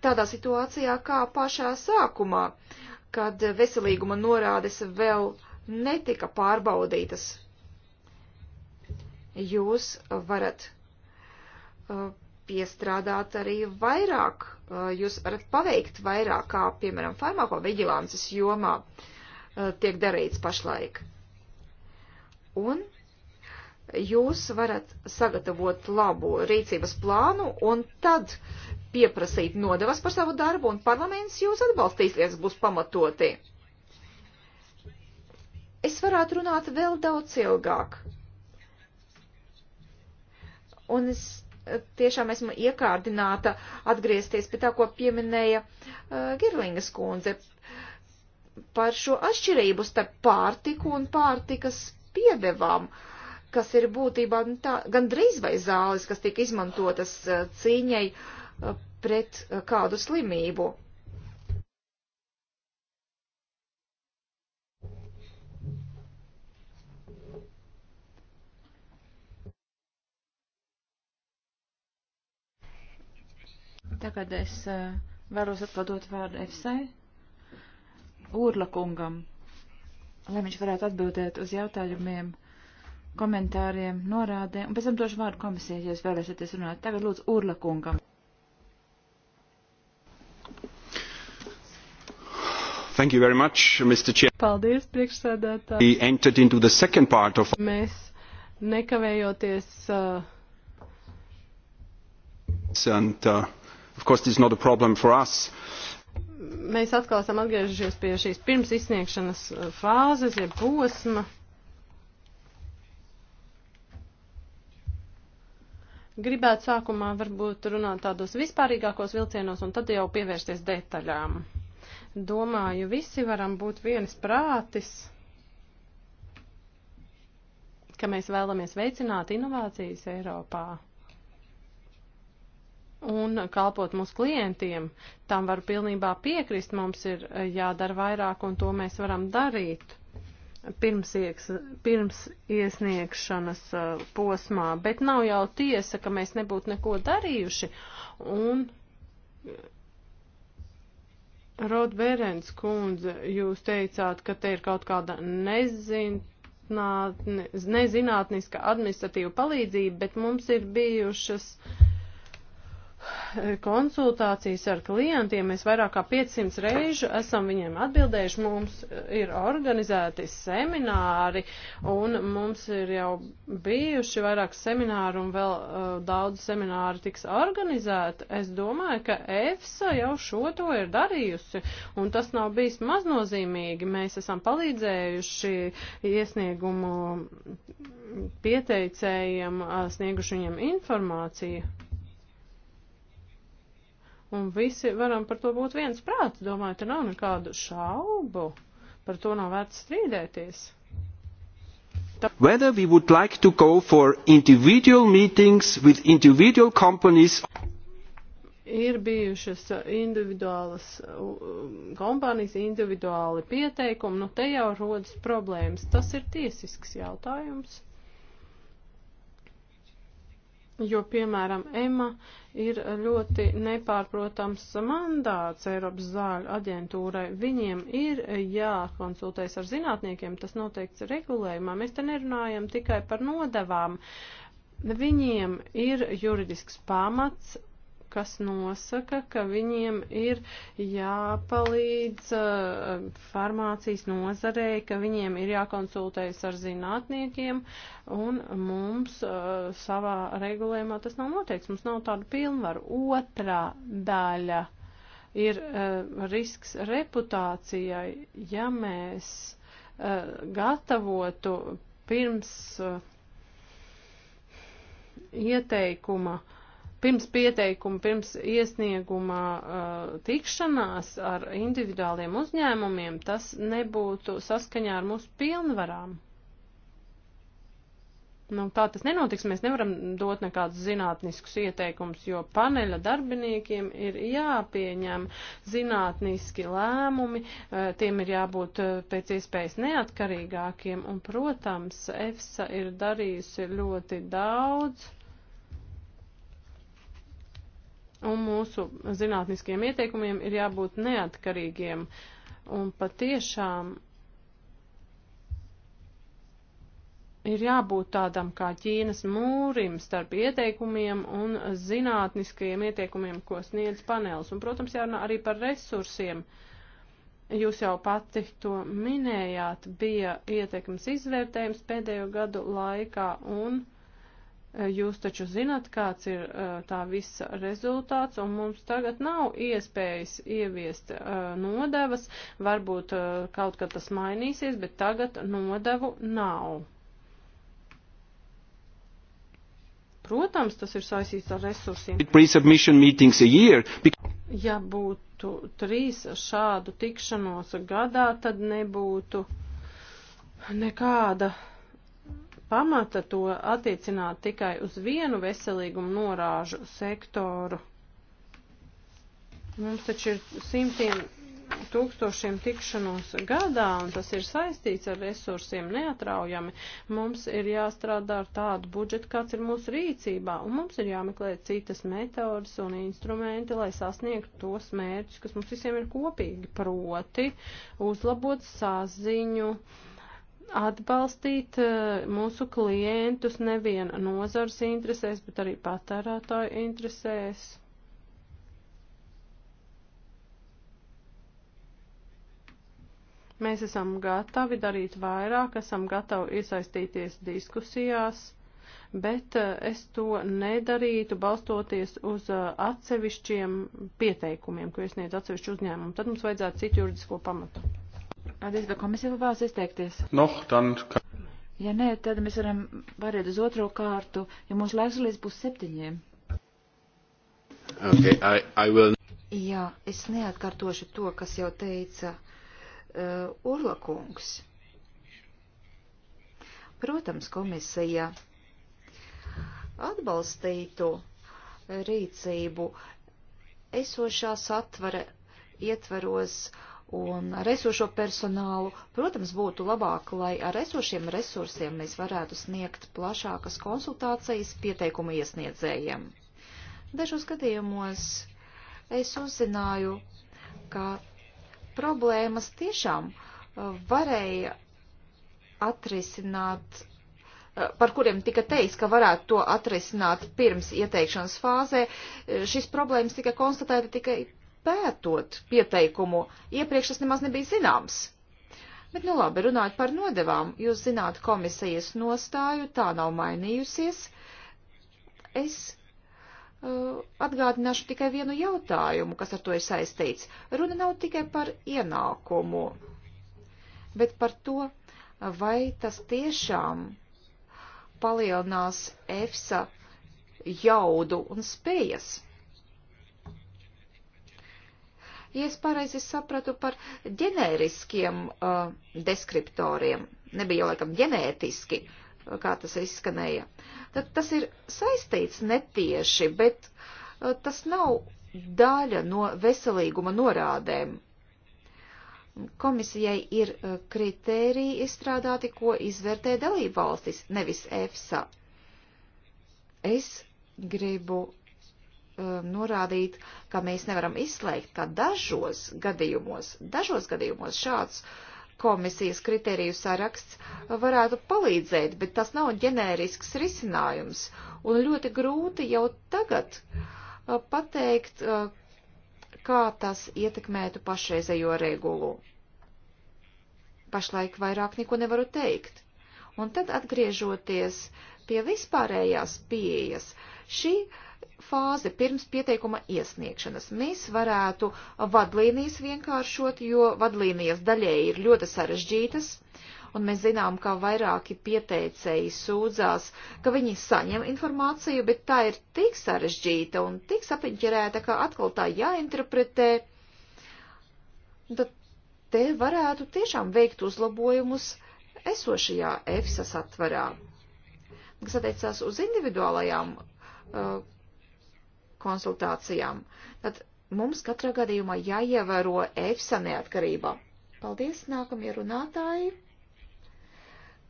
tādā situācijā kā pašā sākumā, kad veselīguma norādes vēl netika pārbaudītas. Jūs varat uh, piestrādāt arī vairāk, uh, jūs varat paveikt vairāk, kā piemēram farmakoviģilānces jomā uh, tiek darīts pašlaik. Un jūs varat sagatavot labu rīcības plānu un tad pieprasīt nodevas par savu darbu, un parlaments jūs atbalstīs, ja būs pamatoti. Es varētu runāt vēl daudz ilgāk. Un es tiešām esmu iekārdināta atgriezties pie tā, ko pieminēja uh, Girlingas kundze par šo atšķirību starp pārtiku un pārtikas piedevām. Uh, kas ir būtībā nu tā, gandrīz vai zāles, kas tika izmantotas eh, cīņai eh, pret eh, kādu slimību. Tagad es uh, vēlos atkal dot vārdu EFSAI Urla kungam, lai viņš varētu atbildēt uz jautājumiem komentāriem, norādēm, un pēc tam došu vārdu komisijai, ja jūs vēlēsieties runāt. Tagad lūdzu Urla kungam. Thank you very much, Mr. Chair. Paldies, priekšsēdētāji. We entered into the second part of... Mēs nekavējoties... Uh... And, uh, of course, this is not a problem for us. Mēs atkal esam atgriežušies pie šīs pirms izsniegšanas uh, fāzes, jeb posma. Gribētu sākumā varbūt runāt tādos vispārīgākos vilcienos un tad jau pievērsties detaļām. Domāju, visi varam būt vienas prātis, ka mēs vēlamies veicināt inovācijas Eiropā un kalpot mūsu klientiem. Tam var pilnībā piekrist, mums ir jādara vairāk un to mēs varam darīt pirms, ieks, pirms iesniegšanas uh, posmā, bet nav jau tiesa, ka mēs nebūtu neko darījuši. Un uh, Rodbērens kundze, jūs teicāt, ka te ir kaut kāda nezin, nezinātniska administratīva palīdzība, bet mums ir bijušas uh, konsultācijas ar klientiem. Mēs vairāk kā 500 reižu esam viņiem atbildējuši. Mums ir organizēti semināri un mums ir jau bijuši vairāk semināru un vēl uh, daudz semināru tiks organizēti. Es domāju, ka EFSA jau šo to ir darījusi un tas nav bijis maznozīmīgi. Mēs esam palīdzējuši iesniegumu pieteicējiem, uh, snieguši viņiem informāciju. Un visi varam par to būt viens prāts, domāju, te nav nekādu šaubu. Par to nav vērts strīdēties. Whether we would like to go for individual meetings with individual companies ir bijušas uh, individuālas um, kompānijas, individuāli pieteikumi, nu te jau rodas problēmas. Tas ir tiesisks jautājums jo, piemēram, EMA ir ļoti nepārprotams mandāts Eiropas zāļu aģentūrai. Viņiem ir jākonsultējas ar zinātniekiem, tas noteikts regulējumā. Mēs te nerunājam tikai par nodevām. Viņiem ir juridisks pamats kas nosaka, ka viņiem ir jāpalīdz uh, farmācijas nozarei, ka viņiem ir jākonsultējas ar zinātniekiem, un mums uh, savā regulējumā tas nav noteikts. Mums nav tādu pilnvaru. Otrā daļa ir uh, risks reputācijai, ja mēs uh, gatavotu pirms uh, ieteikuma uh, pirms pieteikuma, pirms iesnieguma uh, tikšanās ar individuāliem uzņēmumiem, tas nebūtu saskaņā ar mūsu pilnvarām. Nu, tā tas nenotiks, mēs nevaram dot nekādus zinātniskus ieteikumus, jo paneļa darbiniekiem ir jāpieņem zinātniski lēmumi, uh, tiem ir jābūt uh, pēc iespējas neatkarīgākiem, un, protams, EFSA ir darījusi ļoti daudz un mūsu zinātniskiem ieteikumiem ir jābūt neatkarīgiem. Un patiešām ir jābūt tādam kā Ķīnas mūrim starp ieteikumiem un zinātniskajiem ieteikumiem, ko sniedz panels. Un, protams, jārunā arī par resursiem. Jūs jau pati to minējāt, bija ietekmes izvērtējums pēdējo gadu laikā un Eh, jūs taču zināt, kāds ir eh, tā visa rezultāts, un mums tagad nav iespējas ieviest eh, nodevas. Varbūt kaut kad tas mainīsies, bet tagad nodevu nav. Protams, tas ir saistīts ar resursiem. Ja būtu trīs šādu tikšanos gadā, tad nebūtu nekāda pamata to attiecināt tikai uz vienu veselīgumu norāžu sektoru. Mums taču ir simtiem tūkstošiem tikšanos gadā, un tas ir saistīts ar resursiem neatraujami. Mums ir jāstrādā ar tādu budžetu, kāds ir mūsu rīcībā, un mums ir jāmeklē citas metodas un instrumenti, lai sasniegtu tos mērķus, kas mums visiem ir kopīgi, proti uzlabot saziņu. Uh, atbalstīt eh, mūsu klientus neviena nozars interesēs, bet arī patērētāju interesēs. Mēs esam gatavi darīt vairāk, esam gatavi iesaistīties diskusijās, bet eh, es to nedarītu balstoties uz eh, atsevišķiem pieteikumiem, ko iesniedz atsevišķi uzņēmumi. Tad mums vajadzētu citu juridisko pamatu. Paldies, vai komisija vēlas izteikties? Noh, dann. Ja nē, tad mēs varam pāriet uz otro kārtu, ja mūsu laiks līdz būs septiņiem. Okay, I, I will... Jā, es neatkārtošu to, kas jau teica uh, Urlakungs. Protams, komisija atbalstītu rīcību esošā satvara ietvaros uh, un ar esošo personālu. Protams, būtu labāk, lai ar esošiem resursiem mēs varētu sniegt plašākas konsultācijas pieteikumu iesniedzējiem. Dažos gadījumos es uzzināju, ka problēmas tiešām uh, varēja atrisināt uh, par kuriem tika teikts, ka varētu to atrisināt pirms ieteikšanas fāzē. Uh, šis problēmas tika konstatēta tikai pētot pieteikumu, iepriekš tas nemaz nebija zināms. Bet, nu labi, runājot par nodevām, jūs zināt komisijas nostāju, tā nav mainījusies. Es uh, atgādināšu tikai vienu jautājumu, kas ar to ir saistīts. Runa nav tikai par ienākumu, bet par to, vai tas tiešām palielinās EFSA jaudu un spējas. Ja es pareizi sapratu par ģenēriskiem uh, deskriptoriem, nebija jau laikam ģenētiski, uh, kā tas izskanēja, tad tas ir saistīts netieši, bet uh, tas nav daļa no veselīguma norādēm. Komisijai ir uh, kritēriji izstrādāti, ko izvērtē dalībvalstis, nevis EFSA. Es gribu Um, norādīt, ka mēs nevaram izslēgt, ka dažos gadījumos, dažos gadījumos šāds komisijas kriteriju saraksts varētu palīdzēt, bet tas nav ģenērisks risinājums. Un ļoti grūti jau tagad uh, pateikt, uh, kā tas ietekmētu pašreizējo regulu. Pašlaik vairāk neko nevaru teikt. Un tad atgriežoties pie vispārējās pieejas, šī uh, fāze pirms pieteikuma iesniegšanas. Mēs varētu vadlīnijas vienkāršot, jo vadlīnijas daļēji ir ļoti sarežģītas, un mēs zinām, ka vairāki pieteicēji sūdzās, ka viņi saņem informāciju, bet tā ir tik sarežģīta un tik sapiņķerēta, ka atkal tā jāinterpretē. Tad te varētu tiešām veikt uzlabojumus esošajā EFSA satvarā. Kas attiecās uz individuālajām uh, konsultācijām. Tad mums katrā gadījumā jāievēro EFSA neatkarība. Paldies, nākamie runātāji.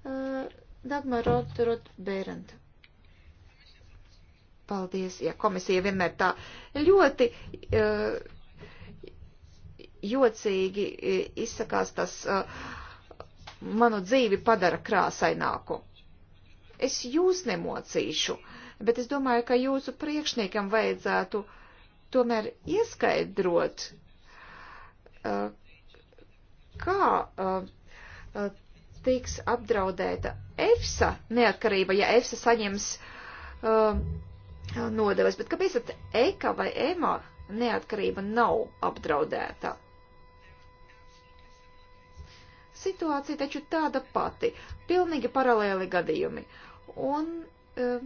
Uh, Dagmar Rotrot Bērenta. Paldies, ja komisija vienmēr tā ļoti uh, jocīgi uh, izsakās, tas uh, manu dzīvi padara krāsaināku. Es jūs nemocīšu. Uh, bet es domāju, ka jūsu priekšniekam vajadzētu tomēr ieskaidrot, kā tiks apdraudēta EFSA neatkarība, ja EFSA saņems nodevas, bet kāpēc tad EKA vai EMA neatkarība nav apdraudēta? Situācija taču tāda pati, pilnīgi paralēli gadījumi. Un Eh,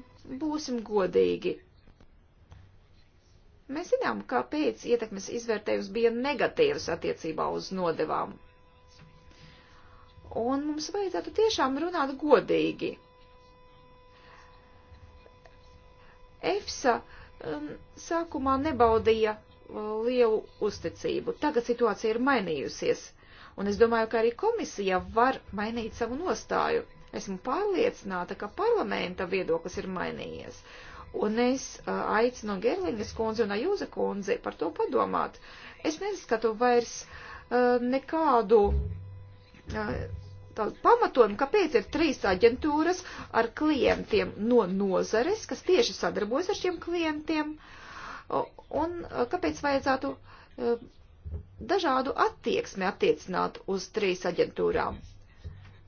būsim godīgi. Mēs zinām, kāpēc ietekmes izvērtējums bija negatīvs attiecībā uz nodevām. Un mums vajadzētu tiešām runāt godīgi. EFSA um, sākumā nebaudīja uh, lielu uzticību. Tagad situācija ir mainījusies, un es domāju, ka arī komisija var mainīt savu nostāju. Esmu pārliecināta, ka parlamenta viedoklis ir mainījies. Un es aicinu Gerlingas kundzi un Ajūza kundzi par to padomāt. Es neskatu vairs nekādu tādu pamatojumu, kāpēc ir trīs aģentūras ar klientiem no nozares, kas tieši sadarbojas ar šiem klientiem, un kāpēc vajadzētu dažādu attieksmi attiecināt uz trīs aģentūrām.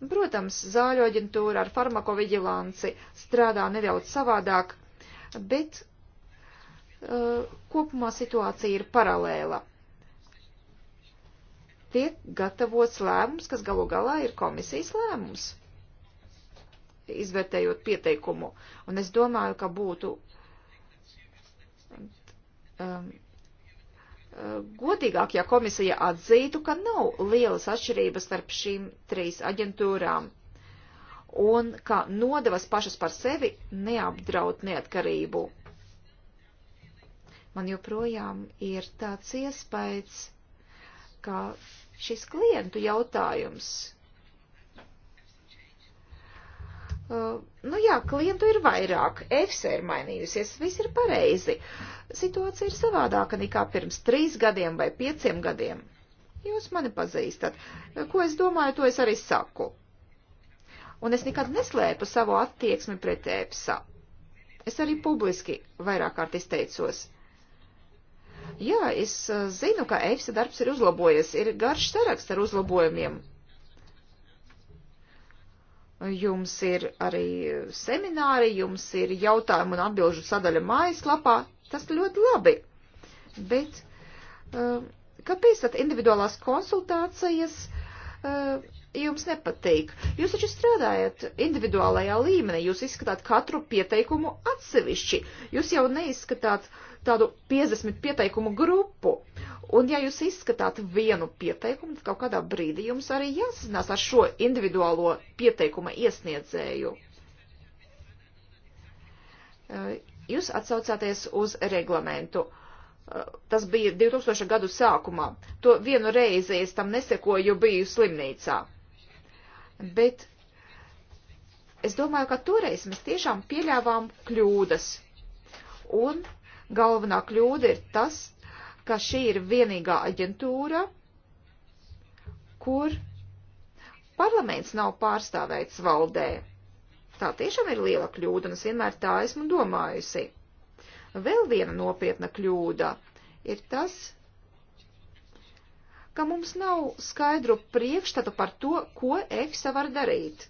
Protams, zāļu aģentūra ar farmakoviģilanci strādā nedaudz savādāk, bet uh, kopumā situācija ir paralēla. Tiek gatavots lēmums, kas galu galā ir komisijas lēmums, izvērtējot pieteikumu. Un es domāju, ka būtu um, godīgāk, ja komisija atzītu, ka nav lielas atšķirības starp šīm trīs aģentūrām un ka nodevas pašas par sevi neapdraud neatkarību. Man joprojām ir tāds iespējas, ka šis klientu jautājums Uh, nu jā, klientu ir vairāk, EFSA ir mainījusies, viss ir pareizi. Situācija ir savādāka nekā pirms trīs gadiem vai pieciem gadiem. Jūs mani pazīstat. Ko es domāju, to es arī saku. Un es nekad neslēpu savu attieksmi pret EFSA. Es arī publiski vairāk kārt izteicos. Jā, es uh, zinu, ka EFSA darbs ir uzlabojies, ir garš saraksts ar uzlabojumiem, Jums ir arī semināri, jums ir jautājumu un atbilžu sadaļa mājaslapā. Tas ļoti labi. Bet eh, kāpēc tad individuālās konsultācijas eh, jums nepatīk. Jūs taču strādājat individuālajā līmenī, jūs izskatāt katru pieteikumu atsevišķi, jūs jau neizskatāt tādu 50 pieteikumu grupu. Un ja jūs izskatāt vienu pieteikumu, tad kaut kādā brīdī jums arī jāsazinās ar šo individuālo pieteikuma iesniedzēju. Eh, jūs atsaucāties uz reglamentu eh, tas bija 2000 gadu sākumā. To vienu reizi es tam nesekoju, biju slimnīcā bet es domāju, ka toreiz mēs tiešām pieļāvām kļūdas. Un galvenā kļūda ir tas, ka šī ir vienīgā aģentūra, kur parlaments nav pārstāvēts valdē. Tā tiešām ir liela kļūda, un es vienmēr tā esmu domājusi. Vēl viena nopietna kļūda ir tas, ka mums nav skaidru priekšstatu par to, ko EFSA var darīt.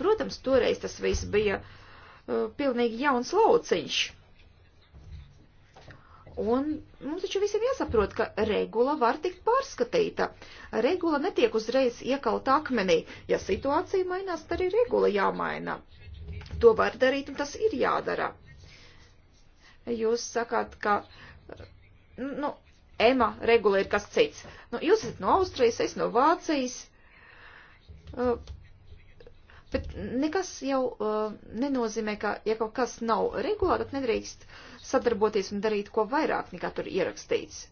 Protams, toreiz tas viss bija uh, pilnīgi jauns lauciņš. Un mums taču visiem jāsaprot, ka regula var tikt pārskatīta. Regula netiek uzreiz iekalt akmenī. Ja situācija mainās, tad arī regula jāmaina. To var darīt un tas ir jādara. Jūs sakāt, ka nu, EMA regula ir kas cits. Nu, jūs esat no Austrijas, es no Vācijas. Uh, bet nekas jau uh, nenozīmē, ka, ja kaut kas nav regulā, tad nedrīkst sadarboties un darīt ko vairāk nekā tur ierakstīts.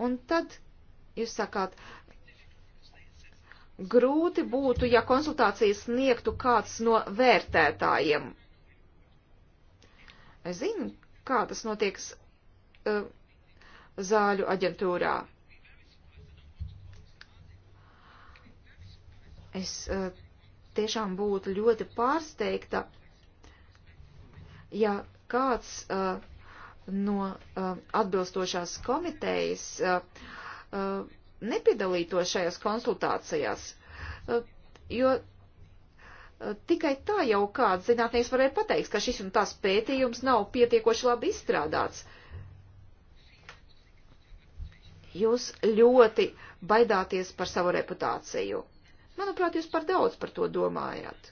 Un tad jūs sakāt, grūti būtu, ja konsultācijas sniegtu kāds no vērtētājiem. Es zinu, kā tas notiek uh, zāļu aģentūrā. Es uh, tiešām būtu ļoti pārsteigta, ja kāds uh, no uh, atbilstošās komitejas nepiedalītos šajās konsultācijās, jo tikai tā jau kāds zinātnieks varēja pateikt, ka šis un tas pētījums nav pietiekoši labi izstrādāts. Uh, Jūs ļoti baidāties par savu reputāciju. Manuprāt, jūs par daudz par to domājat.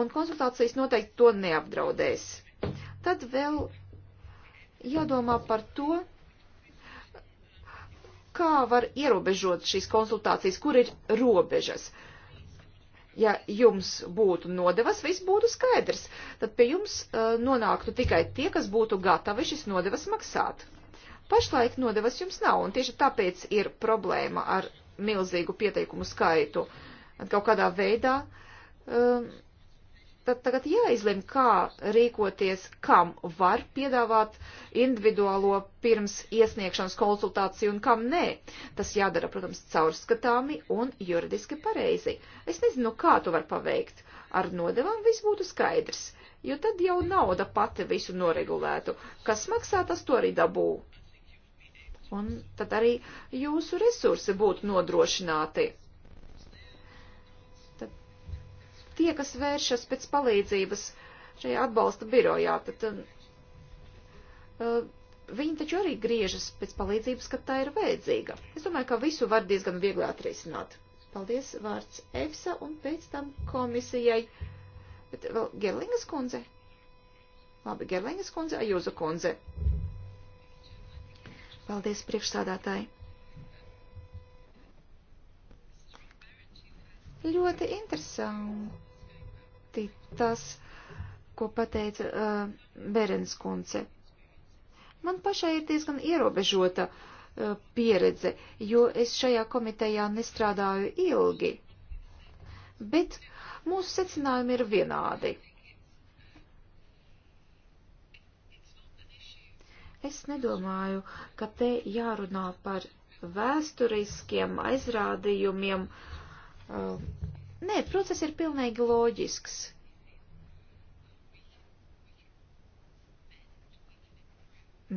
Un konsultācijas noteikti to neapdraudēs. Tad vēl jādomā par to, kā var ierobežot šīs konsultācijas, kur ir robežas. Ja jums būtu nodevas, viss būtu skaidrs, tad pie jums uh, nonāktu tikai tie, kas būtu gatavi šis nodevas maksāt. Pašlaik nodevas jums nav, un tieši tāpēc ir problēma ar milzīgu pieteikumu skaitu. Kaut kādā veidā um, tad tagad jāizlem, kā rīkoties, kam var piedāvāt individuālo pirms iesniegšanas konsultāciju un kam nē. Tas jādara, protams, caurskatāmi un juridiski pareizi. Es nezinu, kā to var paveikt. Ar nodevām viss būtu skaidrs, jo tad jau nauda pati visu noregulētu. Kas maksā, tas to arī dabū. Un tad arī jūsu resursi būtu nodrošināti. Tad tie, kas vēršas pēc palīdzības šajā atbalsta birojā, tad um, uh, viņi taču arī griežas pēc palīdzības, kad tā ir vajadzīga. Es domāju, ka visu var diezgan viegli atrisināt. Paldies, vārds EFSA un pēc tam komisijai. Bet vēl Gerlingas kundze? Labi, Gerlingas kundze, Ajūza kundze. Paldies priekšsādātāji. Ļoti interesanti tas, ko pateica uh, Berens kundze. Man pašai ir diezgan ierobežota uh, pieredze, jo es šajā komitejā nestrādāju ilgi. Bet mūsu secinājumi ir vienādi. Es nedomāju, ka te jārunā par vēsturiskiem aizrādījumiem. Uh, nē, process ir pilnīgi loģisks.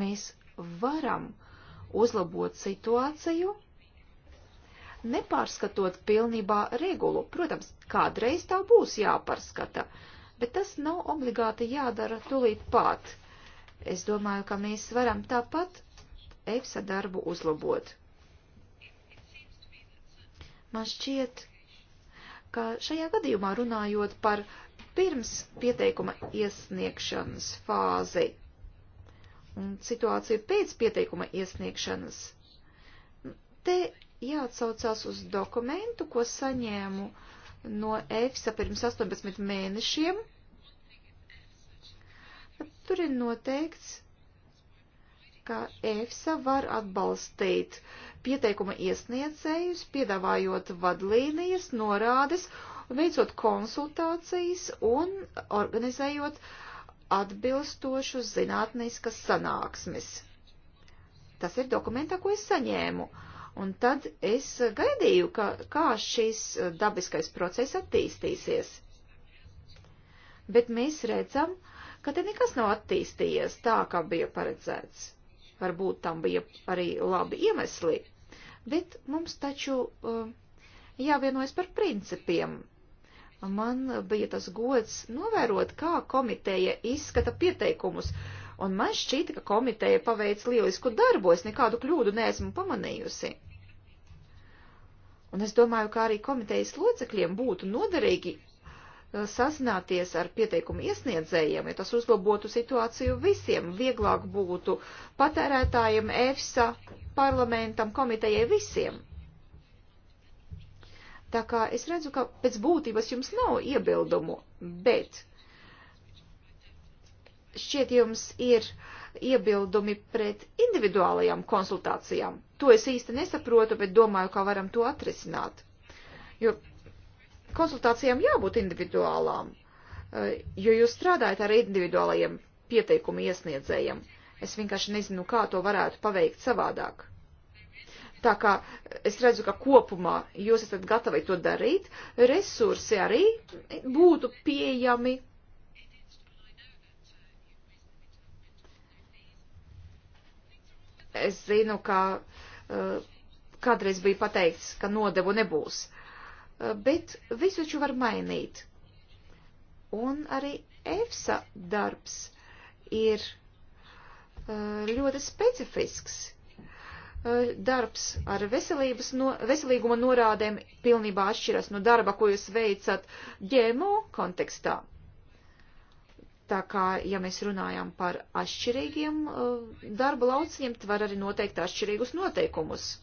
Mēs varam uzlabot situāciju, nepārskatot pilnībā regulu. Protams, kādreiz tā būs jāpārskata, bet tas nav obligāti jādara tulīt pat. Es domāju, ka mēs varam tāpat EFSA darbu uzlabot. Man šķiet, ka šajā gadījumā runājot par pirms pieteikuma iesniegšanas fāzi un situāciju pēc pieteikuma iesniegšanas, te jāatsaucās uz dokumentu, ko saņēmu no EFSA pirms 18 mēnešiem Tur ir noteikts, ka EFSA var atbalstīt pieteikuma iesniedzējus, piedāvājot vadlīnijas, norādes, veicot konsultācijas un organizējot atbilstošus zinātniskas sanāksmes. Tas ir dokumentā, ko es saņēmu. Un tad es gaidīju, ka, kā šis dabiskais process attīstīsies. Bet mēs redzam, uh, ka te nekas nav attīstījies tā, kā bija paredzēts. Varbūt tam bija arī labi iemesli, bet mums taču uh, jāvienojas par principiem. Man bija tas gods novērot, kā komiteja izskata pieteikumus, un man šķita, ka komiteja paveic lielisku darbu, es nekādu kļūdu neesmu pamanījusi. Un es domāju, ka arī komitejas locekļiem būtu noderīgi Eh, sazināties ar pieteikumu iesniedzējiem, ja tas uzlabotu situāciju visiem. Vieglāk būtu patērētājiem, EFSA, parlamentam, komitejai, visiem. Tā kā es redzu, ka pēc būtības jums nav iebildumu, bet šķiet jums ir iebildumi pret individuālajām konsultācijām. To es īsti nesaprotu, bet domāju, kā varam to atrisināt. Jo konsultācijām jābūt individuālām, eh, jo jūs strādājat ar individuālajiem pieteikumu iesniedzējiem. Es vienkārši nezinu, kā to varētu paveikt savādāk. Tā kā es redzu, ka kopumā jūs esat gatavi to darīt, resursi arī būtu pieejami. Es zinu, ka uh, kādreiz bija pateikts, ka nodevu nebūs. Eh, bet visu taču var mainīt. Un arī EFSA darbs ir eh, ļoti specifisks. Eh, darbs ar veselības no, veselīguma norādēm pilnībā atšķiras no darba, ko jūs veicat ģēmo kontekstā. Tā kā, ja mēs runājam par atšķirīgiem darba lauciņiem, tad var arī noteikt atšķirīgus noteikumus.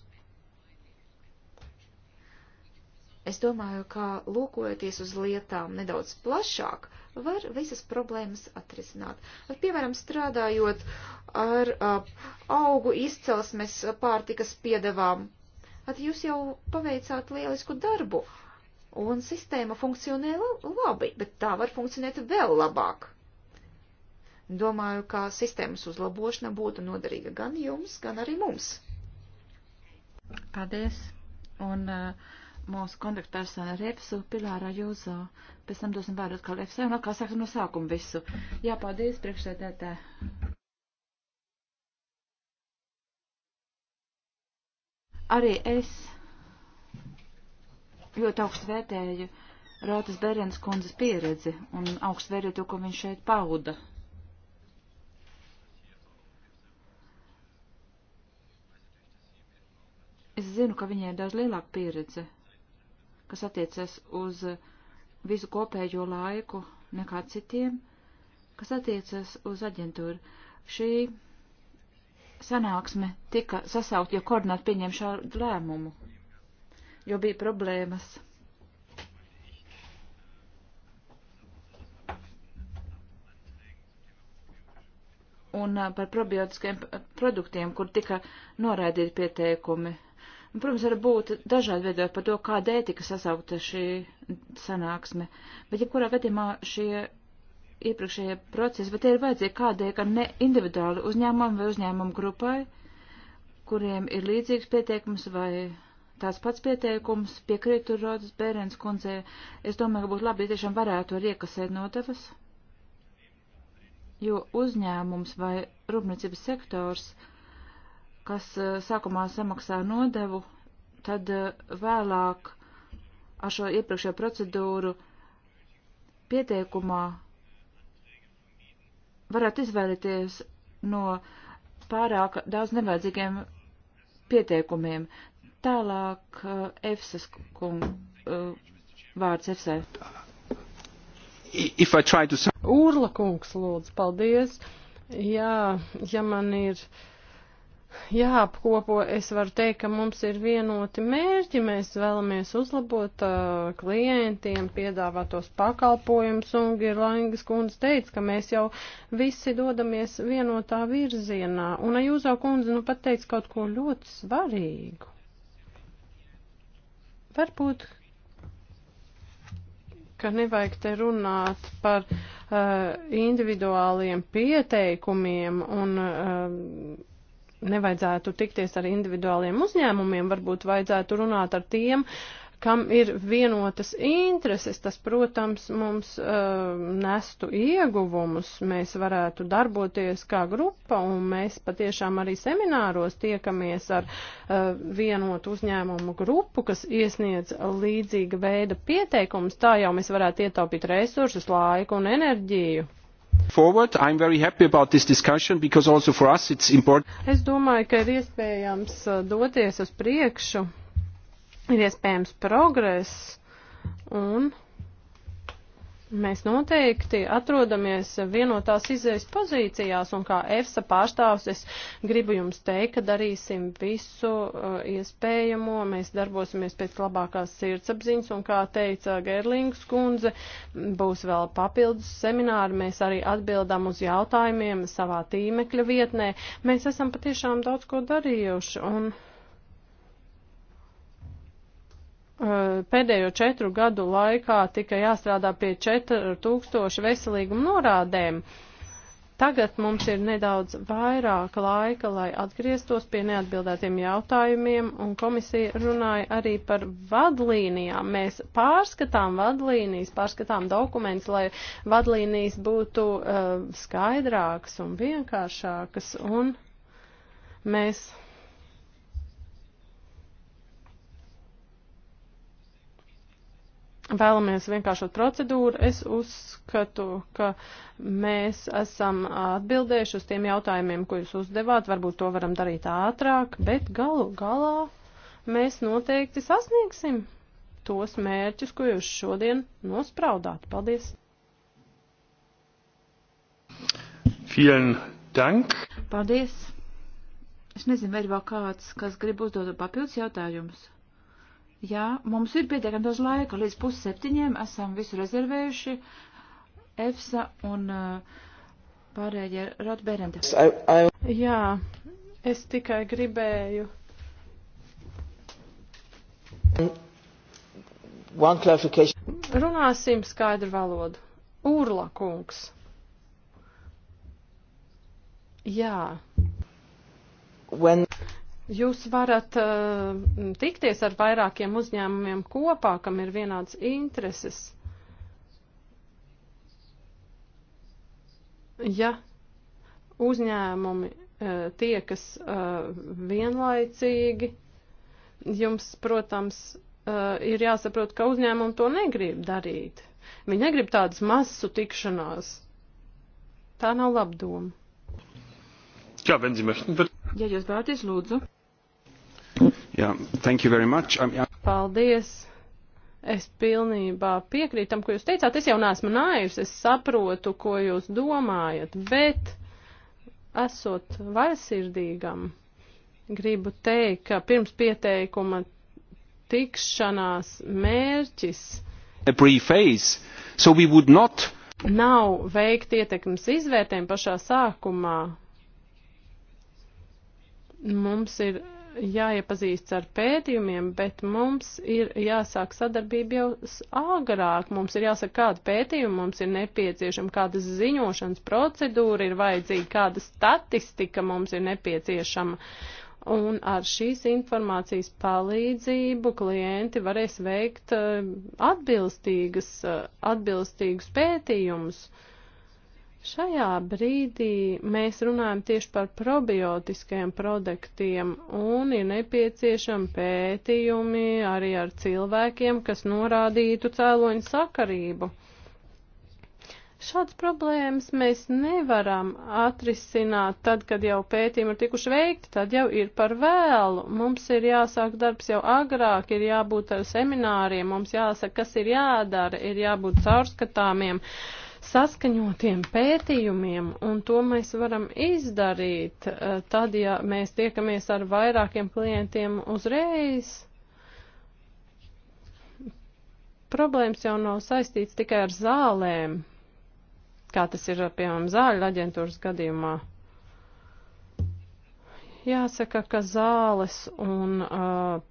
Es domāju, ka lūkojoties uz lietām nedaudz plašāk, var visas problēmas atrisināt. Ar, piemēram, strādājot ar uh, augu izcelsmes pārtikas piedevām, at jūs jau paveicāt lielisku darbu, un sistēma funkcionē labi, bet tā var funkcionēt vēl labāk. Domāju, ka sistēmas uzlabošana būtu noderīga gan jums, gan arī mums. Paldies! Un, uh, mūsu kontaktpersona Repsu Pilārā Jūzo. Pēc tam dosim vārdu atkal Repsai un atkal sākam no sākuma visu. Jā, paldies priekšsēdētē. Arī es ļoti augstu vērtēju Rotas Berenas kundzes pieredzi un augstu vērtēju to, ko viņš šeit pauda. Es zinu, ka viņai ir daudz lielāka pieredze kas attiecas uz visu kopējo laiku nekā citiem, kas attiecas uz aģentūru. Šī sanāksme tika sasaukt, jo koordināti pieņem šādu lēmumu, jo bija problēmas. Un par probiotiskiem produktiem, kur tika noraidīti pieteikumi. Un, protams, var būt dažādi viedokļi par to, kādēļ tika sasaukta šī sanāksme, bet jebkurā ja gadījumā šie iepriekšējie procesi, bet tie ir vajadzīgi kādēļ, ka ne individuāli uzņēmumam vai uzņēmumu grupai, kuriem ir līdzīgs pieteikums vai tās pats pieteikums, piekrītu Rodas Bērens kundzē, es domāju, ka būtu labi, ja tiešām varētu arī iekasēt nodevas, jo uzņēmums vai rūpniecības sektors kas eh, sākumā samaksā nodevu, tad eh, vēlāk ar šo iepriekšējo procedūru pieteikumā varētu izvairīties no pārāk daudz nevajadzīgiem pieteikumiem. Tālāk uh, EFSAS kung, uh, vārds EFSA. To... Urla kungs, lūdzu, paldies. Jā, ja man ir. Uh, jāapkopo, es varu teikt, ka mums ir vienoti mērķi, mēs vēlamies uzlabot uh, klientiem piedāvātos pakalpojumus, un Girlangas kundze teica, ka mēs jau visi dodamies vienotā virzienā, un Ajūzau kundze nu pat teica kaut ko ļoti svarīgu. Varbūt, ka nevajag te runāt par uh, individuāliem pieteikumiem un uh, nevajadzētu tikties ar individuāliem uzņēmumiem, varbūt vajadzētu runāt ar tiem, kam ir vienotas intereses, tas, protams, mums uh, nestu ieguvumus, mēs varētu darboties kā grupa, un mēs patiešām arī semināros tiekamies ar uh, vienotu uzņēmumu grupu, kas iesniedz līdzīga veida pieteikumus, tā jau mēs varētu ietaupīt resursus, laiku un enerģiju. Forward. I'm very happy about this discussion because also for us it's important. Es domāju, ka ir iespējams uh, doties uz priekšu, ir iespējams progress un Mēs noteikti atrodamies vienotās izējas pozīcijās, un kā EFSA pārstāvs es gribu jums teikt, ka darīsim visu uh, iespējamo, mēs darbosimies pēc labākās sirdsapziņas, un kā teica Gerlings kundze, būs vēl papildus semināri, mēs arī atbildam uz jautājumiem savā tīmekļa vietnē. Mēs esam patiešām daudz ko darījuši, un Eh, pēdējo četru gadu laikā tika jāstrādā pie 4000 veselīgumu norādēm. Tagad mums ir nedaudz vairāk laika, lai atgrieztos pie neatbildētiem jautājumiem, un komisija runāja arī par vadlīnijām. Mēs pārskatām vadlīnijas, pārskatām dokumentus, lai vadlīnijas būtu uh, skaidrākas un vienkāršākas, un mēs vēlamies vienkāršot procedūru, es uzskatu, ka mēs esam atbildējuši uz tiem jautājumiem, ko jūs uzdevāt, varbūt to varam darīt ātrāk, bet galu galā mēs noteikti sasniegsim tos mērķus, ko jūs šodien nospraudāt. Paldies! Vielen Dank! Paldies! Es nezinu, vai ir vēl kāds, kas grib uzdot papildus jautājumus. Jā, mums ir pietiekami daudz laika, līdz pusseptiņiem esam visu rezervējuši. EFSA un uh, pārējie Rotberenta. Jā, es tikai gribēju. Runāsim skaidru valodu. Urla kungs. Jā. When... Jūs varat uh, tikties ar vairākiem uzņēmumiem kopā, kam ir vienāds intereses. Ja uzņēmumi uh, tiekas uh, vienlaicīgi, jums, protams, uh, ir jāsaprot, ka uzņēmumi to negrib darīt. Viņi negrib tādas masu tikšanās. Tā nav labdoma. Ja, wenn Sie möchten, bitte. Ja, jūs vēlaties, lūdzu. Yeah, thank you very much. I'm, um, yeah. Paldies. Es pilnībā piekrītu tam, ko jūs teicāt. Es jau neesmu naivs, es saprotu, ko jūs domājat, bet esot vairsirdīgam, gribu teikt, ka pirms pieteikuma tikšanās mērķis so not... nav veikt ietekmes izvērtējumu pašā sākumā. Mums ir jāiepazīst ar pētījumiem, bet mums ir jāsāk sadarbība jau agrāk. Mums ir jāsaka, kāda pētījuma mums ir nepieciešama, kādas ziņošanas procedūra ir vajadzīga, kāda statistika mums ir nepieciešama. Un ar šīs informācijas palīdzību klienti varēs veikt eh, atbilstīgas, eh, atbilstīgus pētījumus. Uh, Šajā brīdī mēs runājam tieši par probiotiskajiem produktiem un ir nepieciešami pētījumi arī ar cilvēkiem, kas norādītu cēloņu sakarību. Šādas problēmas mēs nevaram atrisināt tad, kad jau pētījumi ir tikuši veikti, tad jau ir par vēlu. Mums ir jāsāk darbs jau agrāk, ir jābūt ar semināriem, mums jāsaka, kas ir jādara, ir jābūt caurskatāmiem. Uh, saskaņotiem pētījumiem, un to mēs varam izdarīt eh, tad, ja mēs tiekamies ar vairākiem klientiem uzreiz. Problēmas jau nav saistīts tikai ar zālēm, kā tas ir, piemēram, zāļu aģentūras gadījumā jāsaka, ka zāles un uh,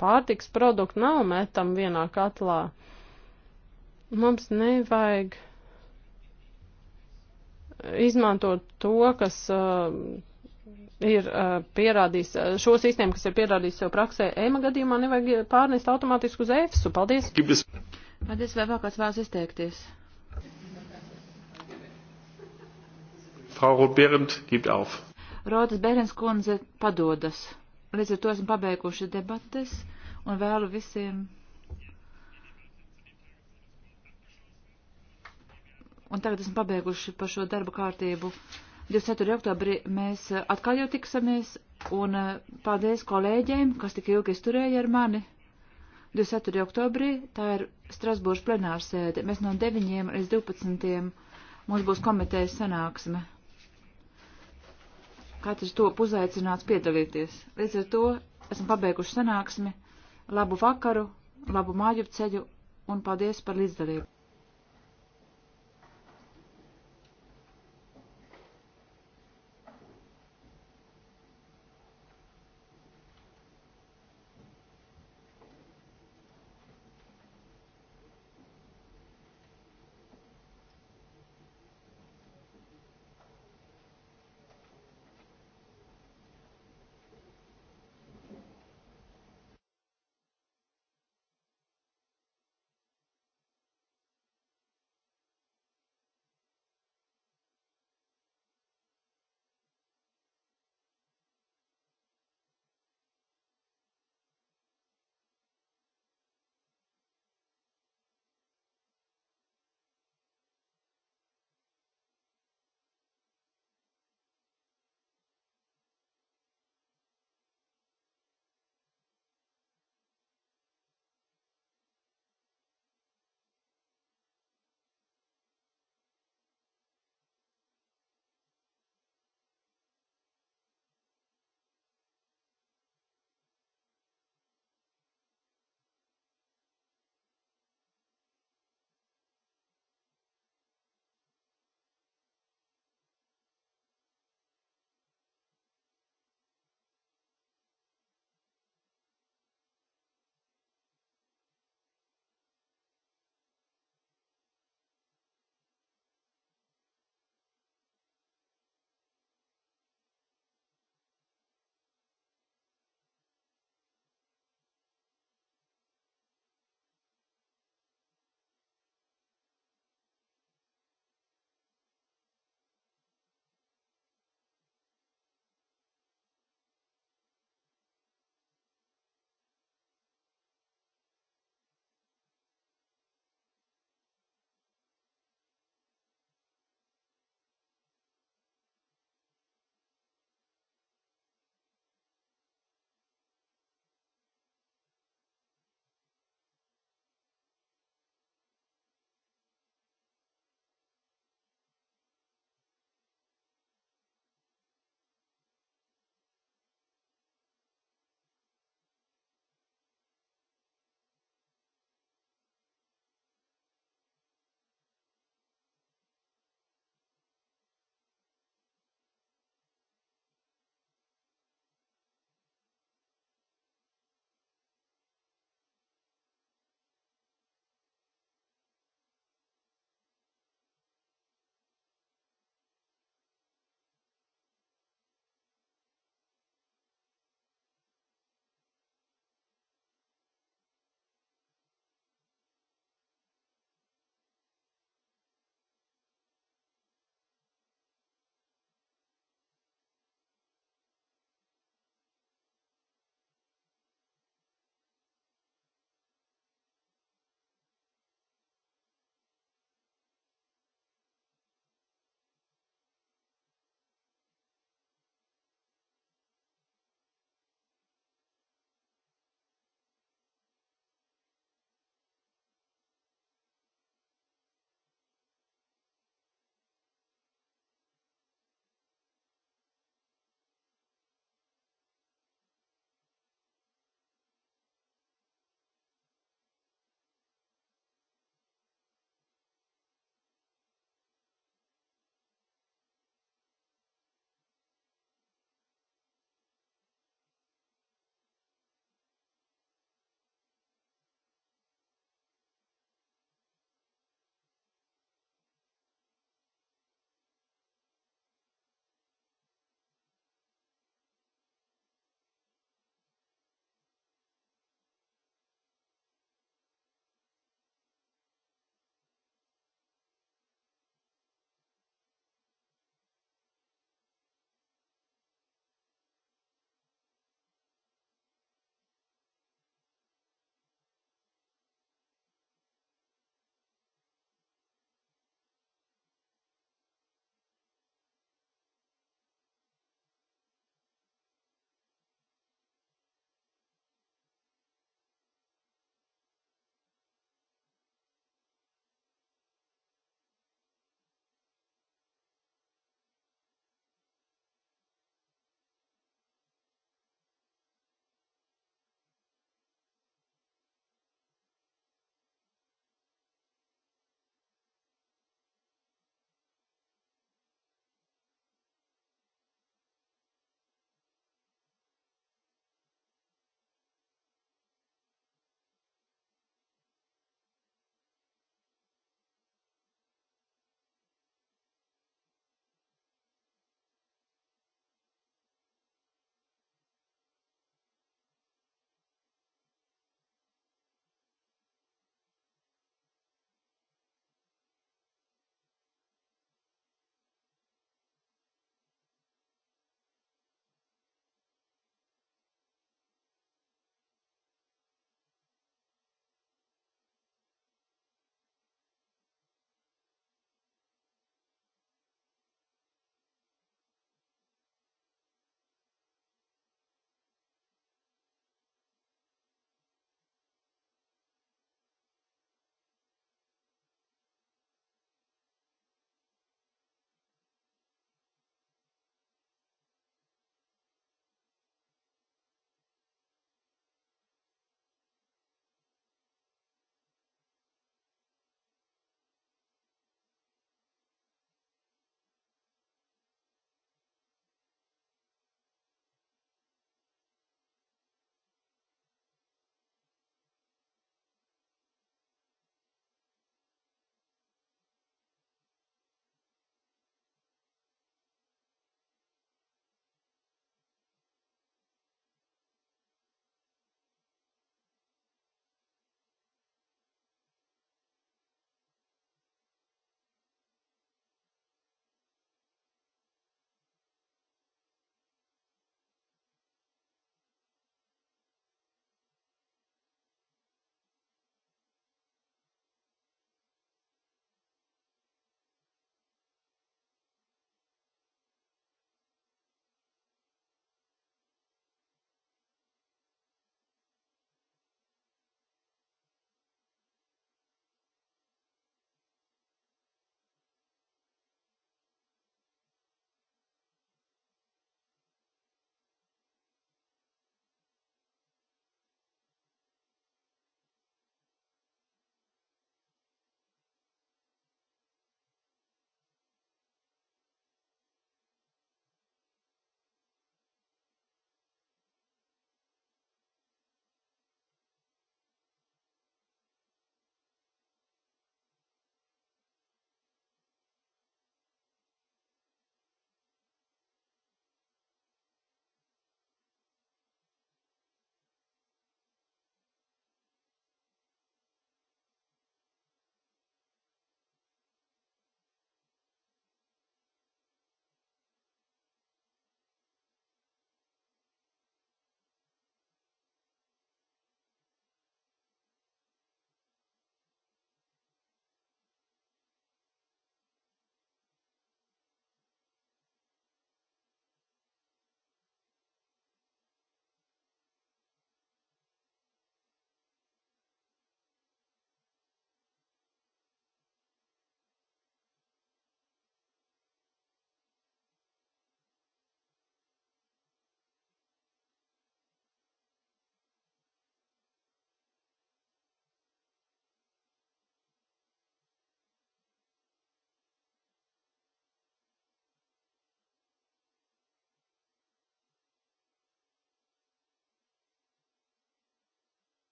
pārtiks produkti nav metam vienā katlā. Mums nevajag izmantot to, kas uh, ir uh, pierādījis, uh, šo sistēmu, kas ir pierādījis sev praksē, EMA gadījumā nevajag pārnest automātiski uz EFSU. Paldies! Kibis. Paldies, vai vēl kāds vēlas izteikties? Frau Roth-Behrendt gibt auf. Rotas Bērens kundze padodas. Līdz ar to esam pabeiguši debates un vēlu visiem Un tagad esmu pabeiguši par šo darbu kārtību. 24. oktobrī mēs eh, atkal jau tiksimies, un eh, paldies kolēģiem, kas tik ilgi izturēja ar mani. 24. oktobrī tā ir Strasbūras plenārsēde. Mēs no 9. līdz 12. mums būs komitejas sanāksme. Katrs to uzaicināts piedalīties. Līdz ar to esmu pabeiguši sanāksmi. Labu vakaru, labu māju ceļu un paldies par līdzdalību.